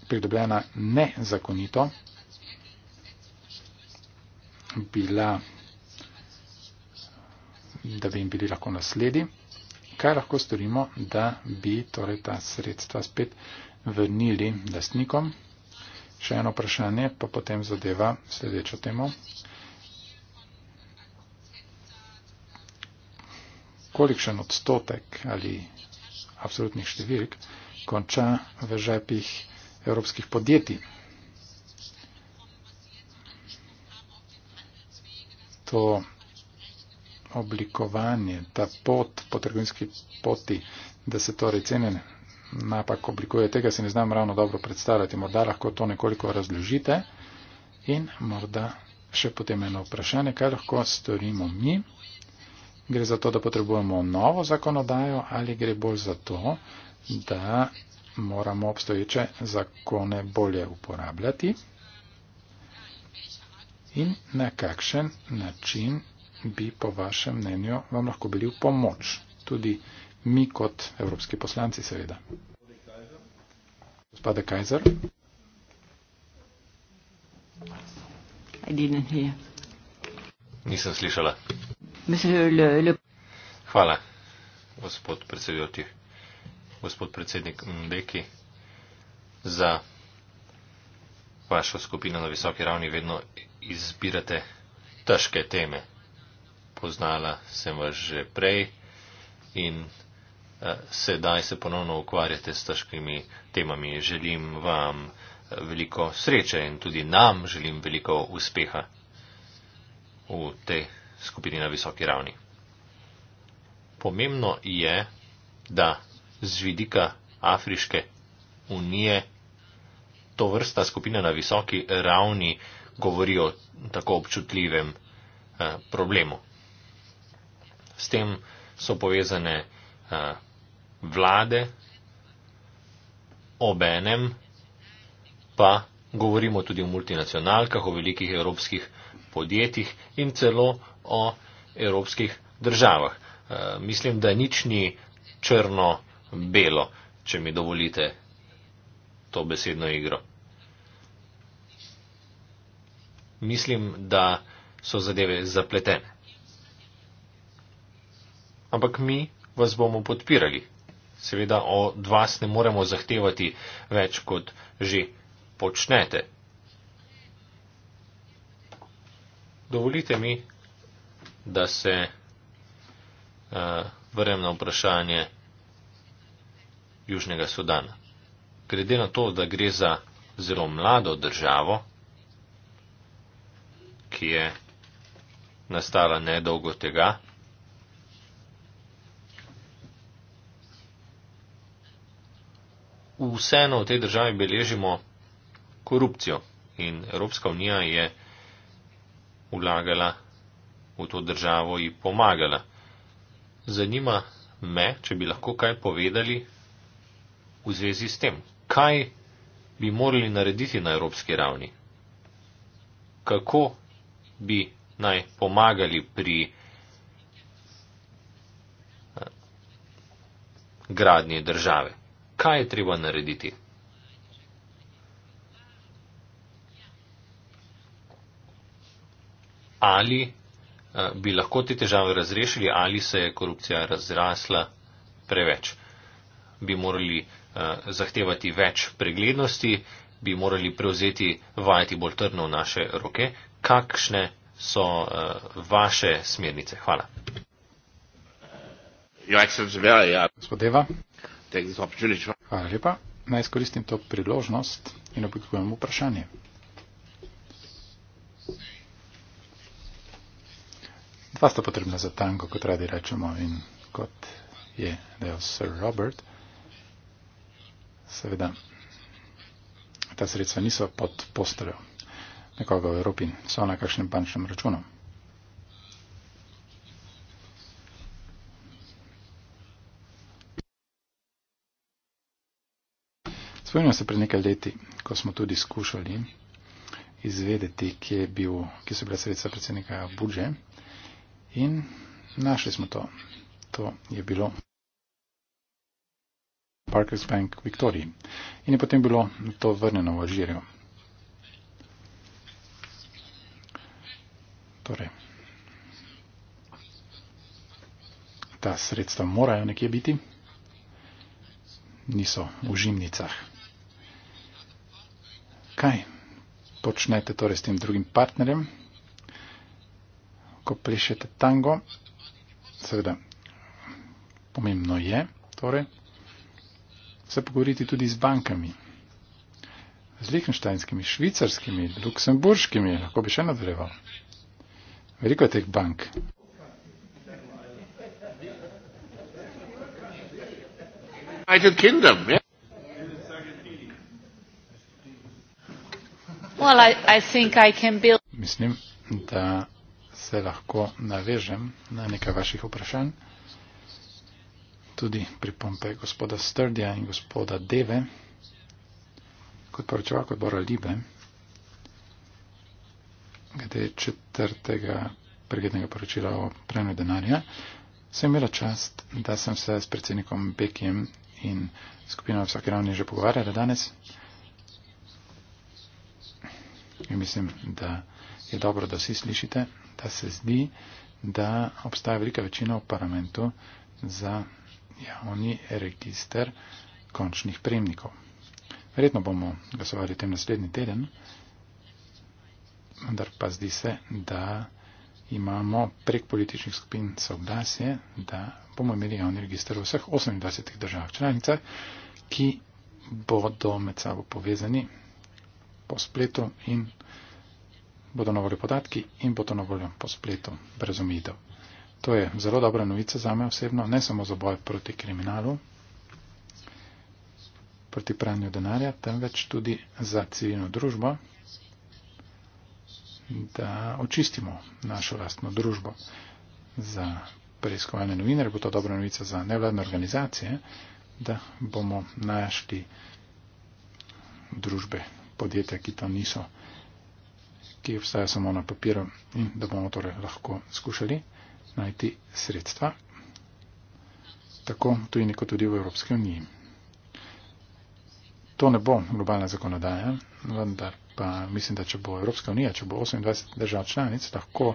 pridobljena nezakonito, bila, da bi jim bili lahko nasledi, kaj lahko storimo, da bi torej ta sredstva spet vrnili lastnikom. Še eno vprašanje, pa potem zadeva sledečo temo. kolikšen odstotek ali absolutnih številk konča v žepih evropskih podjetij. To oblikovanje, ta pot po trgovinski poti, da se torej cene napak oblikuje, tega si ne znam ravno dobro predstavljati. Morda lahko to nekoliko razložite in morda še potem eno vprašanje, kaj lahko storimo mi. Gre za to, da potrebujemo novo zakonodajo ali gre bolj za to, da moramo obstoječe zakone bolje uporabljati in na kakšen način bi po vašem mnenju vam lahko bili v pomoč. Tudi mi kot evropski poslanci seveda. Gospode Kajzer. Nisem slišala. Monsieur le, le... Hvala, gospod predsedujoči, gospod predsednik Mbeki, za vašo skupino na visoki ravni vedno izbirate težke teme. Poznala sem vas že prej in uh, sedaj se ponovno ukvarjate s težkimi temami. Želim vam eh, veliko sreče in tudi nam želim veliko uspeha v tej skupini na visoki ravni. Pomembno je, da z vidika Afriške unije to vrsta skupina na visoki ravni govori o tako občutljivem eh, problemu. S tem so povezane eh, vlade, obenem pa govorimo tudi o multinacionalkah, o velikih evropskih podjetjih in celo o evropskih državah. E, mislim, da nič ni črno-belo, če mi dovolite to besedno igro. Mislim, da so zadeve zapletene. Ampak mi vas bomo podpirali. Seveda od vas ne moremo zahtevati več, kot že počnete. Dovolite mi, da se eh, vrnem na vprašanje Južnega Sudana. Glede na to, da gre za zelo mlado državo, ki je nastala nedolgo tega, vseeno v tej državi beležimo korupcijo in Evropska unija je vlagala v to državo ji pomagala. Zanima me, če bi lahko kaj povedali v zvezi s tem, kaj bi morali narediti na evropski ravni, kako bi naj pomagali pri eh, gradnji države, kaj je treba narediti. Ali Eh, bi lahko te težave razrešili ali se je korupcija razrasla preveč. Bi morali eh, zahtevati več preglednosti, bi morali prevzeti vajeti bolj trdno v naše roke. Kakšne so eh, vaše smernice? Hvala. Ja, ja. Hvala lepa. Naj izkoristim to priložnost in oblikujem vprašanje. Dva sta potrebna za tango, kot radi rečemo, in kot je dejal Sir Robert. Seveda, ta sredstva niso pod postelom nekoga v Evropi, so na kakšnem bančnem računu. Spomnimo se pred nekaj leti, ko smo tudi skušali izvedeti, kje, bil, kje so bile sredstva predsednika Budže. In našli smo to. To je bilo Parker's Bank Victoria. In je potem bilo to vrneno v Alžirijo. Torej, ta sredstva morajo nekje biti, niso v žimnicah. Kaj počnete torej s tem drugim partnerjem? ko plešete tango, seveda pomembno je torej, se pogovoriti tudi z bankami, z lihtenštajnskimi, švicarskimi, luksemburškimi, lahko bi še nadaljeval. Veliko je teh bank. Ja. Mislim, da se lahko navežem na nekaj vaših vprašanj. Tudi pri pompe gospoda Strdja in gospoda Deve, kot poročeval kot Bora Libe, glede četrtega pregednega poročila o prenoj denarja, sem imela čast, da sem se s predsednikom Bekijem in skupino vsake ravni že pogovarjala danes. In mislim, da je dobro, da vsi slišite da se zdi, da obstaja velika večina v parlamentu za javni register končnih premnikov. Verjetno bomo glasovali tem naslednji teden, vendar pa zdi se, da imamo prek političnih skupin soglasje, da bomo imeli javni register v vseh 28 državah članicah, ki bodo med sabo povezani po spletu in bodo na voljo podatki in bodo na voljo po spletu brez omejitev. To je zelo dobra novica za me osebno, ne samo za boj proti kriminalu, proti pranju denarja, temveč tudi za civilno družbo, da očistimo našo lastno družbo. Za preiskovalne novinarje bo to dobra novica za nevladne organizacije, da bomo našli družbe, podjetja, ki to niso ki obstaja samo na papiru in da bomo torej lahko skušali najti sredstva, tako tudi neko tudi v Evropski uniji. To ne bo globalna zakonodaja, vendar pa mislim, da če bo Evropska unija, če bo 28 držav članic, lahko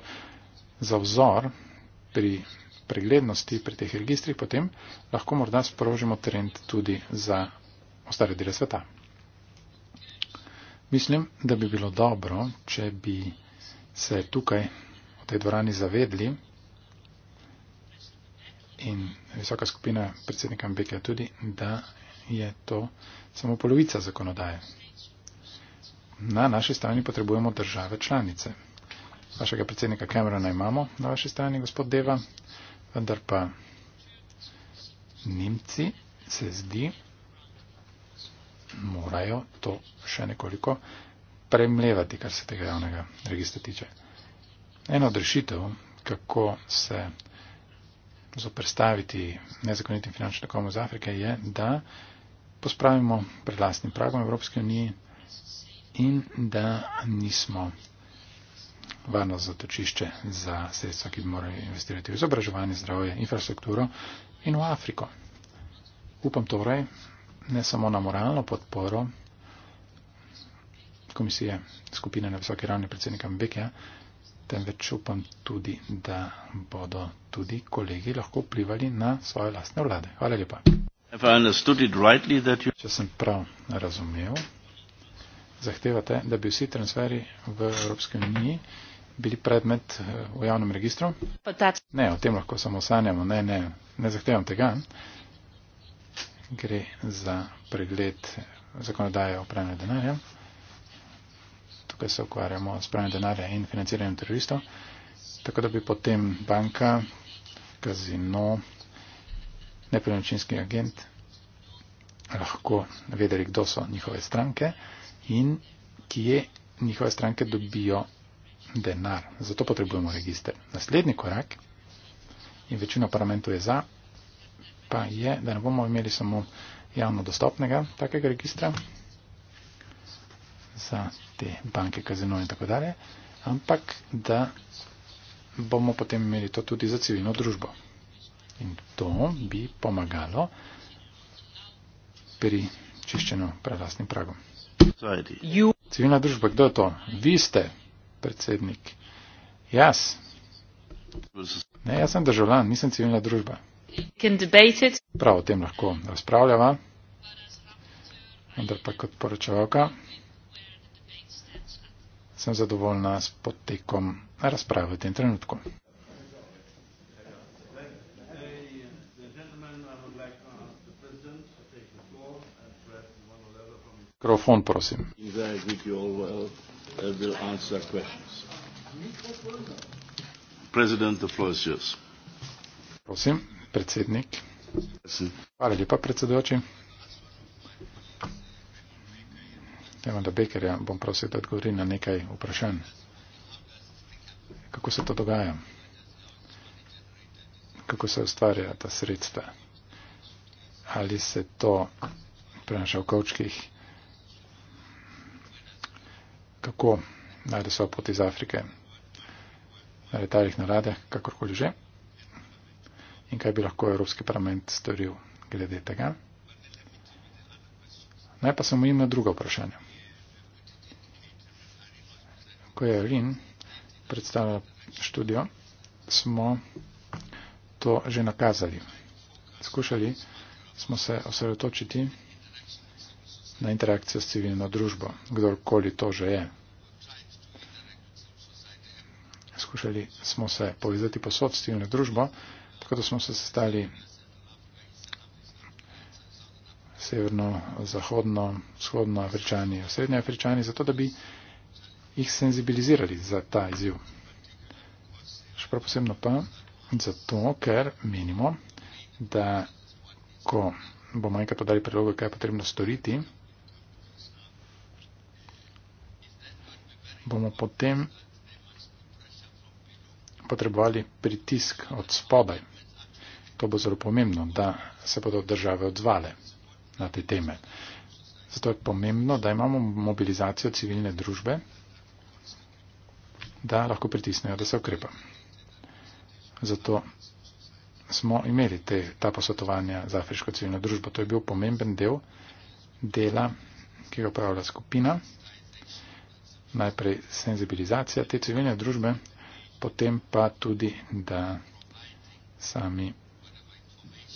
za vzor pri preglednosti pri teh registrih potem lahko morda sprožimo trend tudi za ostale dele sveta. Mislim, da bi bilo dobro, če bi se tukaj v tej dvorani zavedli in visoka skupina predsednika Mbeka tudi, da je to samo polovica zakonodaje. Na naši strani potrebujemo države članice. Vašega predsednika Camerona imamo na vaši strani, gospod Deva, vendar pa Nemci se zdi, morajo to še nekoliko premlevati, kar se tega javnega registra tiče. Eno od rešitev, kako se zoprstaviti nezakonitim finančnim tokom iz Afrike, je, da pospravimo pred vlastnim pragom Evropske unije in da nismo varno zatočišče za sredstva, ki bi morali investirati v izobraževanje, zdravje, infrastrukturo in v Afriko. Upam torej, ne samo na moralno podporo komisije skupine na visoki ravni predsednika Mbekeja, temveč upam tudi, da bodo tudi kolegi lahko vplivali na svoje lastne vlade. Hvala lepa. You... Če sem prav razumel, zahtevate, da bi vsi transferi v Evropski uniji bili predmet eh, v javnem registru? Ne, o tem lahko samo sanjamo. Ne, ne, ne zahtevam tega gre za pregled zakonodaje o pranju denarja. Tukaj se ukvarjamo s pranjem denarja in financiranjem teroristov. Tako da bi potem banka, kazino, nepremičninski agent lahko vedeli, kdo so njihove stranke in kje njihove stranke dobijo denar. Zato potrebujemo registr. Naslednji korak in večina parlamentu je za, pa je, da ne bomo imeli samo javno dostopnega takega registra za te banke, kazino in tako dalje, ampak da bomo potem imeli to tudi za civilno družbo. In to bi pomagalo pri čiščenju prelastnim pragom. Civilna družba, kdo je to? Vi ste predsednik. Jaz. Ne, jaz sem državljan, nisem civilna družba. Prav o tem lahko razpravljava, vendar pa kot poročevalka sem zadovoljna s potekom razprave v tem trenutku. Mikrofon, prosim. Prosim predsednik. Hvala lepa, predsedujoči. Tema da Bekerja bom prosil, da odgovori na nekaj vprašanj. Kako se to dogaja? Kako se ustvarja ta sredstva? Ali se to prenaša v kočkih? Kako najde svojo pot iz Afrike? Na letalih, na ladjah, kakorkoli že in kaj bi lahko Evropski parlament storil glede tega. Naj pa se omejim na drugo vprašanje. Ko je Lin predstavila študijo, smo to že nakazali. Skušali smo se osredotočiti na interakcijo s civilno družbo, kdorkoli to že je. Skušali smo se povezati posod s civilno družbo, tako da smo se sestali severno, zahodno, vzhodno afričani, srednje afričani, zato da bi jih senzibilizirali za ta izziv. Še prav posebno pa zato, ker menimo, da ko bomo enkrat podali predloge, kaj je potrebno storiti, bomo potem potrebovali pritisk od spodaj to bo zelo pomembno, da se bodo države odzvale na te teme. Zato je pomembno, da imamo mobilizacijo civilne družbe, da lahko pritisnejo, da se ukrepa. Zato smo imeli te, ta posvetovanja za afriško civilno družbo. To je bil pomemben del dela, ki ga upravlja skupina. Najprej senzibilizacija te civilne družbe, potem pa tudi, da sami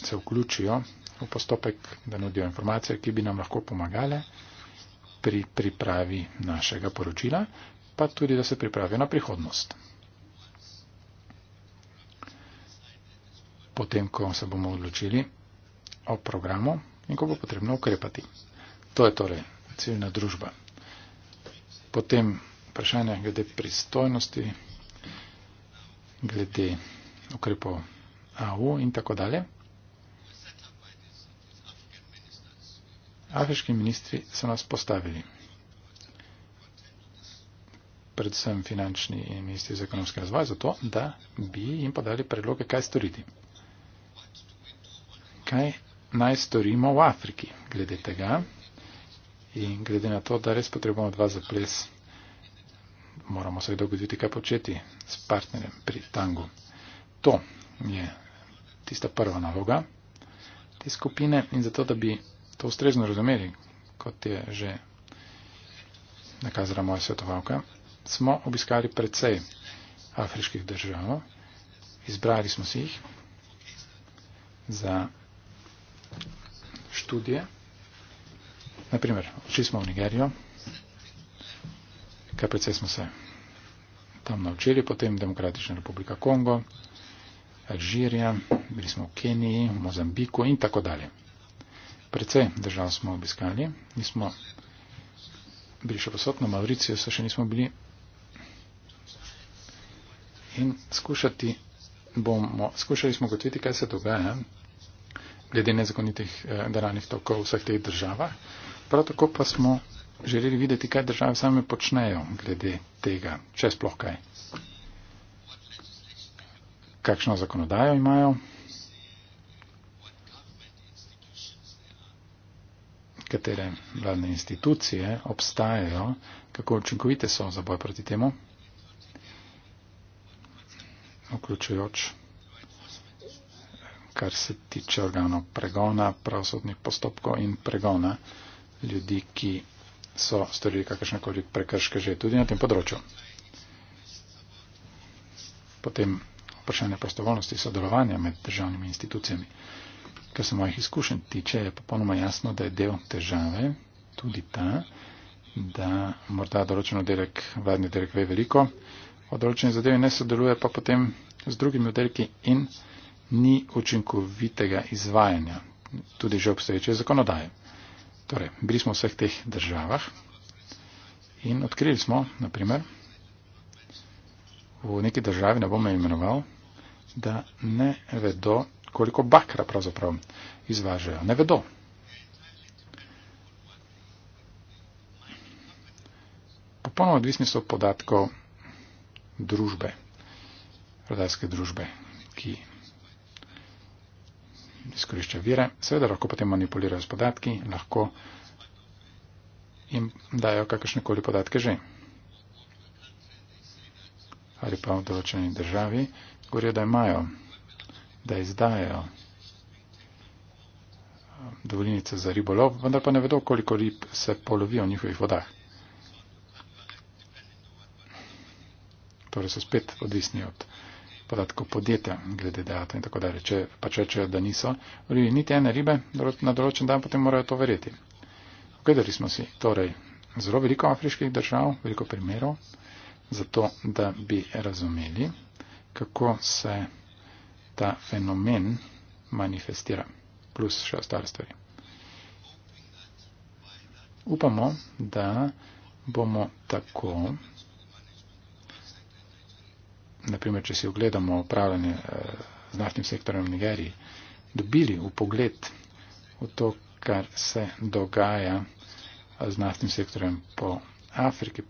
se vključijo v postopek, da nudijo informacije, ki bi nam lahko pomagale pri pripravi našega poročila, pa tudi, da se pripravijo na prihodnost. Potem, ko se bomo odločili o programu in ko bo potrebno ukrepati. To je torej ciljna družba. Potem vprašanje glede pristojnosti, glede ukrepov AU in tako dalje. afriški ministri so nas postavili. Predvsem finančni ministri za ekonomski razvoj, zato da bi jim podali predloge, kaj storiti. Kaj naj storimo v Afriki glede tega in glede na to, da res potrebujemo dva za ples, moramo se dogoditi, kaj početi s partnerjem pri tangu. To je tista prva naloga te skupine in zato, da bi to ustrezno razumeli, kot je že nakazala moja svetovalka, smo obiskali precej afriških držav, izbrali smo si jih za študije. Naprimer, šli smo v Nigerijo, kaj precej smo se tam naučili, potem Demokratična republika Kongo, Alžirija, bili smo v Keniji, v Mozambiku in tako dalje precej držav smo obiskali. Mi smo bili še posod na Mauriciju, se še nismo bili. In skušati bomo, skušali smo gotoviti, kaj se dogaja glede nezakonitih eh, denarnih tokov v vseh teh državah. Prav tako pa smo želeli videti, kaj države same počnejo glede tega, če sploh kaj. Kakšno zakonodajo imajo. katere vladne institucije obstajajo, kako učinkovite so za boj proti temu, vključujoč kar se tiče organov pregona, pravosodnih postopkov in pregona ljudi, ki so storili kakršnekoli prekrške že tudi na tem področju. Potem vprašanje prostovoljnosti sodelovanja med državnimi institucijami kar se mojih izkušenj tiče, je popolnoma jasno, da je del težave tudi ta, da morda določen oddelek, vladni oddelek ve veliko, o določenih zadevi ne sodeluje pa potem z drugimi oddelki in ni učinkovitega izvajanja tudi že obstoječe zakonodaje. Torej, bili smo v vseh teh državah in odkrili smo, na primer, v neki državi, ne bom imenoval, da ne vedo koliko bakra pravzaprav izvažajo. Ne vedo. Popolno odvisni so podatkov družbe, rodajske družbe, ki izkorišča vire. Seveda lahko potem manipulirajo s podatki, lahko jim dajo kakršne koli podatke že. Ali pa v določeni državi, govorijo, da imajo da izdajo dovoljenice za ribolov, vendar pa ne vedo, koliko rib se polovi v njihovih vodah. Torej so spet odvisni od podatkov podjetja glede dejata in tako dalje. Če pač rečejo, da niso, ali niti ene ribe na določen dan, potem morajo to verjeti. Ogledali smo si torej zelo veliko afriških držav, veliko primerov, zato da bi razumeli, kako se ta fenomen manifestira, plus še ostale stvari. Upamo, da bomo tako, naprimer, če si ogledamo upravljanje eh, z naftnim sektorjem v Nigeriji, dobili v pogled v to, kar se dogaja eh, z naftnim sektorjem po Afriki.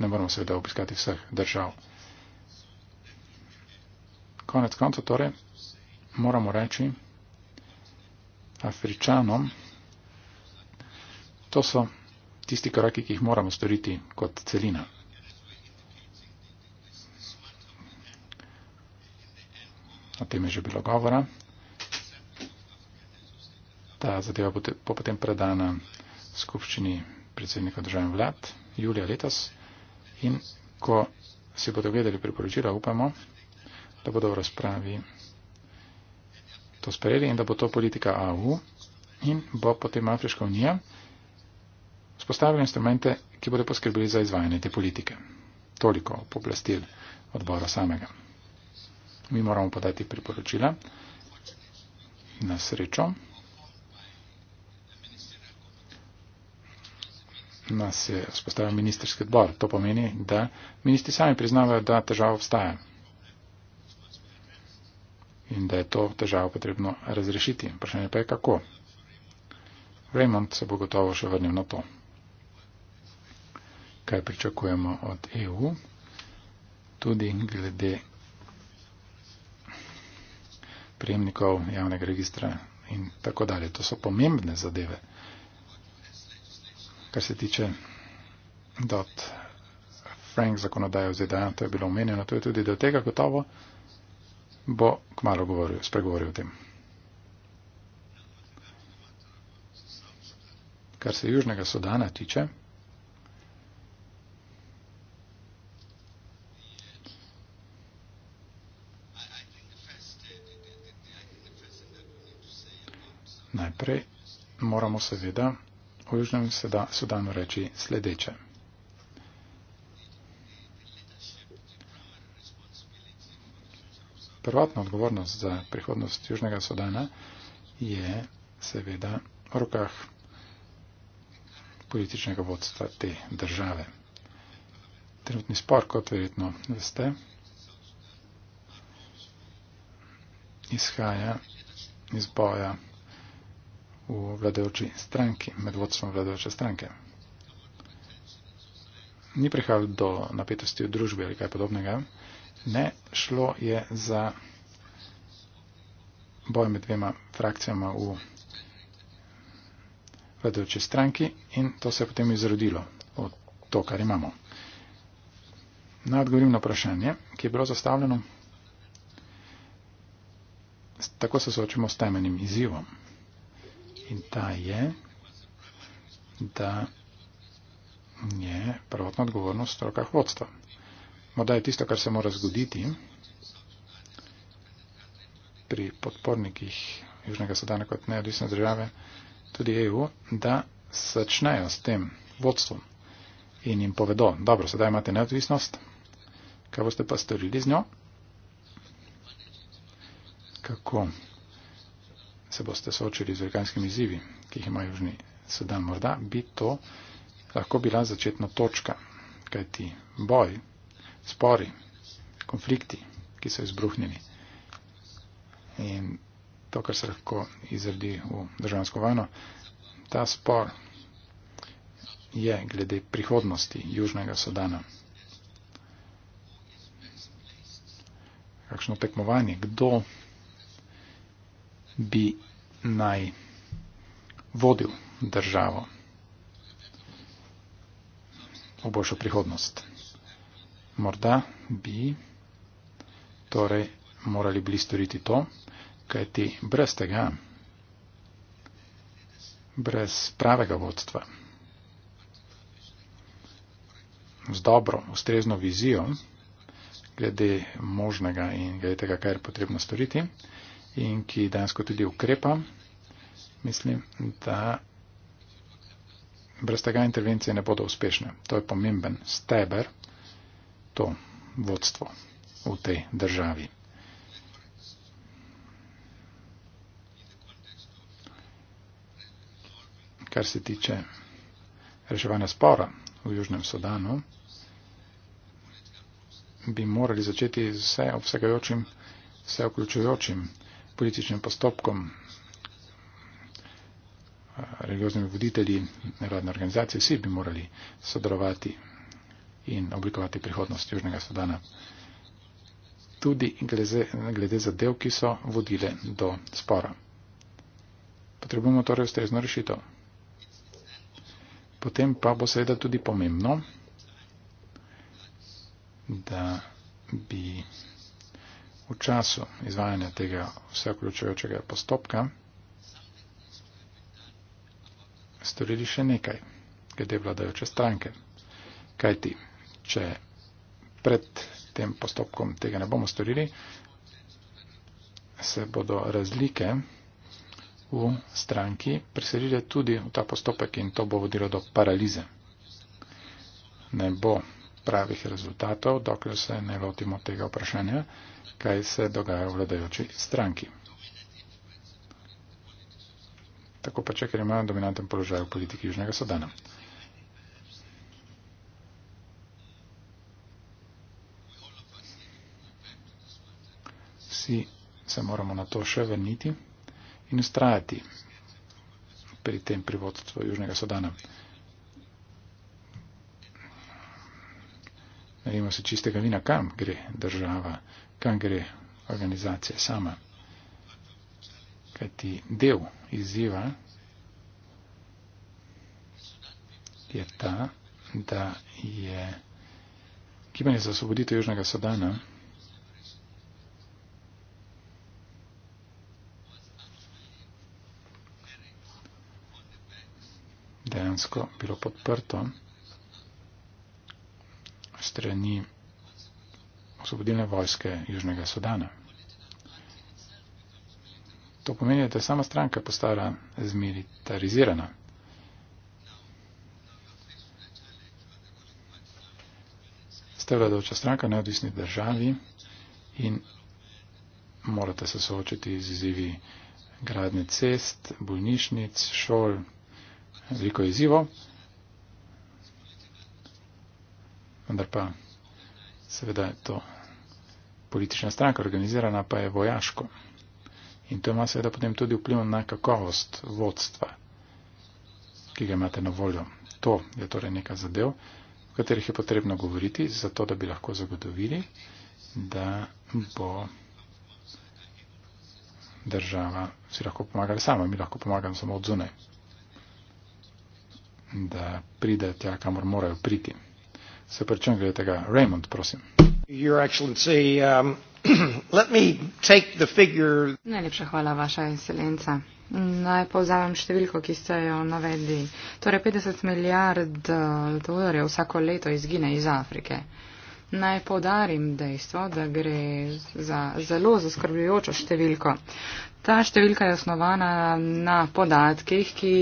Ne moramo seveda obiskati vseh držav. Konec konca torej, moramo reči, Afričanom, to so tisti koraki, ki jih moramo storiti kot celina. O tem je že bilo govora. Ta zadeva bo potem predana skupščini predsednika države vlad julija letos in ko si bodo vedeli priporočila, upamo, da bodo v razpravi to sprejeli in da bo to politika AU in bo potem Afriška unija vzpostavila instrumente, ki bodo poskrbeli za izvajanje te politike. Toliko poblastil odbora samega. Mi moramo podati priporočila. Na srečo. Nas je vzpostavil ministerski odbor. To pomeni, da ministri sami priznavajo, da težava obstaja in da je to težavo potrebno razrešiti. Vprašanje pa je kako. Raymond se bo gotovo še vrnil na to. Kaj pričakujemo od EU, tudi glede prijemnikov javnega registra in tako dalje. To so pomembne zadeve, kar se tiče dot Frank zakonodaje v ZDA, to je bilo omenjeno, to je tudi do tega gotovo bo kmalo govoril, spregovoril o tem. Kar se Južnega Sodana tiče, najprej moramo seveda o Južnem Sodanu reči sledeče. prvatna odgovornost za prihodnost Južnega Sudana je seveda v rokah političnega vodstva te države. Trenutni spor, kot verjetno veste, izhaja iz boja v vladajoči stranki, med vodstvom vladajoče stranke. Ni prihajalo do napetosti v družbi ali kaj podobnega, Ne, šlo je za boj med dvema frakcijama v vladajoče stranki in to se je potem izrodilo od to, kar imamo. Nadgovorim na vprašanje, ki je bilo zastavljeno. Tako se soočimo s temenim izzivom. In ta je, da je prvotna odgovornost v rokah vodstva. Morda je tisto, kar se mora zgoditi pri podpornikih Južnega Sodana kot neodvisne države, tudi EU, da začnejo s tem vodstvom in jim povedo, dobro, sedaj imate neodvisnost, kaj boste pa storili z njo, kako se boste soočili z velikanskimi izzivi, ki jih ima Južni Sudan. Morda bi to lahko bila začetna točka, kajti boj spori, konflikti, ki so izbruhnili. In to, kar se lahko izredi v državansko vojno, ta spor je glede prihodnosti Južnega Sodana. Kakšno tekmovanje, kdo bi naj vodil državo v boljšo prihodnost morda bi torej morali bili storiti to, kajti brez tega, brez pravega vodstva, z dobro, ustrezno vizijo, glede možnega in glede tega, kaj je potrebno storiti, in ki danes tudi ukrepa, mislim, da brez tega intervencije ne bodo uspešne. To je pomemben steber to vodstvo v tej državi. Kar se tiče reševanja spora v Južnem Sodanu, bi morali začeti z vse obsegajočim, vse vključujočim političnim postopkom. Religioznimi voditelji, nevladne organizacije, vsi bi morali sodelovati in oblikovati prihodnost Južnega Sudana. Tudi glede, glede zadev, ki so vodile do spora. Potrebujemo torej ustrezno rešitev. Potem pa bo seveda tudi pomembno, da bi v času izvajanja tega vseoključujočega postopka storili še nekaj, glede vladajoče stranke. Kaj ti? če pred tem postopkom tega ne bomo storili, se bodo razlike v stranki preselile tudi v ta postopek in to bo vodilo do paralize. Ne bo pravih rezultatov, dokler se ne lotimo tega vprašanja, kaj se dogaja v vladajoči stranki. Tako pa če, ker imajo dominanten položaj v politiki Južnega Sodana. vsi se moramo na to še vrniti in ustrajati pri tem privodstvu Južnega Sodana. Nalimo se čistega vina, kam gre država, kam gre organizacija sama. Kajti del izziva je ta, da je gibanje za osvoboditev Južnega Sodana dejansko bilo podprto strani osvobodilne vojske Južnega Sudana. To pomeni, da je sama stranka postala zmilitarizirana. Ste vladajoča stranka neodvisni državi in morate se soočiti z izzivi gradnje cest, bolnišnic, šol, veliko izzivov, vendar pa seveda je to politična stranka, organizirana pa je vojaško. In to ima seveda potem tudi vpliv na kakovost vodstva, ki ga imate na voljo. To je torej neka zadev, o katerih je potrebno govoriti, zato da bi lahko zagotovili, da bo država, si lahko pomagali sama, mi lahko pomagamo samo od zunaj da pride tja, kamor morajo priti. Se prečem, glede tega, Raymond, prosim. Your Excellency, um, let me take the figure. Najlepša hvala, Vaša Excelenca. Naj povzamem številko, ki ste jo navedli. Torej, 50 milijard eh, dolarjev vsako leto izgine iz Afrike. Naj podarim dejstvo, da gre za zelo zaskrbljujočo številko. Ta številka je osnovana na podatkih, ki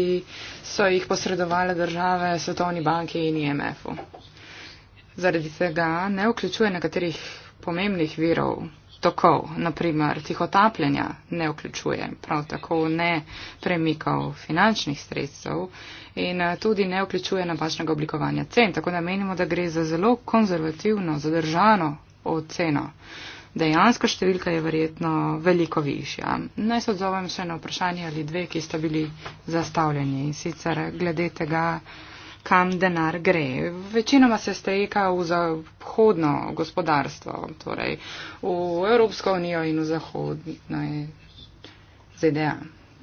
so jih posredovali države Svetovni banki in IMF-u. Zaradi tega ne vključuje nekaterih pomembnih virov tokov, naprimer tihotapljenja, ne vključuje, prav tako ne premikov finančnih sredstev in eh, tudi ne vključuje napačnega oblikovanja cen. Tako da menimo, da gre za zelo konzervativno, zadržano oceno. Dejansko številka je verjetno veliko višja. Naj se odzovem še na vprašanje ali dve, ki sta bili zastavljeni in sicer glede tega, kam denar gre. Večinoma se streka v zahodno gospodarstvo, torej v Evropsko unijo in v zahodno ZDA.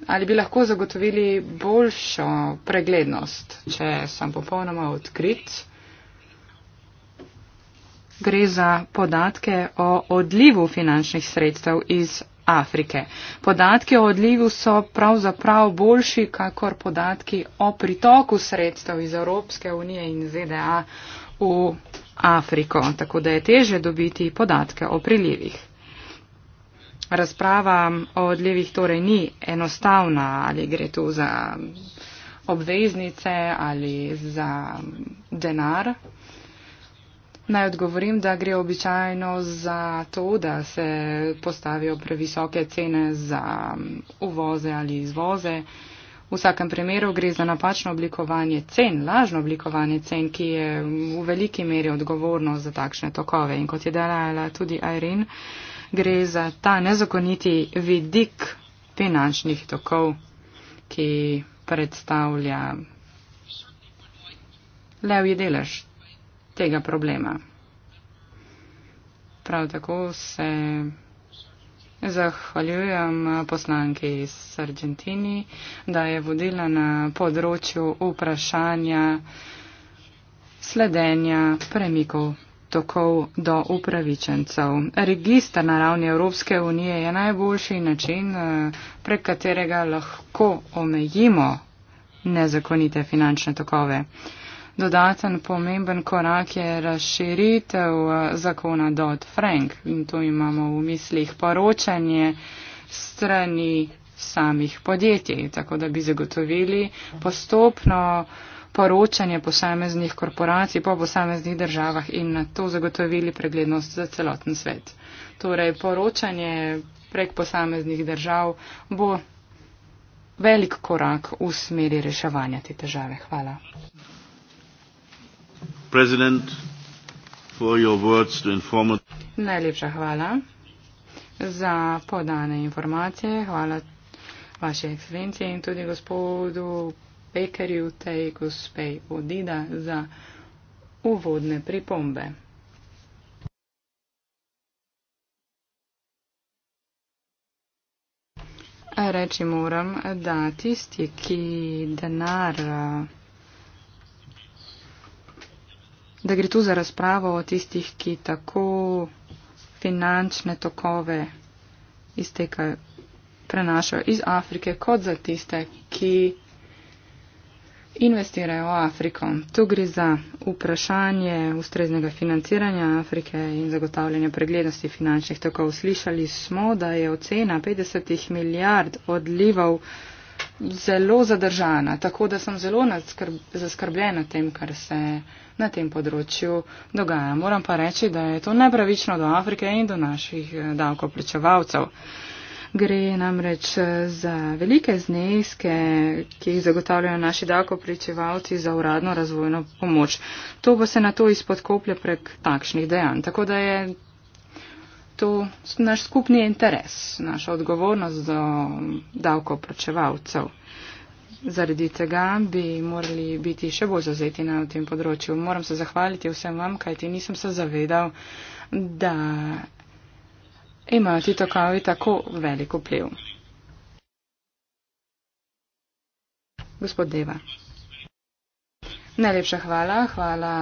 Ali bi lahko zagotovili boljšo preglednost, če sem popolnoma odkrit? Gre za podatke o odlivu finančnih sredstev iz Afrike. Podatki o odlivu so pravzaprav boljši, kakor podatki o pritoku sredstev iz Evropske unije in ZDA v Afriko, tako da je teže dobiti podatke o prilivih. Razprava o odlivih torej ni enostavna, ali gre tu za obveznice ali za denar. Naj odgovorim, da gre običajno za to, da se postavijo previsoke cene za um, uvoze ali izvoze. V vsakem primeru gre za napačno oblikovanje cen, lažno oblikovanje cen, ki je v veliki meri odgovorno za takšne tokove. In kot je delala tudi Irene, gre za ta nezakoniti vidik finančnih tokov, ki predstavlja levji delež tega problema. Prav tako se zahvaljujem poslanki iz Argentini, da je vodila na področju vprašanja sledenja premikov tokov do upravičencev. Registr na ravni Evropske unije je najboljši način, prek katerega lahko omejimo nezakonite finančne tokove. Dodaten pomemben korak je razširitev eh, zakona Dodd-Frank in to imamo v mislih poročanje strani samih podjetij, tako da bi zagotovili postopno poročanje posameznih korporacij po posameznih državah in na to zagotovili preglednost za celoten svet. Torej, poročanje prek posameznih držav bo velik korak v smeri reševanja te težave. Hvala. Najlepša hvala za podane informacije. Hvala vaše ekscelencije in tudi gospodu Pekerju, tej gospej Odida za uvodne pripombe. Reči moram, da tisti, ki denar. Uh, da gre tu za razpravo o tistih, ki tako finančne tokove iz tega prenašajo iz Afrike, kot za tiste, ki investirajo v Afriko. Tu gre za vprašanje ustreznega financiranja Afrike in zagotavljanja preglednosti finančnih tokov. Slišali smo, da je ocena 50 milijard odlivov zelo zadržana, tako da sem zelo nadskrb, zaskrbljena tem, kar se na tem področju dogaja. Moram pa reči, da je to nepravično do Afrike in do naših eh, davkoplačevalcev. Gre namreč eh, za velike zneske, ki jih zagotavljajo naši davkoplačevalci za uradno razvojno pomoč. To pa se na to izpodkoplja prek takšnih dejanj. Tako da je to naš skupni interes, naša odgovornost do davkoprečevalcev. Zaradi tega bi morali biti še bolj zazeti na tem področju. Moram se zahvaliti vsem vam, kajti nisem se zavedal, da imajo ti tokavi tako velik vpliv. Gospod Deva. Najlepša hvala, hvala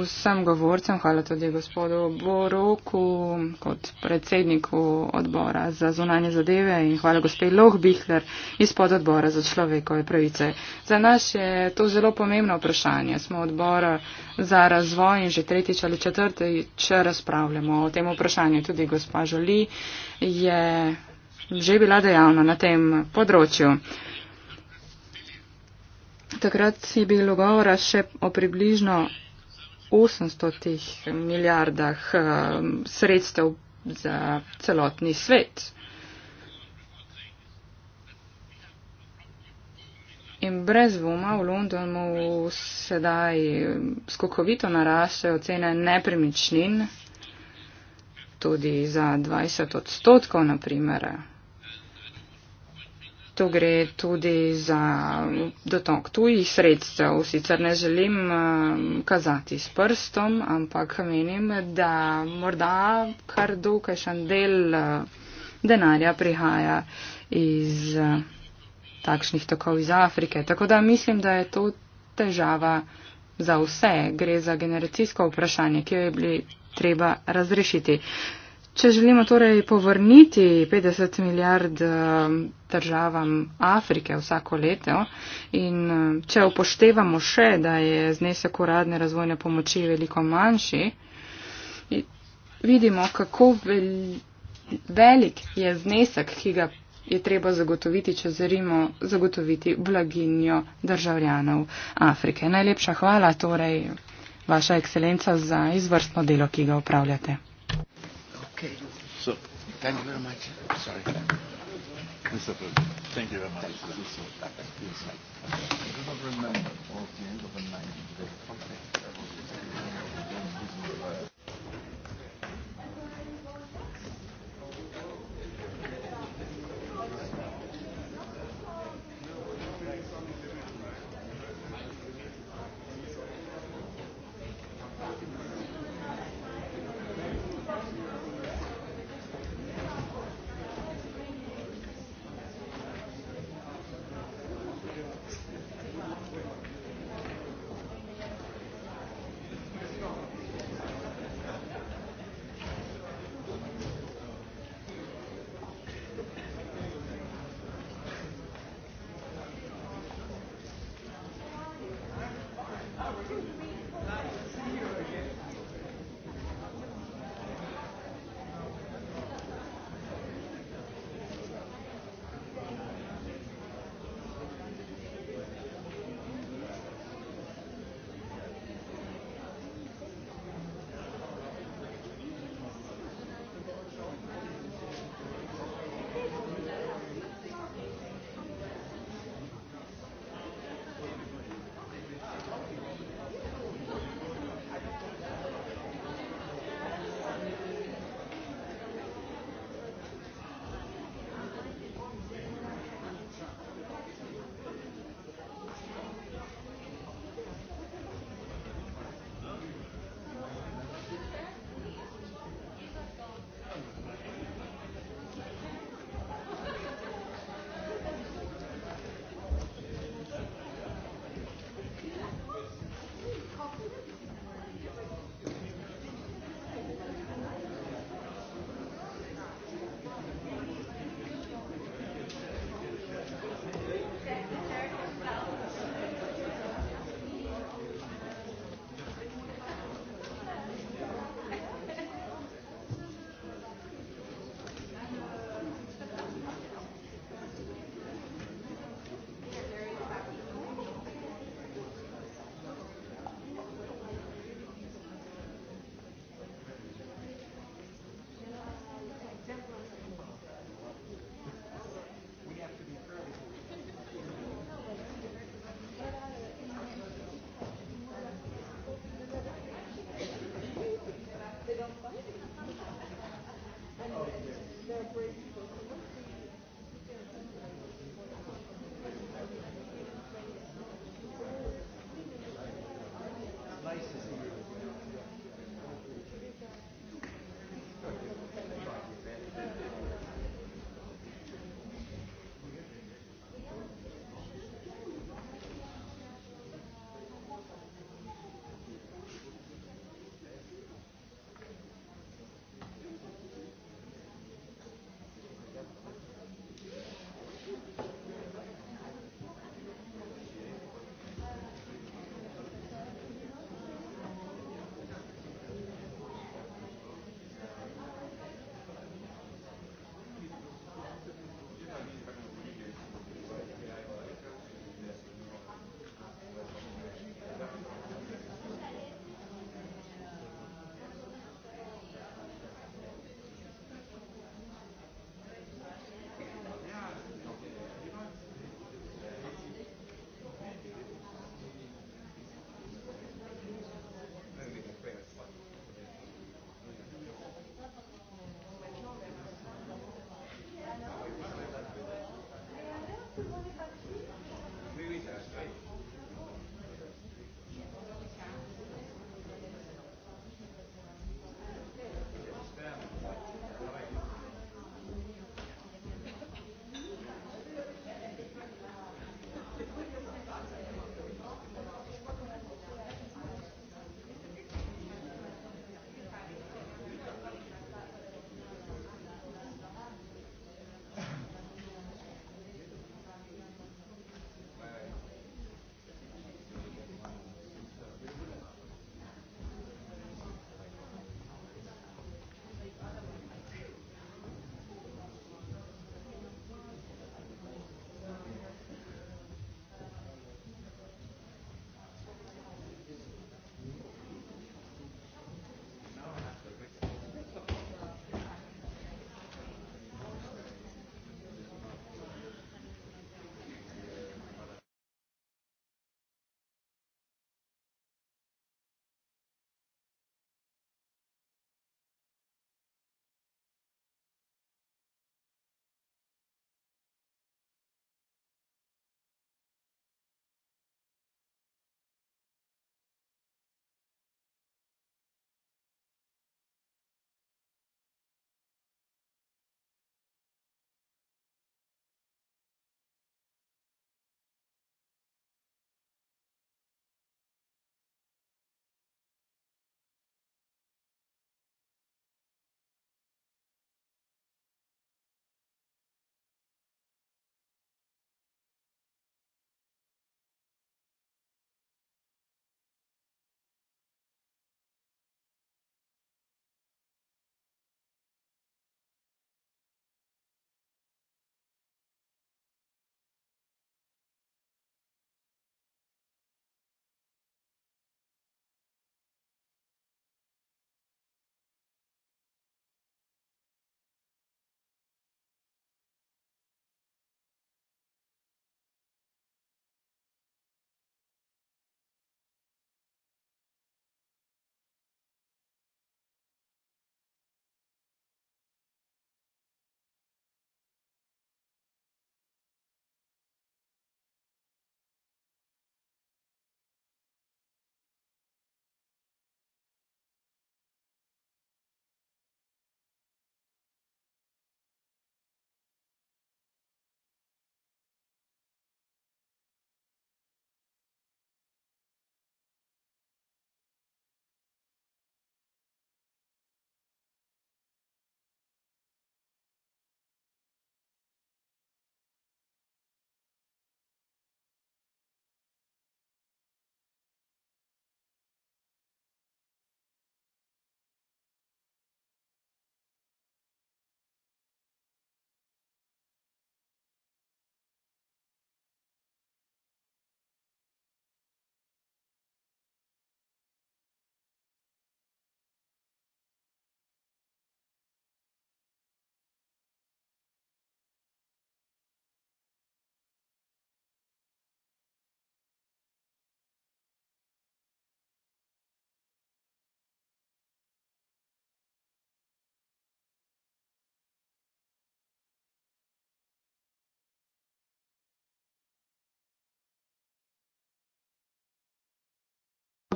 vsem govorcem, hvala tudi gospodu Boroku kot predsedniku odbora za zunanje zadeve in hvala gospej Lohbihler izpod odbora za človekove pravice. Za nas je to zelo pomembno vprašanje. Smo odbor za razvoj in že tretjič ali četrtič razpravljamo o tem vprašanju. Tudi gospa Žoli je že bila dejavna na tem področju. Takrat je bilo govora še o približno 800 milijardah eh, sredstev za celotni svet. In brez dvoma v Londonu sedaj skokovito narasejo cene nepremičnin, tudi za 20 odstotkov, naprimer. Tu gre tudi za dotok tujih sredstev. Sicer ne želim um, kazati s prstom, ampak menim, da morda kar dokajšen del uh, denarja prihaja iz uh, takšnih tokov iz Afrike. Tako da mislim, da je to težava za vse. Gre za generacijsko vprašanje, ki jo je bilo treba razrešiti. Če želimo torej povrniti 50 milijard eh, državam Afrike vsako leto in eh, če upoštevamo še, da je znesek uradne razvojne pomoči veliko manjši, vidimo, kako velik je znesek, ki ga je treba zagotoviti, če želimo zagotoviti blaginjo državljanov Afrike. Najlepša hvala torej, Vaša ekscelenca, za izvrstno delo, ki ga upravljate. Okay. So, thank you very much. Sorry. Mr. President, thank you very much. Thank you. So, yes. I do not remember all the end of the night. Okay.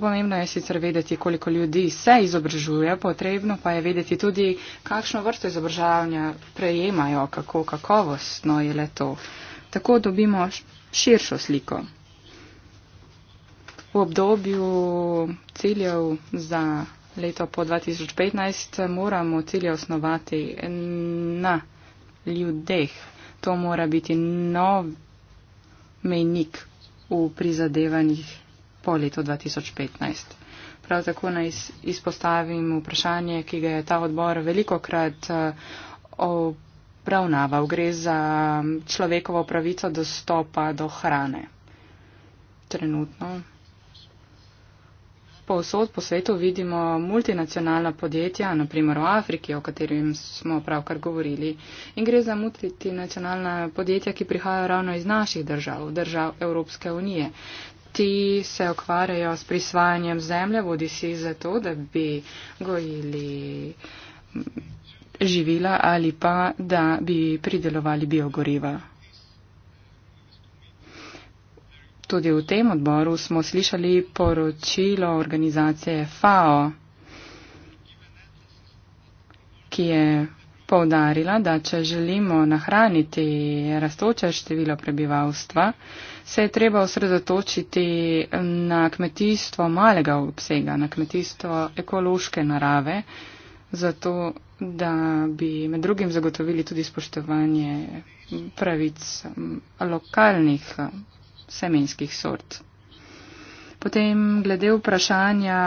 Pomembno je sicer vedeti, koliko ljudi se izobražuje, potrebno pa je vedeti tudi, kakšno vrsto izobraževanja prejemajo, kako kakovostno je le to. Tako dobimo širšo sliko. V obdobju ciljev za leto po 2015 moramo cilje osnovati na ljudeh. To mora biti nov mejnik v prizadevanjih po letu 2015. Prav tako naj izpostavim vprašanje, ki ga je ta odbor veliko krat eh, obravnaval. Gre za mm, človekovo pravico dostopa do hrane. Trenutno. Povsod po svetu vidimo multinacionalna podjetja, naprimer v Afriki, o katerem smo pravkar govorili. In gre za multinacionalna podjetja, ki prihajajo ravno iz naših držav, držav Evropske unije ti se okvarjajo s prisvajanjem zemlje, bodi si zato, da bi gojili mm, živila ali pa da bi pridelovali biogoriva. Tudi v tem odboru smo slišali poročilo organizacije FAO, ki je poudarila, da če želimo nahraniti rastoče število prebivalstva, se je treba osredotočiti na kmetijstvo malega obsega, na kmetijstvo ekološke narave, zato da bi med drugim zagotovili tudi spoštovanje pravic lokalnih semenskih sort. Potem glede vprašanja,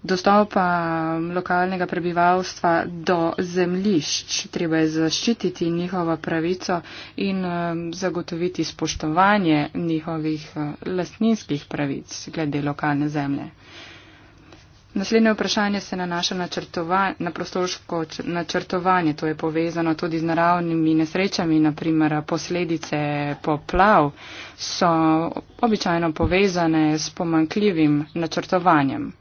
dostopa lokalnega prebivalstva do zemljišč. Treba je zaščititi njihovo pravico in um, zagotoviti spoštovanje njihovih uh, lastninskih pravic glede lokalne zemlje. Naslednje vprašanje se nanaša na, na prostorsko načrtovanje. To je povezano tudi z naravnimi nesrečami, naprimer posledice poplav so običajno povezane s pomankljivim načrtovanjem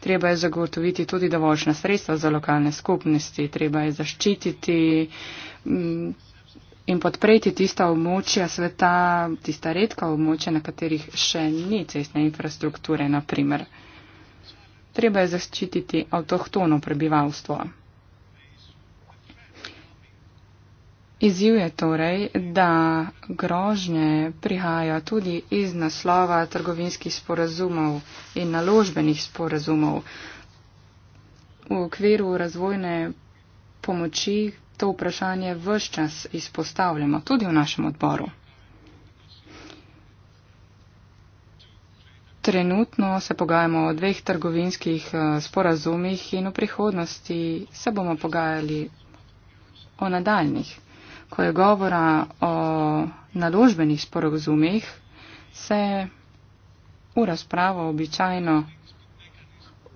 treba je zagotoviti tudi dovoljšna sredstva za lokalne skupnosti, treba je zaščititi mm, in podpreti tista območja sveta, tista redka območja, na katerih še ni cestne infrastrukture, naprimer. Treba je zaščititi avtohtono prebivalstvo. Izjiv je torej, da grožnje prihajajo tudi iz naslova trgovinskih sporazumov in naložbenih sporazumov. V okviru razvojne pomoči to vprašanje vse čas izpostavljamo, tudi v našem odboru. Trenutno se pogajamo o dveh trgovinskih eh, sporazumih in v prihodnosti se bomo pogajali o nadaljnih ko je govora o naložbenih sporozumih, se v razpravo običajno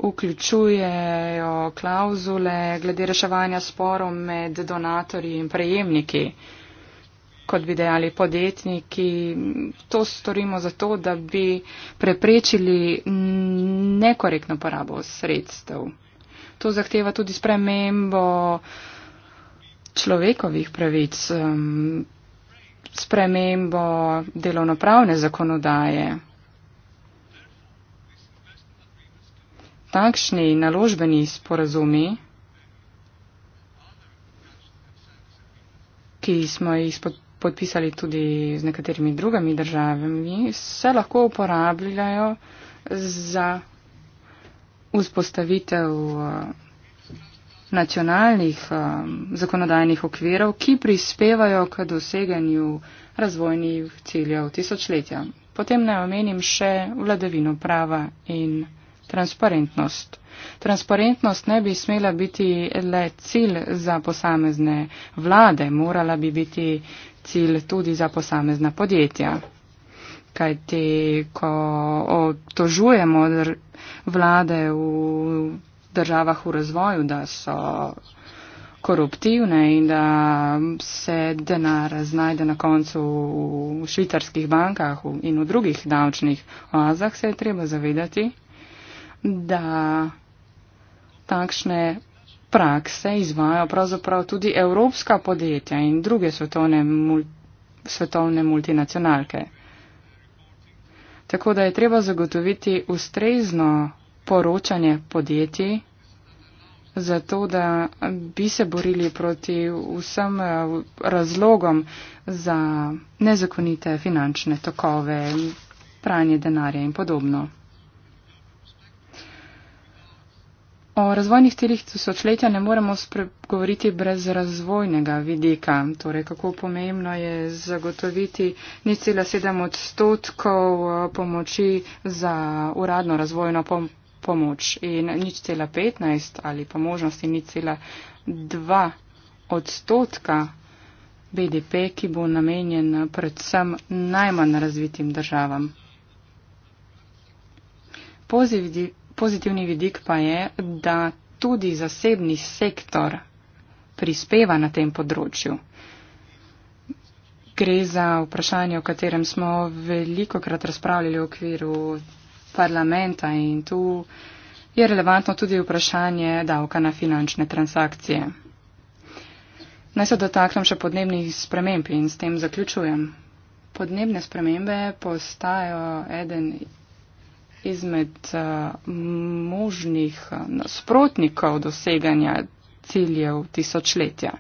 vključujejo klauzule glede reševanja sporov med donatorji in prejemniki. Kot bi dejali podjetniki, to storimo zato, da bi preprečili nekorektno porabo sredstev. To zahteva tudi spremembo uh, človekovih pravic, um, spremembo delovnopravne zakonodaje. Takšni naložbeni sporazumi, ki smo jih podpisali tudi z nekaterimi drugimi državami, se lahko uporabljajo za vzpostavitev. Uh, nacionalnih um, zakonodajnih okvirov, ki prispevajo k doseganju razvojnih ciljev tisočletja. Potem naj omenim še vladavino prava in transparentnost. Transparentnost ne bi smela biti le cilj za posamezne vlade, morala bi biti cilj tudi za posamezna podjetja. Kajti, ko obtožujemo vlade v državah v razvoju, da so koruptivne in da se denar znajde na koncu v švitarskih bankah in v drugih davčnih oazah, se je treba zavedati, da takšne prakse izvajo pravzaprav tudi evropska podjetja in druge svetovne, mul svetovne multinacionalke. Tako da je treba zagotoviti ustrezno poročanje podjetij, zato da bi se borili proti vsem eh, razlogom za nezakonite finančne tokove, pranje denarja in podobno. O razvojnih telih tisočletja ne moremo spregovoriti brez razvojnega vidika. Torej, kako pomembno je zagotoviti ni cela sedem odstotkov eh, pomoči za uradno razvojno pomoč pomoč in nič cela 15 ali pa možnosti nič cela 2 odstotka BDP, ki bo namenjen predvsem najmanj razvitim državam. Pozitivni vidik pa je, da tudi zasebni sektor prispeva na tem področju. Gre za vprašanje, o katerem smo veliko krat razpravljali v okviru parlamenta in tu je relevantno tudi vprašanje davka na finančne transakcije. Naj se dotaknem še podnebnih sprememb in s tem zaključujem. Podnebne spremembe postajajo eden izmed eh, možnih nasprotnikov doseganja ciljev tisočletja.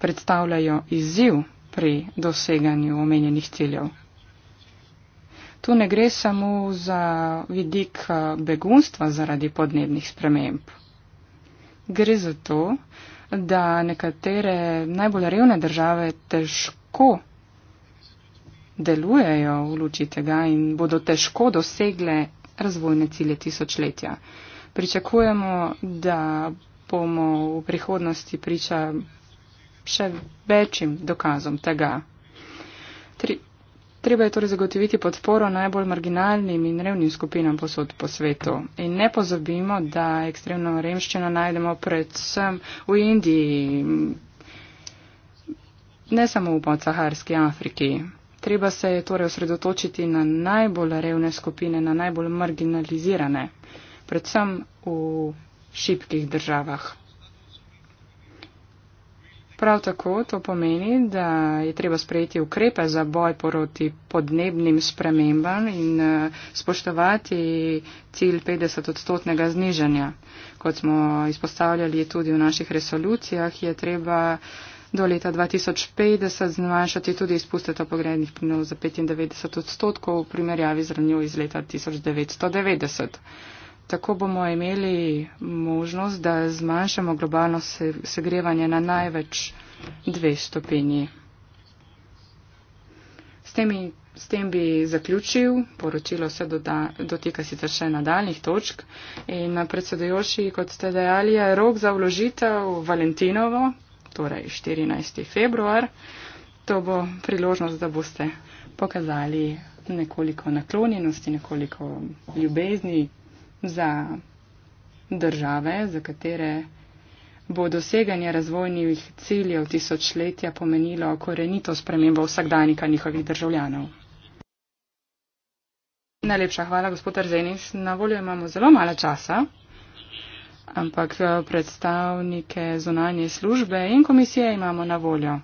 Predstavljajo izziv pri doseganju omenjenih ciljev. Tu ne gre samo za vidik eh, begunstva zaradi podnebnih sprememb. Gre za to, da nekatere najbolj revne države težko delujejo v luči tega in bodo težko dosegle razvojne cilje tisočletja. Pričakujemo, da bomo v prihodnosti priča še večjim dokazom tega. Treba je torej zagotoviti podporo najbolj marginalnim in revnim skupinam posod po svetu. In ne pozabimo, da ekstremno revščino najdemo predvsem v Indiji, ne samo v podsaharski Afriki. Treba se je torej osredotočiti na najbolj revne skupine, na najbolj marginalizirane, predvsem v šibkih državah. Prav tako to pomeni, da je treba sprejeti ukrepe za boj proti podnebnim spremembam in eh, spoštovati cilj 50-odstotnega zniženja. Kot smo izpostavljali tudi v naših resolucijah, je treba do leta 2050 zmanjšati tudi izpuste topogrednih plinov za 95 odstotkov v primerjavi z ranjo iz leta 1990. Tako bomo imeli možnost, da zmanjšamo globalno segrevanje na največ dve stopinji. S, temi, s tem bi zaključil, poročilo se doda, dotika sicer še nadaljnih točk in eh, predsedojoči, kot ste dejali, je rok za vložitev Valentinovo, torej 14. februar. To bo priložnost, da boste pokazali nekoliko naklonjenosti, nekoliko ljubezni, za države, za katere bo doseganje razvojnih ciljev tisočletja pomenilo korenito spremembo vsakdanjika njihovih državljanov. Najlepša hvala, gospod Arzenis. Na voljo imamo zelo malo časa, ampak eh, predstavnike zunanje službe in komisije imamo na voljo.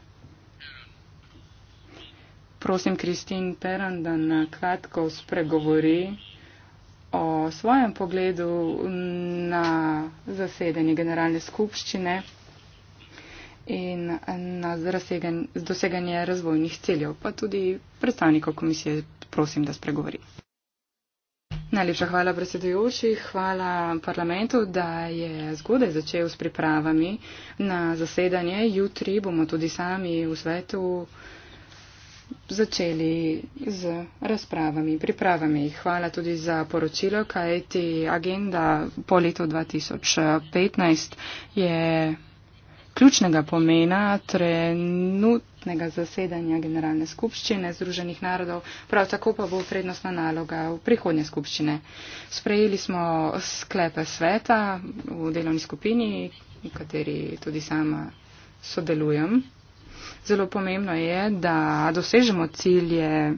Prosim, Kristin Peran, da na kratko spregovori o svojem pogledu na zasedanje generalne skupščine in na doseganje razvojnih ciljev, pa tudi predstavnikov komisije prosim, da spregovori. Najlepša hvala predsedujoči, hvala parlamentu, da je zgodaj začel s pripravami na zasedanje. Jutri bomo tudi sami v svetu začeli z razpravami, pripravami. Hvala tudi za poročilo, kaj ti agenda po letu 2015 je ključnega pomena trenutnega zasedanja Generalne skupščine Združenih narodov, prav tako pa bo prednostna naloga v prihodnje skupščine. Sprejeli smo sklepe sveta v delovni skupini, v kateri tudi sama sodelujem zelo pomembno je, da dosežemo cilje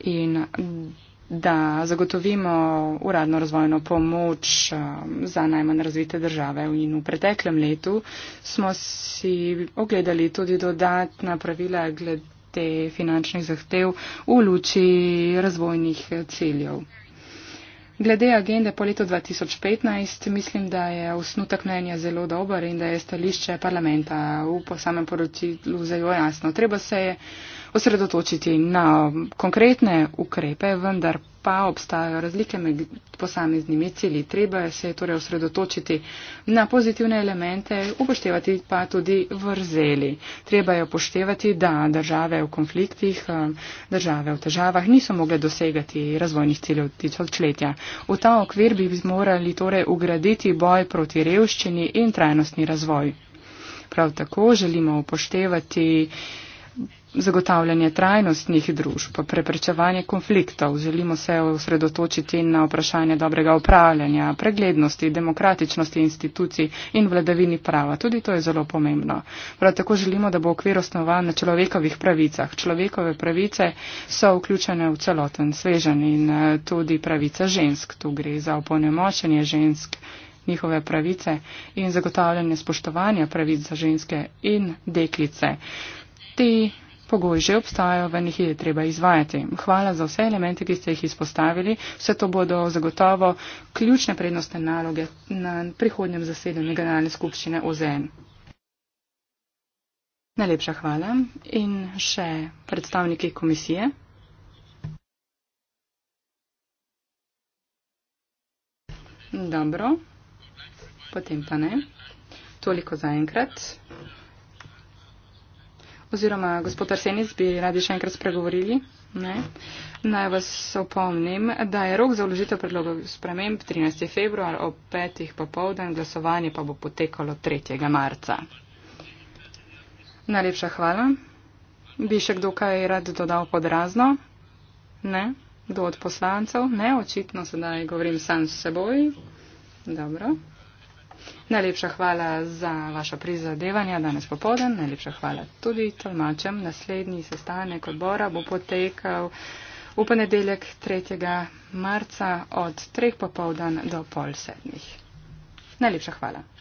in da zagotovimo uradno razvojno pomoč um, za najmanj razvite države. In v preteklem letu smo si ogledali tudi dodatna pravila glede finančnih zahtev v luči razvojnih ciljev. Glede agende po letu 2015 mislim, da je osnutek mnenja zelo dober in da je stališče parlamenta v samem poročilu zelo jasno. Treba se je osredotočiti na konkretne ukrepe, vendar pa obstajajo razlike med posameznimi cilji. Treba se je torej osredotočiti na pozitivne elemente, upoštevati pa tudi vrzeli. Treba je upoštevati, da države v konfliktih, um, države v težavah niso mogle dosegati razvojnih ciljev tisočletja. V ta okvir bi morali torej ugraditi boj proti revščini in trajnostni razvoj. Prav tako želimo upoštevati zagotavljanje trajnostnih družb, preprečevanje konfliktov, želimo se osredotočiti na vprašanje dobrega upravljanja, preglednosti, demokratičnosti institucij in vladavini prava. Tudi to je zelo pomembno. Prav tako želimo, da bo okvir osnovan na človekovih pravicah. Človekove pravice so vključene v celoten svežen in eh, tudi pravica žensk. Tu gre za oponemočenje žensk njihove pravice in zagotavljanje spoštovanja pravic za ženske in deklice. Ti pogoji že obstajajo, ven jih je treba izvajati. Hvala za vse elemente, ki ste jih izpostavili. Vse to bodo zagotovo ključne prednostne naloge na prihodnjem zasedanju generalne skupščine OZN. Najlepša hvala. In še predstavniki komisije. Dobro. Potem pa ne. Toliko zaenkrat. Oziroma, gospod Arsenic, bi radi še enkrat spregovorili. Ne? Naj vas opomnim, da je rok za vložitev predlogov sprememb 13. februar ob 5. popovdan, glasovanje pa bo potekalo 3. marca. Najlepša hvala. Bi še kdo kaj rad dodal podrazno? Ne? Kdo od poslancev? Ne, očitno sedaj govorim sam s seboj. Dobro. Najlepša hvala za vaša prizadevanja danes popoldan. Najlepša hvala tudi tolmačem. Naslednji sestanek odbora bo potekal v ponedeljek 3. marca od 3. popoldan do pol sedmih. Najlepša hvala.